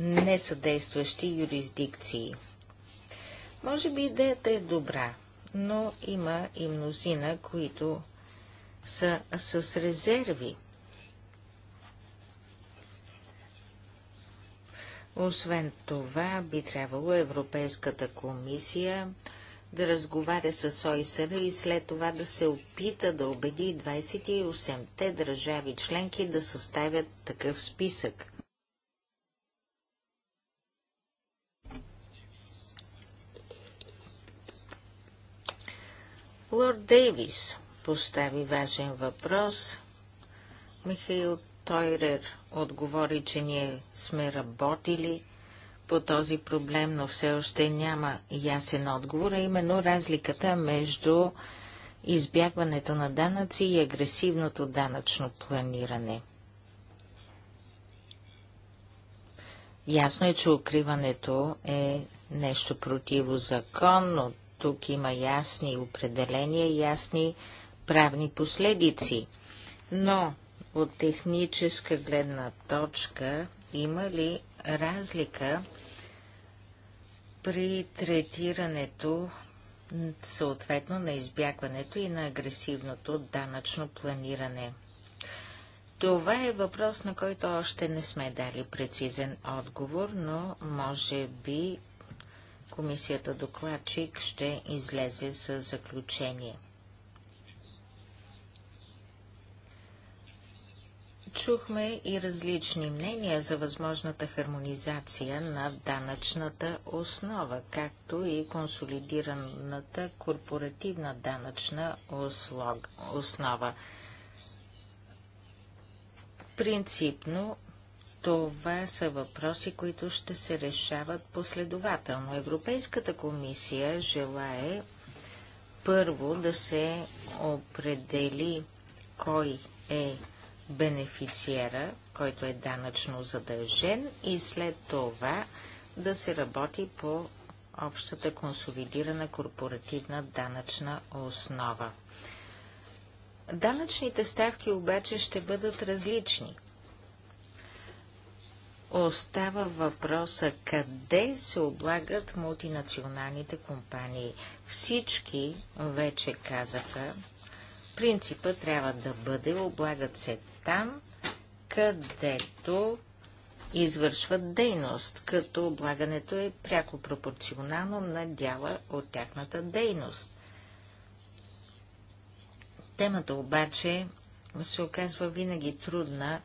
несъдействащи юрисдикции. Може би идеята е добра, но има и мнозина, които са с резерви. Освен това, би трябвало Европейската комисия да разговаря с ОИСР и след това да се опита да убеди 28-те държави членки да съставят такъв списък. Лорд Дейвис постави важен въпрос. Михаил Тойрер отговори, че ние сме работили по този проблем, но все още няма ясен отговор, а именно разликата между избягването на данъци и агресивното данъчно планиране. Ясно е, че укриването е нещо противозаконно. Тук има ясни определения, ясни правни последици. Но от техническа гледна точка има ли разлика при третирането съответно на избягването и на агресивното данъчно планиране. Това е въпрос, на който още не сме дали прецизен отговор, но може би комисията докладчик ще излезе с заключение. Чухме и различни мнения за възможната хармонизация на данъчната основа, както и консолидираната корпоративна данъчна услог, основа. Принципно това са въпроси, които ще се решават последователно. Европейската комисия желае първо да се определи кой е бенефициера, който е данъчно задължен и след това да се работи по общата консолидирана корпоративна данъчна основа. Данъчните ставки обаче ще бъдат различни. Остава въпроса къде се облагат мултинационалните компании. Всички вече казаха, принципа трябва да бъде облагат се там, където извършват дейност, като облагането е пряко пропорционално на дяла от тяхната дейност. Темата обаче се оказва винаги трудна.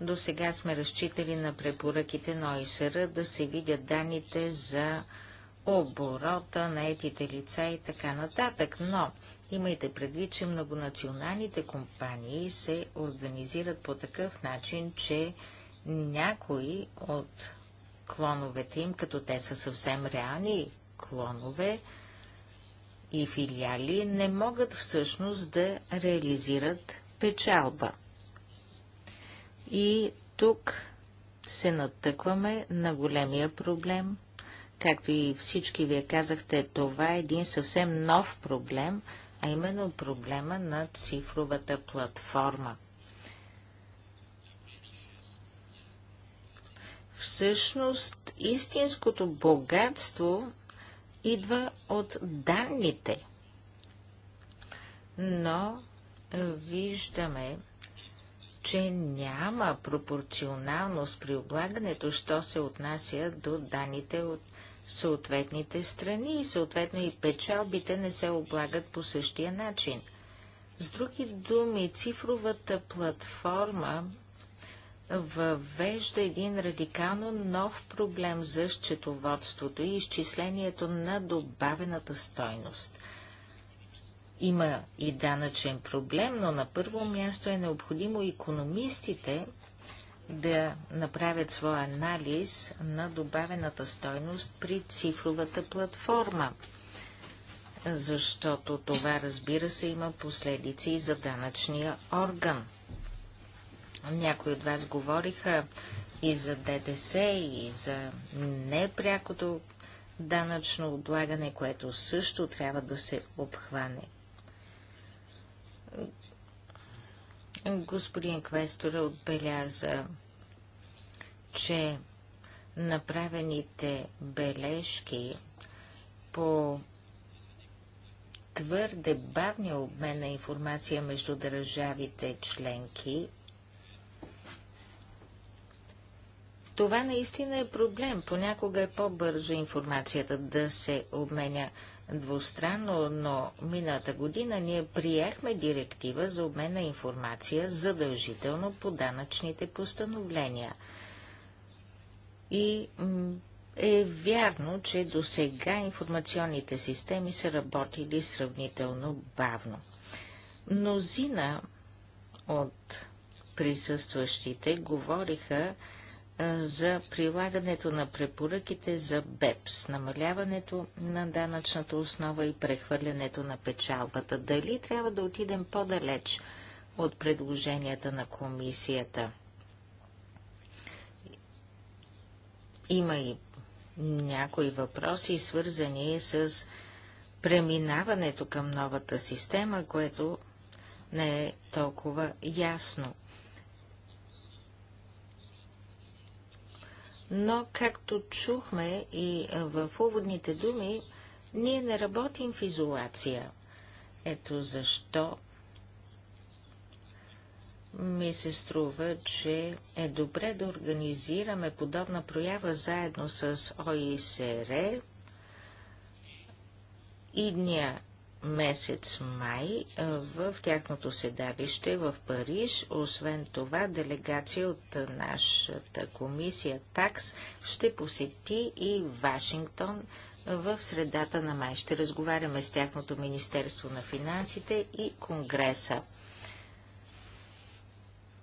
До сега сме разчитали на препоръките на ОИСР да се видят данните за оборота на етите лица и така нататък, но Имайте предвид, че многонационалните компании се организират по такъв начин, че някои от клоновете им, като те са съвсем реални клонове и филиали, не могат всъщност да реализират печалба. И тук се натъкваме на големия проблем. Както и всички вие казахте, това е един съвсем нов проблем – а именно проблема на цифровата платформа. Всъщност, истинското богатство идва от данните. Но виждаме, че няма пропорционалност при облагането, що се отнася до данните от съответните страни и съответно и печалбите не се облагат по същия начин. С други думи, цифровата платформа въвежда един радикално нов проблем за счетоводството и изчислението на добавената стойност. Има и данъчен проблем, но на първо място е необходимо економистите да направят своя анализ на добавената стойност при цифровата платформа. Защото това, разбира се, има последици и за данъчния орган. Някои от вас говориха и за ДДС, и за непрякото данъчно облагане, което също трябва да се обхване. Господин Квестора отбеляза, че направените бележки по твърде бавния обмен на информация между държавите членки Това наистина е проблем. Понякога е по-бързо информацията да се обменя двустранно, но мината година ние приехме директива за обмен на информация задължително по данъчните постановления. И е вярно, че до сега информационните системи са работили сравнително бавно. Мнозина от присъстващите говориха за прилагането на препоръките за БЕПС, намаляването на данъчната основа и прехвърлянето на печалбата. Дали трябва да отидем по-далеч от предложенията на комисията? Има и някои въпроси, свързани с преминаването към новата система, което не е толкова ясно. Но, както чухме и в уводните думи, ние не работим в изолация. Ето защо ми се струва, че е добре да организираме подобна проява заедно с ОИСР и Дня месец май в тяхното седалище в Париж. Освен това, делегация от нашата комисия ТАКС ще посети и Вашингтон в средата на май. Ще разговаряме с тяхното Министерство на финансите и Конгреса.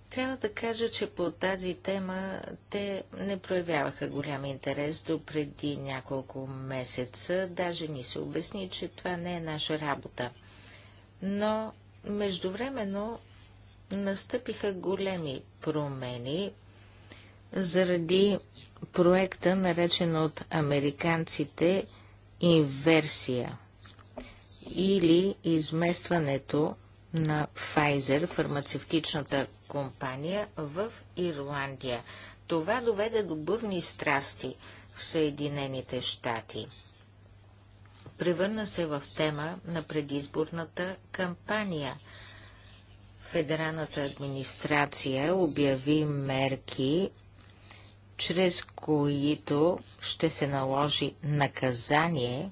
Трябва да кажа, че по тази тема те не проявяваха голям интерес до преди няколко месеца. Даже ни се обясни, че това не е наша работа. Но междувременно настъпиха големи промени заради проекта, наречен от американците инверсия или изместването на Pfizer, фармацевтичната компания в Ирландия. Това доведе до бурни страсти в Съединените щати. Превърна се в тема на предизборната кампания. Федералната администрация обяви мерки, чрез които ще се наложи наказание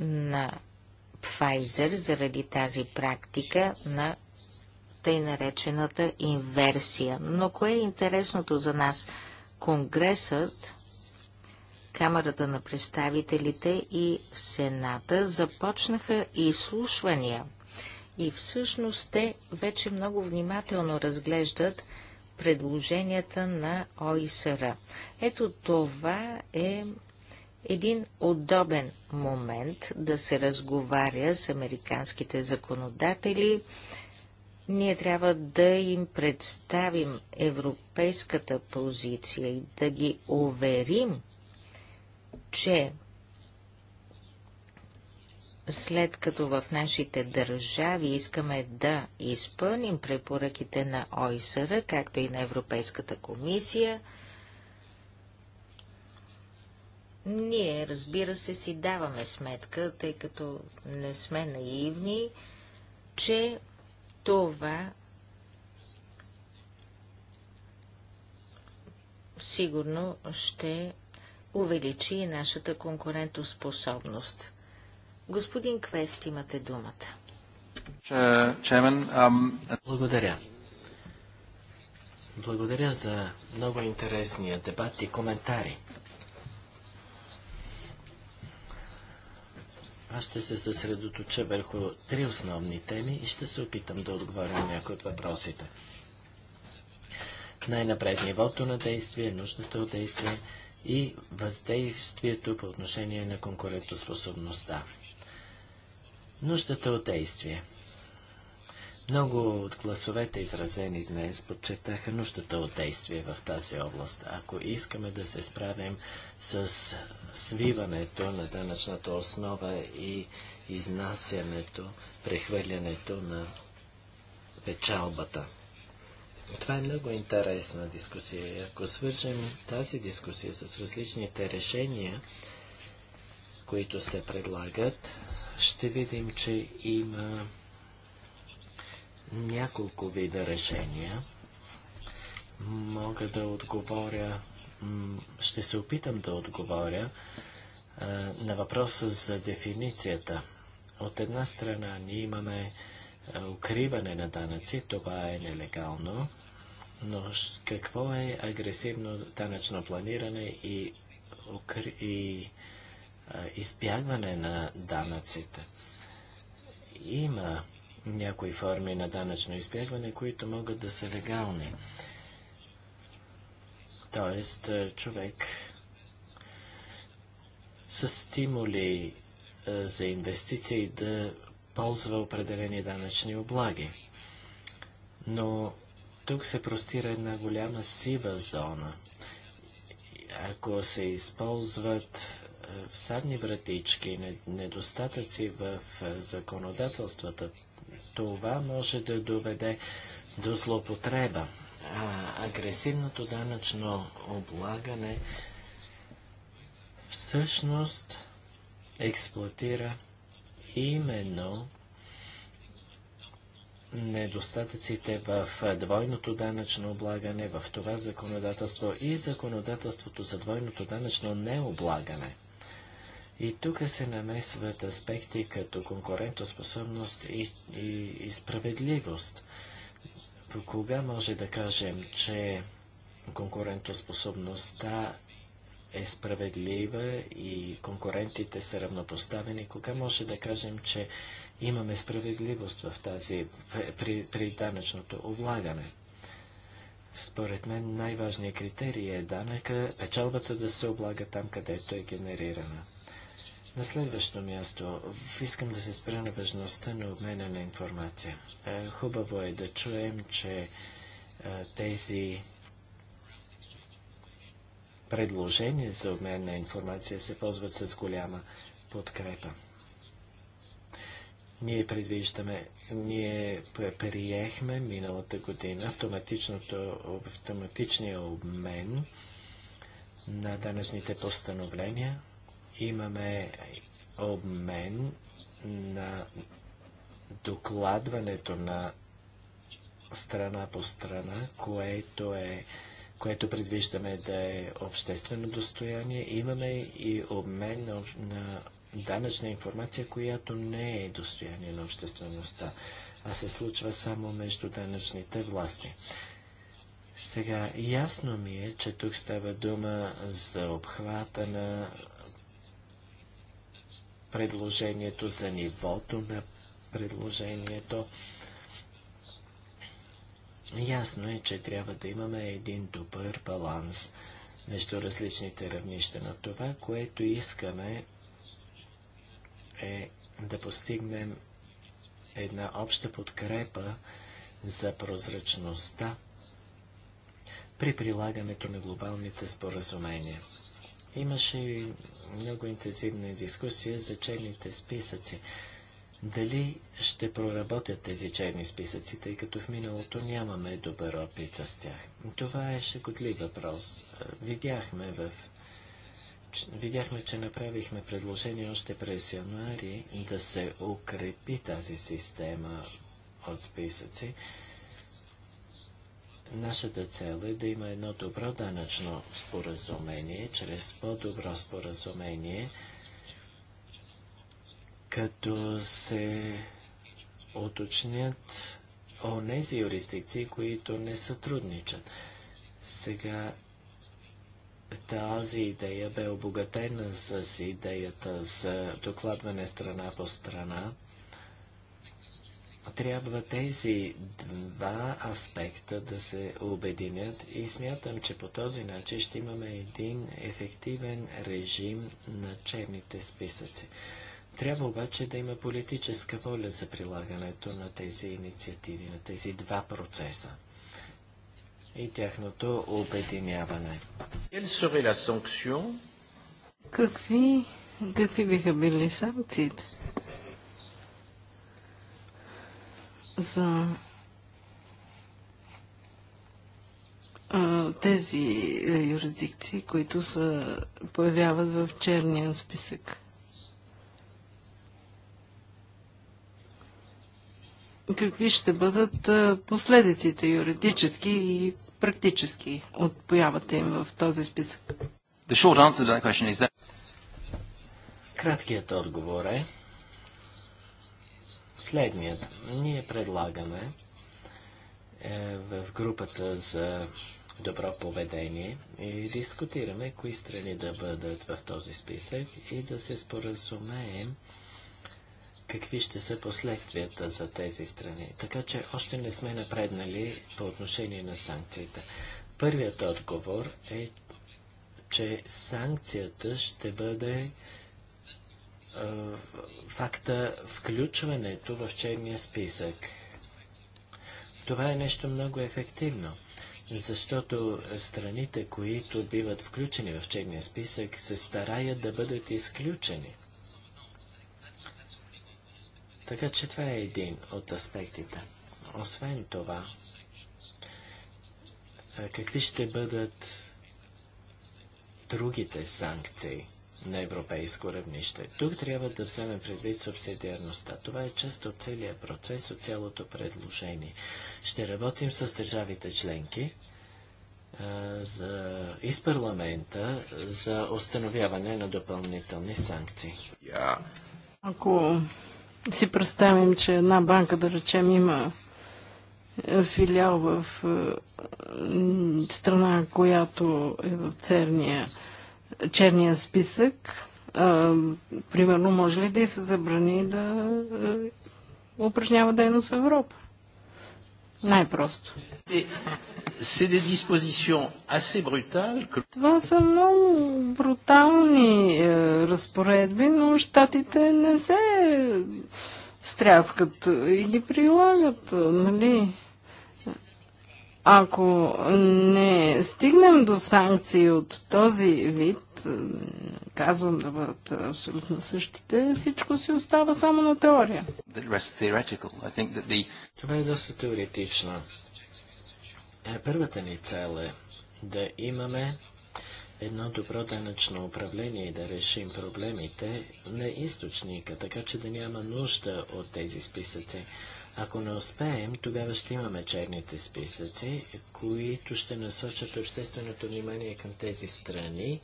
на Pfizer заради тази практика на тъй наречената инверсия. Но кое е интересното за нас? Конгресът, Камерата на представителите и Сената започнаха изслушвания. И всъщност те вече много внимателно разглеждат предложенията на ОИСР. Ето това е един удобен момент да се разговаря с американските законодатели ние трябва да им представим европейската позиция и да ги уверим, че след като в нашите държави искаме да изпълним препоръките на ОИСР, както и на Европейската комисия, ние, разбира се, си даваме сметка, тъй като не сме наивни, че това сигурно ще увеличи и нашата конкурентоспособност. Господин Квест, имате думата. Благодаря. Благодаря за много интересния дебат и коментари. Аз ще се съсредоточа върху три основни теми и ще се опитам да отговоря на някои от въпросите. Най-напред нивото на действие, нуждата от действие и въздействието по отношение на конкурентоспособността. Нуждата от действие. Много от гласовете, изразени днес, подчертаха нуждата от действие в тази област. Ако искаме да се справим с свиването на данъчната основа и изнасянето, прехвърлянето на печалбата. Това е много интересна дискусия. И ако свържем тази дискусия с различните решения, които се предлагат, ще видим, че има няколко вида решения. Мога да отговоря ще се опитам да отговоря а, на въпроса за дефиницията. От една страна ние имаме укриване на данъци, това е нелегално, но какво е агресивно данъчно планиране и, укри... и а, избягване на данъците? Има някои форми на данъчно избягване, които могат да са легални. Т.е. човек с стимули е, за инвестиции да ползва определени данъчни облаги. Но тук се простира една голяма сива зона. Ако се използват е, всадни вратички, недостатъци в е, законодателствата, това може да доведе до злопотреба а, агресивното данъчно облагане всъщност експлуатира именно недостатъците в двойното данъчно облагане, в това законодателство и законодателството за двойното данъчно необлагане. И тук се намесват аспекти като конкурентоспособност и, и, и справедливост до кога може да кажем, че конкурентоспособността е справедлива и конкурентите са равнопоставени, кога може да кажем, че имаме справедливост в тази, при, при данъчното облагане? Според мен най-важният критерий е данъка, печалбата да се облага там, където е генерирана. На следващо място искам да се спра на важността на обмена на информация. Е, хубаво е да чуем, че е, тези предложения за обмен на информация се ползват с голяма подкрепа. Ние предвиждаме, ние приехме миналата година автоматичното, автоматичния обмен на данъчните постановления имаме обмен на докладването на страна по страна, което е което предвиждаме да е обществено достояние. Имаме и обмен на, на данъчна информация, която не е достояние на обществеността, а се случва само между данъчните власти. Сега, ясно ми е, че тук става дума за обхвата на предложението, за нивото на предложението. Ясно е, че трябва да имаме един добър баланс между различните равнища на това, което искаме е да постигнем една обща подкрепа за прозрачността при прилагането на глобалните споразумения. Имаше много интензивна дискусия за черните списъци. Дали ще проработят тези черни списъци, тъй като в миналото нямаме добър опит с тях? Това е шекотлив въпрос. Видяхме в видяхме, че направихме предложение още през януари да се укрепи тази система от списъци. Нашата цел е да има едно добро данъчно споразумение, чрез по-добро споразумение, като се уточнят онези юрисдикции, които не сътрудничат. Сега тази идея бе обогатена с идеята за докладване страна по страна трябва тези два аспекта да се обединят и смятам, че по този начин ще имаме един ефективен режим на черните списъци. Трябва обаче да има политическа воля за прилагането на тези инициативи, на тези два процеса и тяхното обединяване. Какви, какви биха били санкциите? за тези е, юрисдикции, които се появяват в черния списък. Какви ще бъдат е, последиците юридически и практически от появата им в този списък? That... Краткият отговор е, следният. Ние предлагаме е, в групата за добро поведение и дискутираме кои страни да бъдат в този списък и да се споразумеем какви ще са последствията за тези страни. Така че още не сме напреднали по отношение на санкциите. Първият отговор е, че санкцията ще бъде е, факта включването в черния списък. Това е нещо много ефективно, защото страните, които биват включени в черния списък, се стараят да бъдат изключени. Така че това е един от аспектите. Освен това, какви ще бъдат другите санкции? на европейско равнище. Тук трябва да вземем предвид субсидиарността. Това е част от целия процес, от цялото предложение. Ще работим с държавите членки а, за, и с парламента за установяване на допълнителни санкции. Ако си представим, че една банка, да речем, има е, филиал в е, страна, която е в Церния черния списък, а, примерно, може ли да и се забрани да а, упражнява дейност в Европа? Най-просто. Това са много брутални е, разпоредби, но щатите не се стряскат и ги прилагат, нали? Ако не стигнем до санкции от този вид, казвам да бъдат абсолютно същите, всичко си остава само на теория. Това е доста теоретично. Е, първата ни цел е да имаме едно добро данъчно управление и да решим проблемите на източника, така че да няма нужда от тези списъци. Ако не успеем, тогава ще имаме черните списъци, които ще насочат общественото внимание към тези страни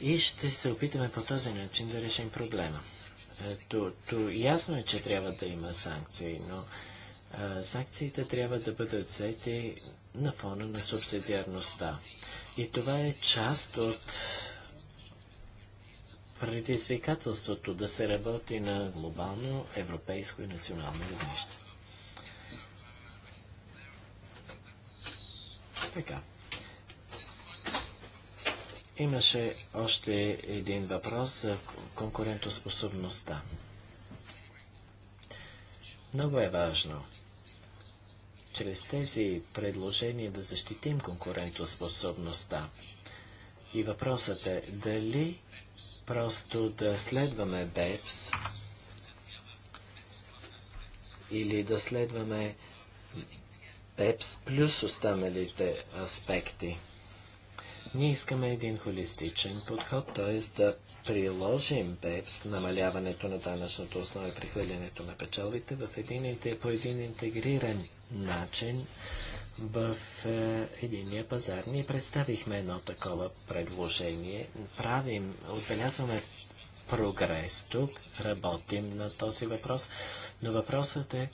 и ще се опитаме по този начин да решим проблема. Е, то, то ясно е, че трябва да има санкции, но а, санкциите трябва да бъдат взети на фона на субсидиарността. И това е част от предизвикателството да се работи на глобално, европейско и национално равнище. Така, Имаше още един въпрос за конкурентоспособността. Много е важно чрез тези предложения да защитим конкурентоспособността. И въпросът е дали просто да следваме БЕПС или да следваме Пепс плюс останалите аспекти. Ние искаме един холистичен подход, т.е. да приложим ПЕПС, намаляването на данъчното основа и прихвърлянето на печалбите в един, по един интегриран начин в е, единия пазар. Ние представихме едно такова предложение. Правим, отбелязваме прогрес тук, работим на този въпрос, но въпросът е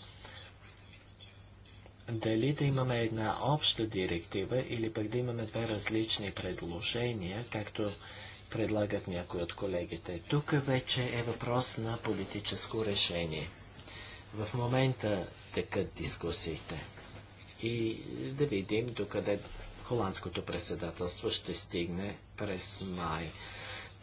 дали да имаме една обща директива или пък да имаме две различни предложения, както предлагат някои от колегите. Тук вече е въпрос на политическо решение. В момента текат дискусиите и да видим докъде холандското председателство ще стигне през май.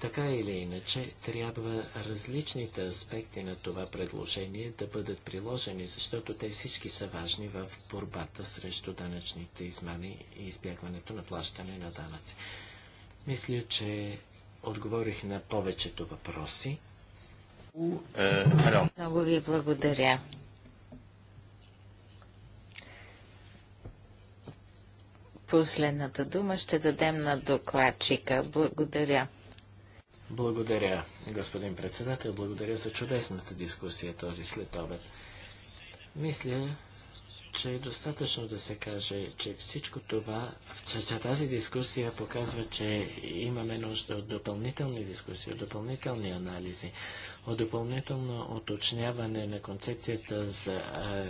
Така или иначе, трябва различните аспекти на това предложение да бъдат приложени, защото те всички са важни в борбата срещу данъчните измами и избягването на плащане на данъци. Мисля, че отговорих на повечето въпроси. Е, Много ви благодаря. Последната дума ще дадем на докладчика. Благодаря. Благодаря, господин председател. Благодаря за чудесната дискусия този след обед. Мисля, че е достатъчно да се каже, че всичко това, че тази дискусия показва, че имаме нужда от допълнителни дискусии, от допълнителни анализи, от допълнително уточняване на концепцията за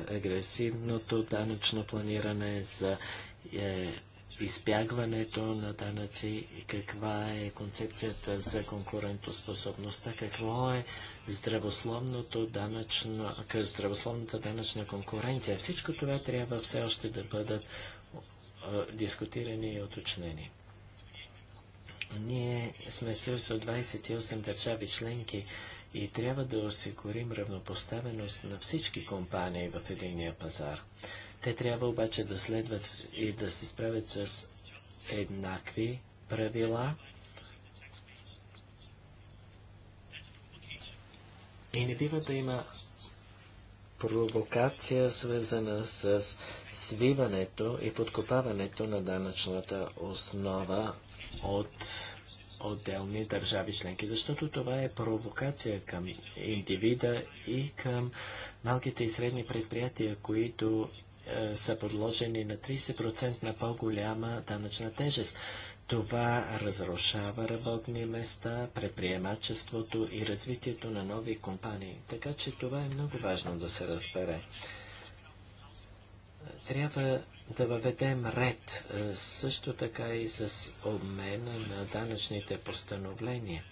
агресивното данъчно планиране, за е, избягването на данъци, каква е концепцията за конкурентоспособността, какво е здравословното данъчно, здравословната данъчна конкуренция. Всичко това трябва все още да бъдат е, дискутирани и уточнени. Ние сме съюз от 28 държави членки и трябва да осигурим равнопоставеност на всички компании в единия пазар. Те трябва обаче да следват и да се справят с еднакви правила и не бива да има провокация, свързана с свиването и подкопаването на данъчната основа от отделни държави членки, защото това е провокация към индивида и към малките и средни предприятия, които е, са подложени на 30% на по-голяма данъчна тежест. Това разрушава работни места, предприемачеството и развитието на нови компании. Така че това е много важно да се разбере. Трябва да въведем ред е, също така и с обмена на данъчните постановления.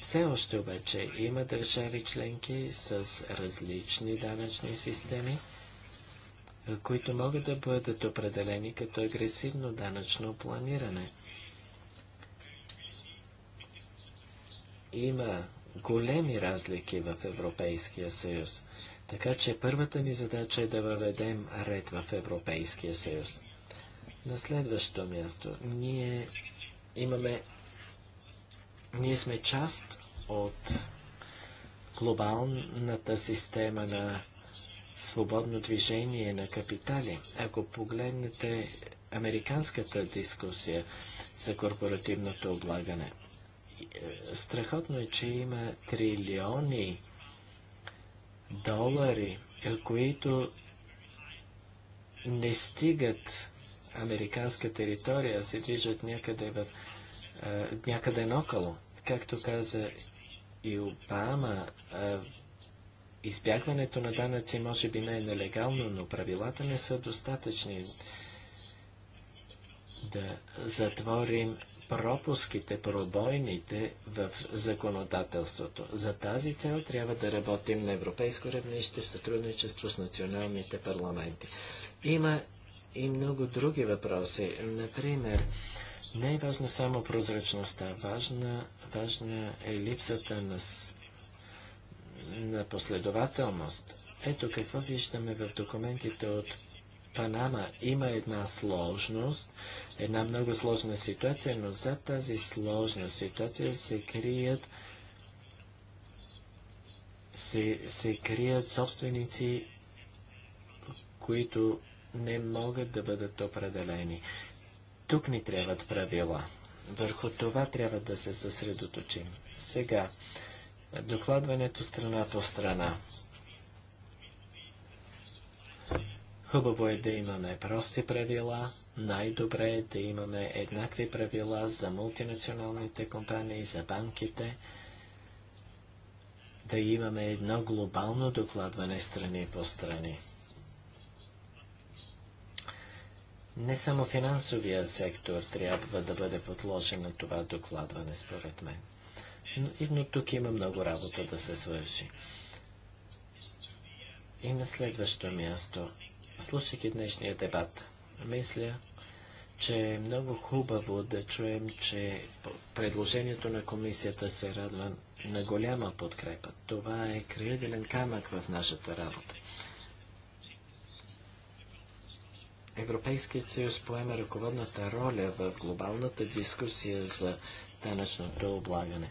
Все още обаче има държави членки с различни данъчни системи които могат да бъдат определени като агресивно данъчно планиране. Има големи разлики в Европейския съюз, така че първата ни задача е да въведем ред в Европейския съюз. На следващо място, ние имаме, ние сме част от глобалната система на свободно движение на капитали. Ако погледнете американската дискусия за корпоративното облагане, е, страхотно е, че има трилиони долари, е, които не стигат американска територия, се движат някъде, в, е, някъде наоколо. Както каза и Обама, Избягването на данъци може би не е нелегално, но правилата не са достатъчни да затворим пропуските, пробойните в законодателството. За тази цел трябва да работим на европейско равнище в сътрудничество с националните парламенти. Има и много други въпроси. Например, не е важна само прозрачността, важна, важна е липсата на на последователност. Ето какво виждаме в документите от Панама. Има една сложност, една много сложна ситуация, но за тази сложна ситуация се крият се, се крият собственици, които не могат да бъдат определени. Тук ни трябват правила. Върху това трябва да се съсредоточим. Сега, докладването страна по страна. Хубаво е да имаме прости правила, най-добре е да имаме еднакви правила за мултинационалните компании, за банките, да имаме едно глобално докладване страни по страни. Не само финансовия сектор трябва да бъде подложен на това докладване, според мен но тук има много работа да се свърши. И на следващо място, слушайки днешния дебат, мисля, че е много хубаво да чуем, че предложението на комисията се радва на голяма подкрепа. Това е крайъгълен камък в нашата работа. Европейският съюз поема ръководната роля в глобалната дискусия за данъчното облагане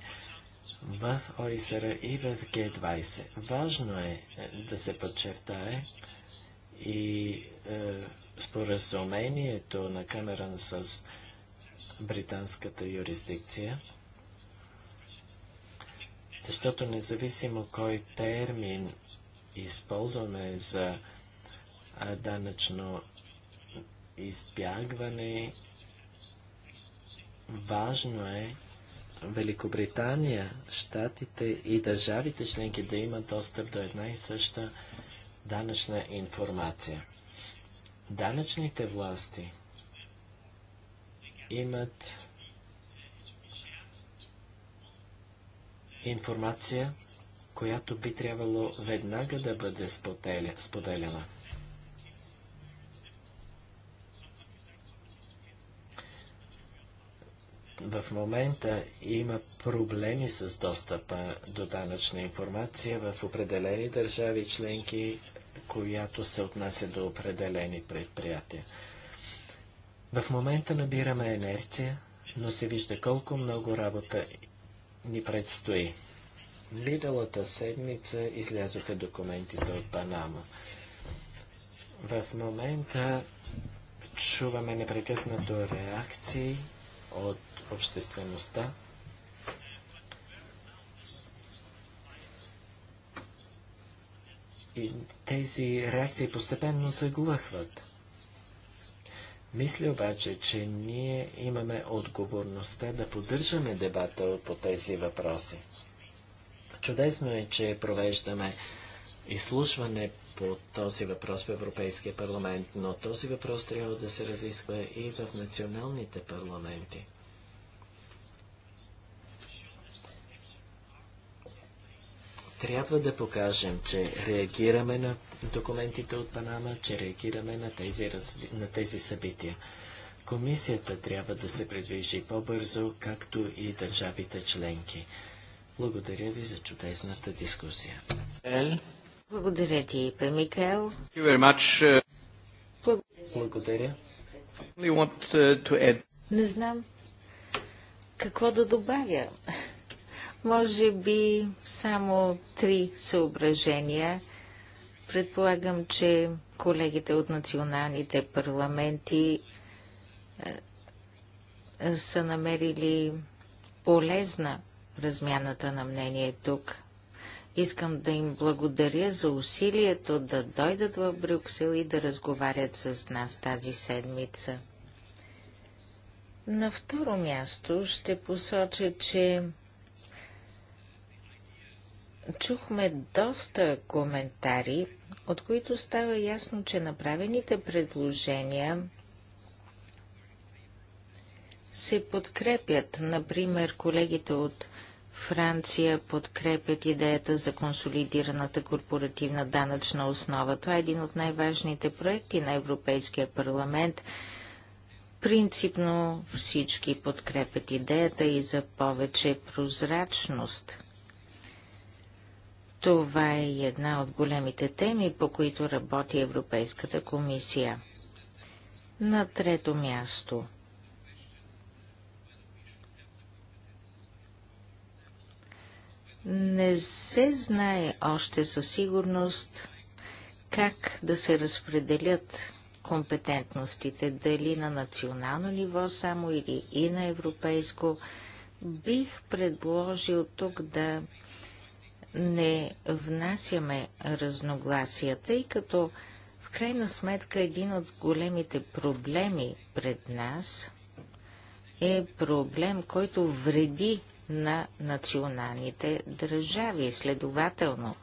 в ОИСР и в Г20. Важно е, е да се подчертае и е, споразумението на Камерън с британската юрисдикция, защото независимо кой термин използваме за данъчно избягване, важно е Великобритания, щатите и държавите членки да имат достъп до една и съща данъчна информация. Данъчните власти имат информация, която би трябвало веднага да бъде споделена. в момента има проблеми с достъпа до данъчна информация в определени държави членки, която се отнася до определени предприятия. В момента набираме енерция, но се вижда колко много работа ни предстои. Миналата седмица излязоха документите от Панама. В момента чуваме непрекъснато реакции от обществеността. И тези реакции постепенно заглъхват. Мисля обаче, че ние имаме отговорността да поддържаме дебата по тези въпроси. Чудесно е, че провеждаме изслушване по този въпрос в Европейския парламент, но този въпрос трябва да се разисква и в националните парламенти. Трябва да покажем, че реагираме на документите от Панама, че реагираме на тези, разви... на тези събития. Комисията трябва да се предвижи по-бързо, както и държавите членки. Благодаря ви за чудесната дискусия. Благодаря ти, Пе Микел. Uh, Благодаря. Uh, Не знам какво да добавя. Може би само три съображения. Предполагам, че колегите от националните парламенти е, са намерили полезна размяната на мнение тук. Искам да им благодаря за усилието да дойдат в Брюксел и да разговарят с нас тази седмица. На второ място ще посоча, че Чухме доста коментари, от които става ясно, че направените предложения се подкрепят. Например, колегите от Франция подкрепят идеята за консолидираната корпоративна данъчна основа. Това е един от най-важните проекти на Европейския парламент. Принципно всички подкрепят идеята и за повече прозрачност. Това е една от големите теми, по които работи Европейската комисия. На трето място. Не се знае още със сигурност как да се разпределят компетентностите, дали на национално ниво само или и на европейско. Бих предложил тук да не внасяме разногласията и като в крайна сметка един от големите проблеми пред нас е проблем, който вреди на националните държави. Следователно,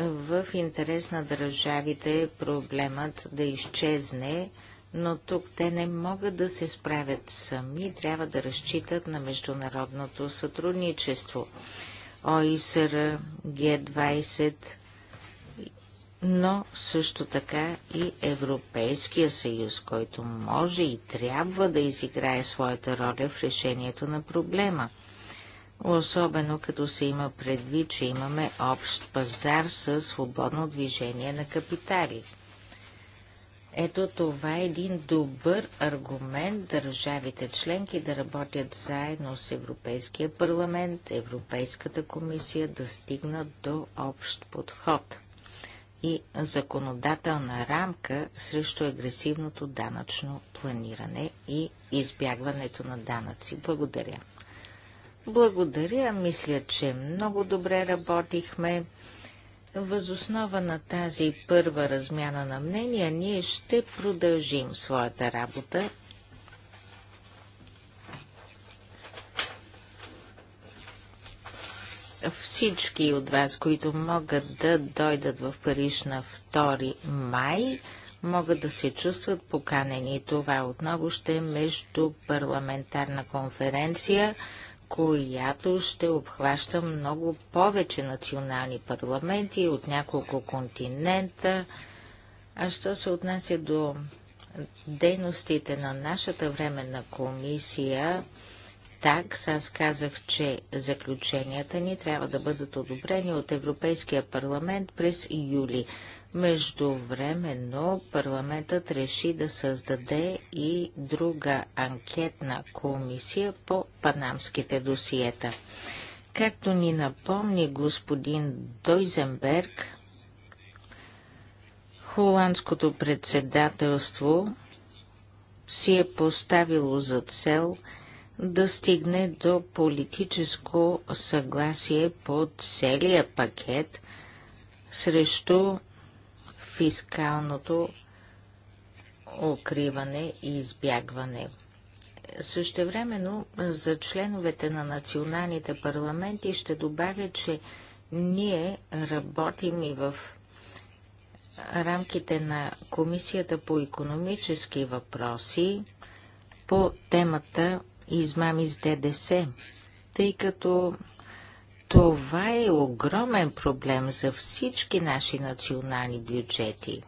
в интерес на държавите е проблемът да изчезне, но тук те не могат да се справят сами, трябва да разчитат на международното сътрудничество. ОИСР, Г20, но също така и Европейския съюз, който може и трябва да изиграе своята роля в решението на проблема. Особено като се има предвид, че имаме общ пазар със свободно движение на капитали. Ето това е един добър аргумент държавите членки да работят заедно с Европейския парламент, Европейската комисия да стигнат до общ подход и законодателна рамка срещу агресивното данъчно планиране и избягването на данъци. Благодаря. Благодаря. Мисля, че много добре работихме. Възоснова на тази първа размяна на мнения ние ще продължим своята работа. Всички от вас, които могат да дойдат в Париж на 2 май, могат да се чувстват поканени. Това отново ще е между парламентарна конференция – която ще обхваща много повече национални парламенти от няколко континента. А що се отнася до дейностите на нашата временна комисия, так, аз казах, че заключенията ни трябва да бъдат одобрени от Европейския парламент през юли. Междувременно парламентът реши да създаде и друга анкетна комисия по панамските досиета. Както ни напомни господин Дойзенберг, холандското председателство си е поставило за цел да стигне до политическо съгласие по целия пакет срещу фискалното укриване и избягване. Същевременно за членовете на националните парламенти ще добавя, че ние работим и в рамките на Комисията по економически въпроси по темата измами с ДДС, тъй като това е огромен проблем за всички наши национални бюджети.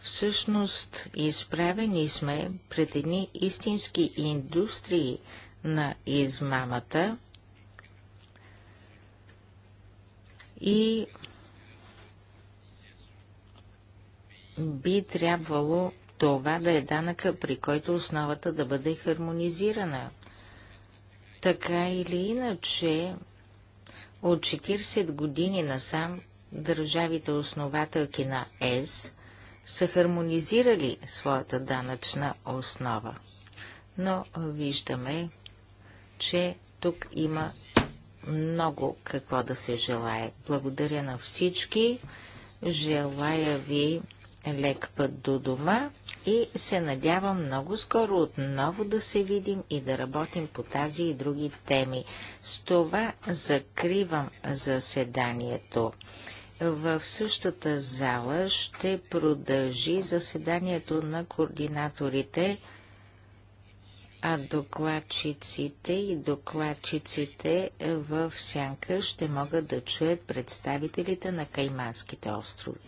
Всъщност, изправени сме пред едни истински индустрии на измамата и би трябвало това да е данъка, при който основата да бъде хармонизирана. Така или иначе, от 40 години насам държавите основателки на ЕС са хармонизирали своята данъчна основа. Но виждаме, че тук има много какво да се желая. Благодаря на всички. Желая ви лек път до дома и се надявам много скоро отново да се видим и да работим по тази и други теми. С това закривам заседанието. В същата зала ще продължи заседанието на координаторите, а докладчиците и докладчиците в сянка ще могат да чуят представителите на Кайманските острови.